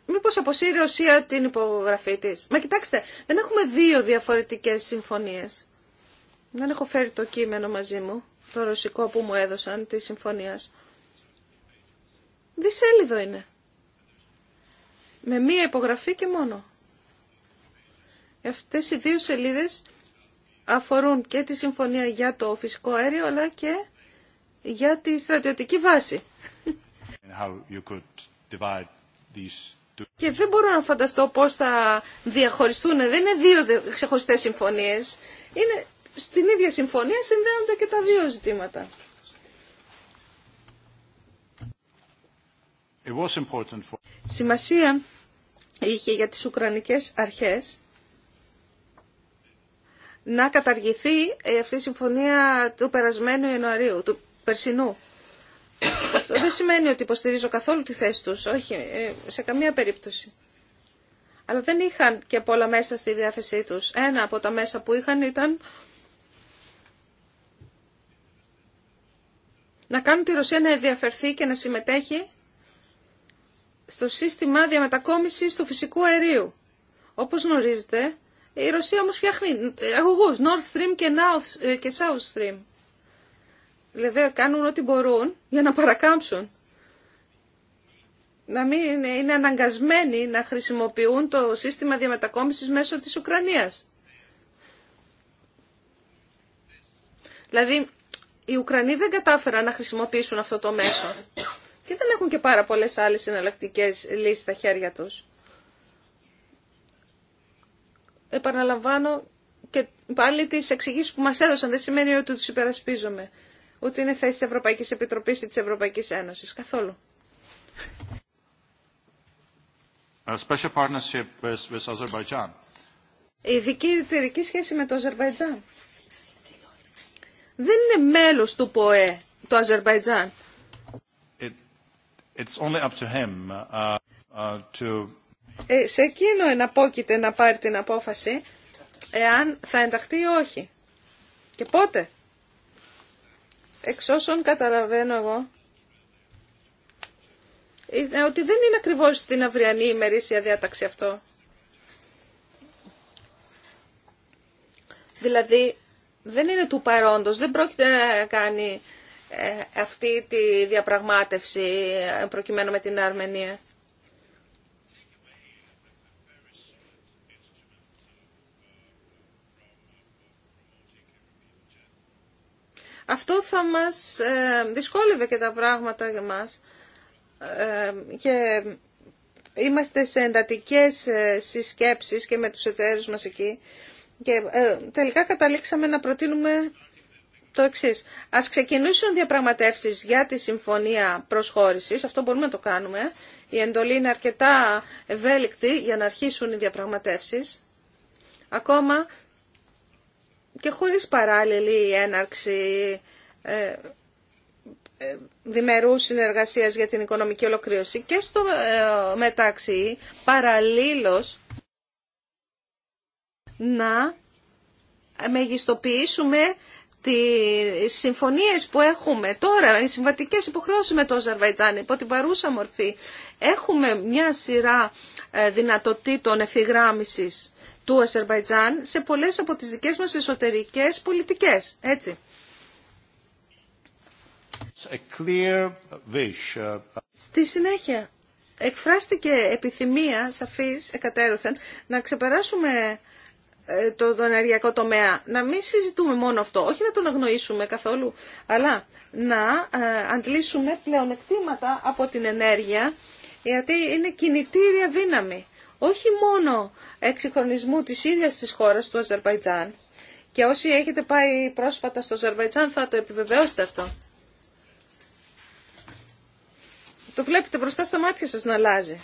Μήπως αποσύρει η Ρωσία την υπογραφή της. Μα κοιτάξτε, δεν έχουμε δύο διαφορετικές συμφωνίες. Δεν έχω φέρει το κείμενο μαζί μου, το ρωσικό που μου έδωσαν τη συμφωνία. Δισέλιδο είναι. Με μία υπογραφή και μόνο. Αυτές οι δύο σελίδες αφορούν και τη συμφωνία για το φυσικό αέριο αλλά και για τη στρατιωτική βάση. Και δεν μπορώ να φανταστώ πώς θα διαχωριστούν. Δεν είναι δύο ξεχωριστές συμφωνίες. Είναι στην ίδια συμφωνία συνδέονται και τα δύο ζητήματα. Σημασία είχε για τις Ουκρανικές αρχές να καταργηθεί ε, αυτή η συμφωνία του περασμένου Ιανουαρίου, του περσινού. Αυτό δεν σημαίνει ότι υποστηρίζω καθόλου τη θέση τους, όχι, ε, σε καμία περίπτωση. Αλλά δεν είχαν και πολλά μέσα στη διάθεσή τους. Ένα από τα μέσα που είχαν ήταν να κάνουν τη Ρωσία να ενδιαφερθεί και να συμμετέχει στο σύστημα διαμετακόμισης του φυσικού αερίου. Όπως γνωρίζετε, ε, η Ρωσία όμως φτιάχνει ε, αγωγούς North Stream και, North, ε, και South Stream. Δηλαδή κάνουν ό,τι μπορούν για να παρακάμψουν. Να μην είναι αναγκασμένοι να χρησιμοποιούν το σύστημα διαμετακόμισης μέσω της Ουκρανίας. Δηλαδή, οι Ουκρανοί δεν κατάφεραν να χρησιμοποιήσουν αυτό το μέσο. Και δεν έχουν και πάρα πολλές άλλες συναλλακτικές λύσεις στα χέρια τους επαναλαμβάνω και πάλι τι εξηγήσει που μα έδωσαν. Δεν σημαίνει ότι του υπερασπίζομαι. Ούτε είναι θέση τη Ευρωπαϊκή Επιτροπή ή τη Ευρωπαϊκή Ένωση. Καθόλου. A special partnership with, with Azerbaijan. Η ειδική σχέση με το Αζερβαϊτζάν. Δεν είναι μέλο του ΠΟΕ το Αζερβαϊτζάν. Uh, uh, ε, σε εκείνο εναπόκειται να πάρει την απόφαση εάν θα ενταχθεί ή όχι. Και πότε. Εξ όσων καταλαβαίνω εγώ, ότι δεν είναι ακριβώς στην αυριανή ημερήσια διάταξη αυτό. Δηλαδή, δεν είναι του παρόντος, δεν πρόκειται να κάνει ε, αυτή τη διαπραγμάτευση ε, προκειμένου με την Αρμενία. Αυτό θα μας ε, δυσκόλευε και τα πράγματα για μας ε, και είμαστε σε εντατικές ε, συσκέψεις και με τους εταίρους μας εκεί και τελικά καταλήξαμε να προτείνουμε το εξή. Ας ξεκινήσουν διαπραγματεύσεις για τη συμφωνία προσχώρησης, αυτό μπορούμε να το κάνουμε. Η εντολή είναι αρκετά ευέλικτη για να αρχίσουν οι διαπραγματεύσεις. Ακόμα και χωρίς παράλληλη έναρξη ε, ε συνεργασία για την οικονομική ολοκλήρωση και στο ε, μεταξύ παραλλήλως να μεγιστοποιήσουμε τι συμφωνίες που έχουμε τώρα, οι συμβατικές υποχρεώσεις με το Αζερβαϊτζάν υπό την παρούσα μορφή. Έχουμε μια σειρά ε, δυνατοτήτων ευθυγράμμισης του Αζερβαϊτζάν σε πολλές από τις δικές μας εσωτερικές πολιτικές. Έτσι. Uh, Στη συνέχεια, εκφράστηκε επιθυμία σαφής εκατέρωθεν να ξεπεράσουμε ε, το, ενεργειακό τομέα. Να μην συζητούμε μόνο αυτό, όχι να τον αγνοήσουμε καθόλου, αλλά να ε, αντλήσουμε πλεονεκτήματα από την ενέργεια, γιατί είναι κινητήρια δύναμη όχι μόνο εξυγχρονισμού της ίδιας της χώρας του Αζερβαϊτζάν και όσοι έχετε πάει πρόσφατα στο Αζερβαϊτζάν θα το επιβεβαιώσετε αυτό. Το βλέπετε μπροστά στα μάτια σας να αλλάζει.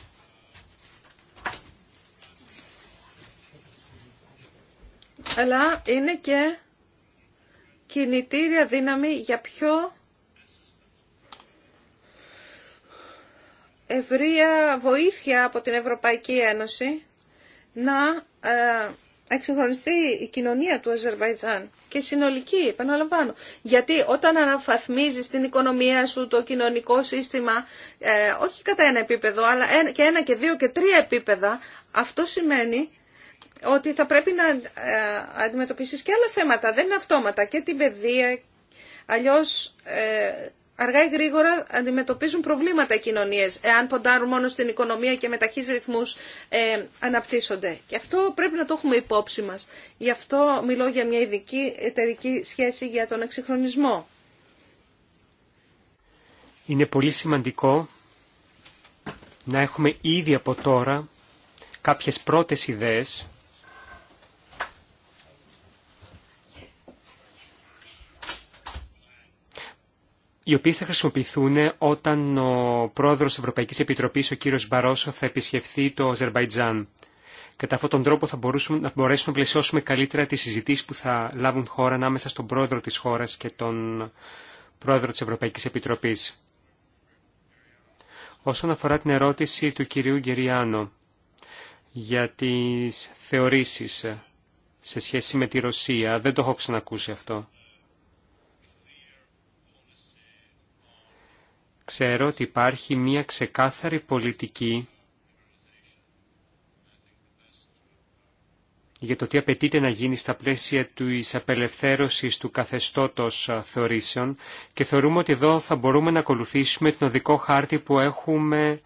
Αλλά είναι και κινητήρια δύναμη για πιο ευρεία βοήθεια από την Ευρωπαϊκή Ένωση να ε, εξυγχρονιστεί η κοινωνία του Αζερβαϊτζάν και συνολική, επαναλαμβάνω. Γιατί όταν αναφαθμίζεις την οικονομία σου, το κοινωνικό σύστημα, ε, όχι κατά ένα επίπεδο, αλλά ένα, και ένα και δύο και τρία επίπεδα, αυτό σημαίνει ότι θα πρέπει να ε, αντιμετωπίσεις και άλλα θέματα, δεν είναι αυτόματα, και την παιδεία, αλλιώς... Ε, αργά ή γρήγορα αντιμετωπίζουν προβλήματα οι κοινωνίες, εάν ποντάρουν μόνο στην οικονομία και με ταχύ ρυθμού ε, αναπτύσσονται. Και αυτό πρέπει να το έχουμε υπόψη μα, Γι' αυτό μιλώ για μια ειδική εταιρική σχέση για τον εξυγχρονισμό. Είναι πολύ σημαντικό να έχουμε ήδη από τώρα κάποιες πρώτες ιδέες οι οποίες θα χρησιμοποιηθούν όταν ο πρόεδρος της Ευρωπαϊκής Επιτροπής, ο κύριος Μπαρόσο, θα επισκεφθεί το Αζερβαϊτζάν. Κατά αυτόν τον τρόπο θα, να μπορέσουμε να πλαισιώσουμε καλύτερα τις συζητήσεις που θα λάβουν χώρα ανάμεσα στον πρόεδρο της χώρας και τον πρόεδρο της Ευρωπαϊκής Επιτροπής. Όσον αφορά την ερώτηση του κυρίου Γκεριάνο για τις θεωρήσεις σε σχέση με τη Ρωσία, δεν το έχω ξανακούσει αυτό. ξέρω ότι υπάρχει μια ξεκάθαρη πολιτική για το τι απαιτείται να γίνει στα πλαίσια του απελευθέρωσης του καθεστώτος θεωρήσεων και θεωρούμε ότι εδώ θα μπορούμε να ακολουθήσουμε τον οδικό χάρτη που έχουμε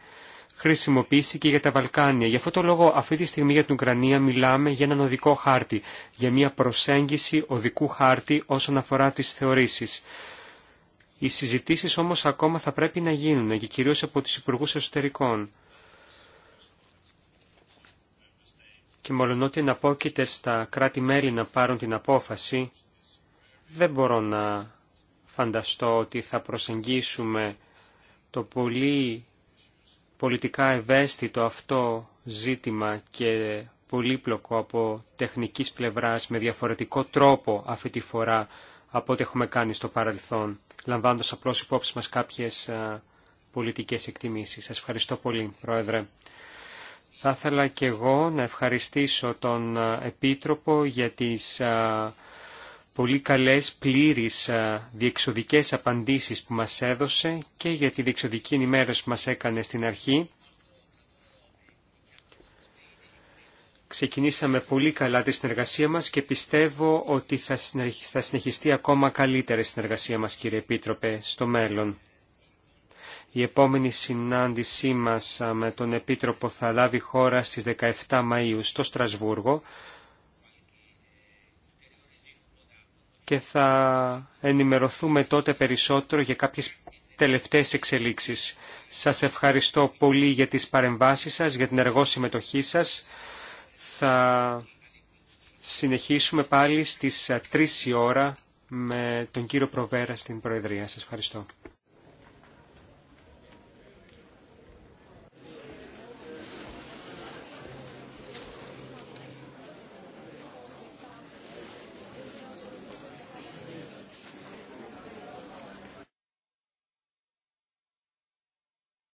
χρησιμοποιήσει και για τα Βαλκάνια. Γι' αυτό το λόγο αυτή τη στιγμή για την Ουκρανία μιλάμε για έναν οδικό χάρτη, για μια προσέγγιση οδικού χάρτη όσον αφορά τις θεωρήσεις. Οι συζητήσεις όμως ακόμα θα πρέπει να γίνουν και κυρίως από τους Υπουργούς Εσωτερικών. Και μολονότι εναπόκειται στα κράτη-μέλη να πάρουν την απόφαση, δεν μπορώ να φανταστώ ότι θα προσεγγίσουμε το πολύ πολιτικά ευαίσθητο αυτό ζήτημα και πολύπλοκο από τεχνικής πλευράς με διαφορετικό τρόπο αυτή τη φορά από ό,τι έχουμε κάνει στο παρελθόν λαμβάνοντας απλώς υπόψη μας κάποιες πολιτικές εκτιμήσεις. Σας ευχαριστώ πολύ, Πρόεδρε. Θα ήθελα και εγώ να ευχαριστήσω τον Επίτροπο για τις πολύ καλές, πλήρεις, διεξοδικές απαντήσεις που μας έδωσε και για τη διεξοδική ενημέρωση που μας έκανε στην αρχή. Ξεκινήσαμε πολύ καλά τη συνεργασία μας και πιστεύω ότι θα συνεχιστεί ακόμα καλύτερη συνεργασία μας, κύριε Επίτροπε, στο μέλλον. Η επόμενη συνάντησή μας με τον Επίτροπο θα λάβει χώρα στις 17 Μαΐου στο Στρασβούργο και θα ενημερωθούμε τότε περισσότερο για κάποιες τελευταίες εξελίξεις. Σας ευχαριστώ πολύ για τις παρεμβάσεις σας, για την εργό συμμετοχή σας. Θα συνεχίσουμε πάλι στις 3 η ώρα με τον κύριο Προβέρα στην Προεδρία. Σας ευχαριστώ.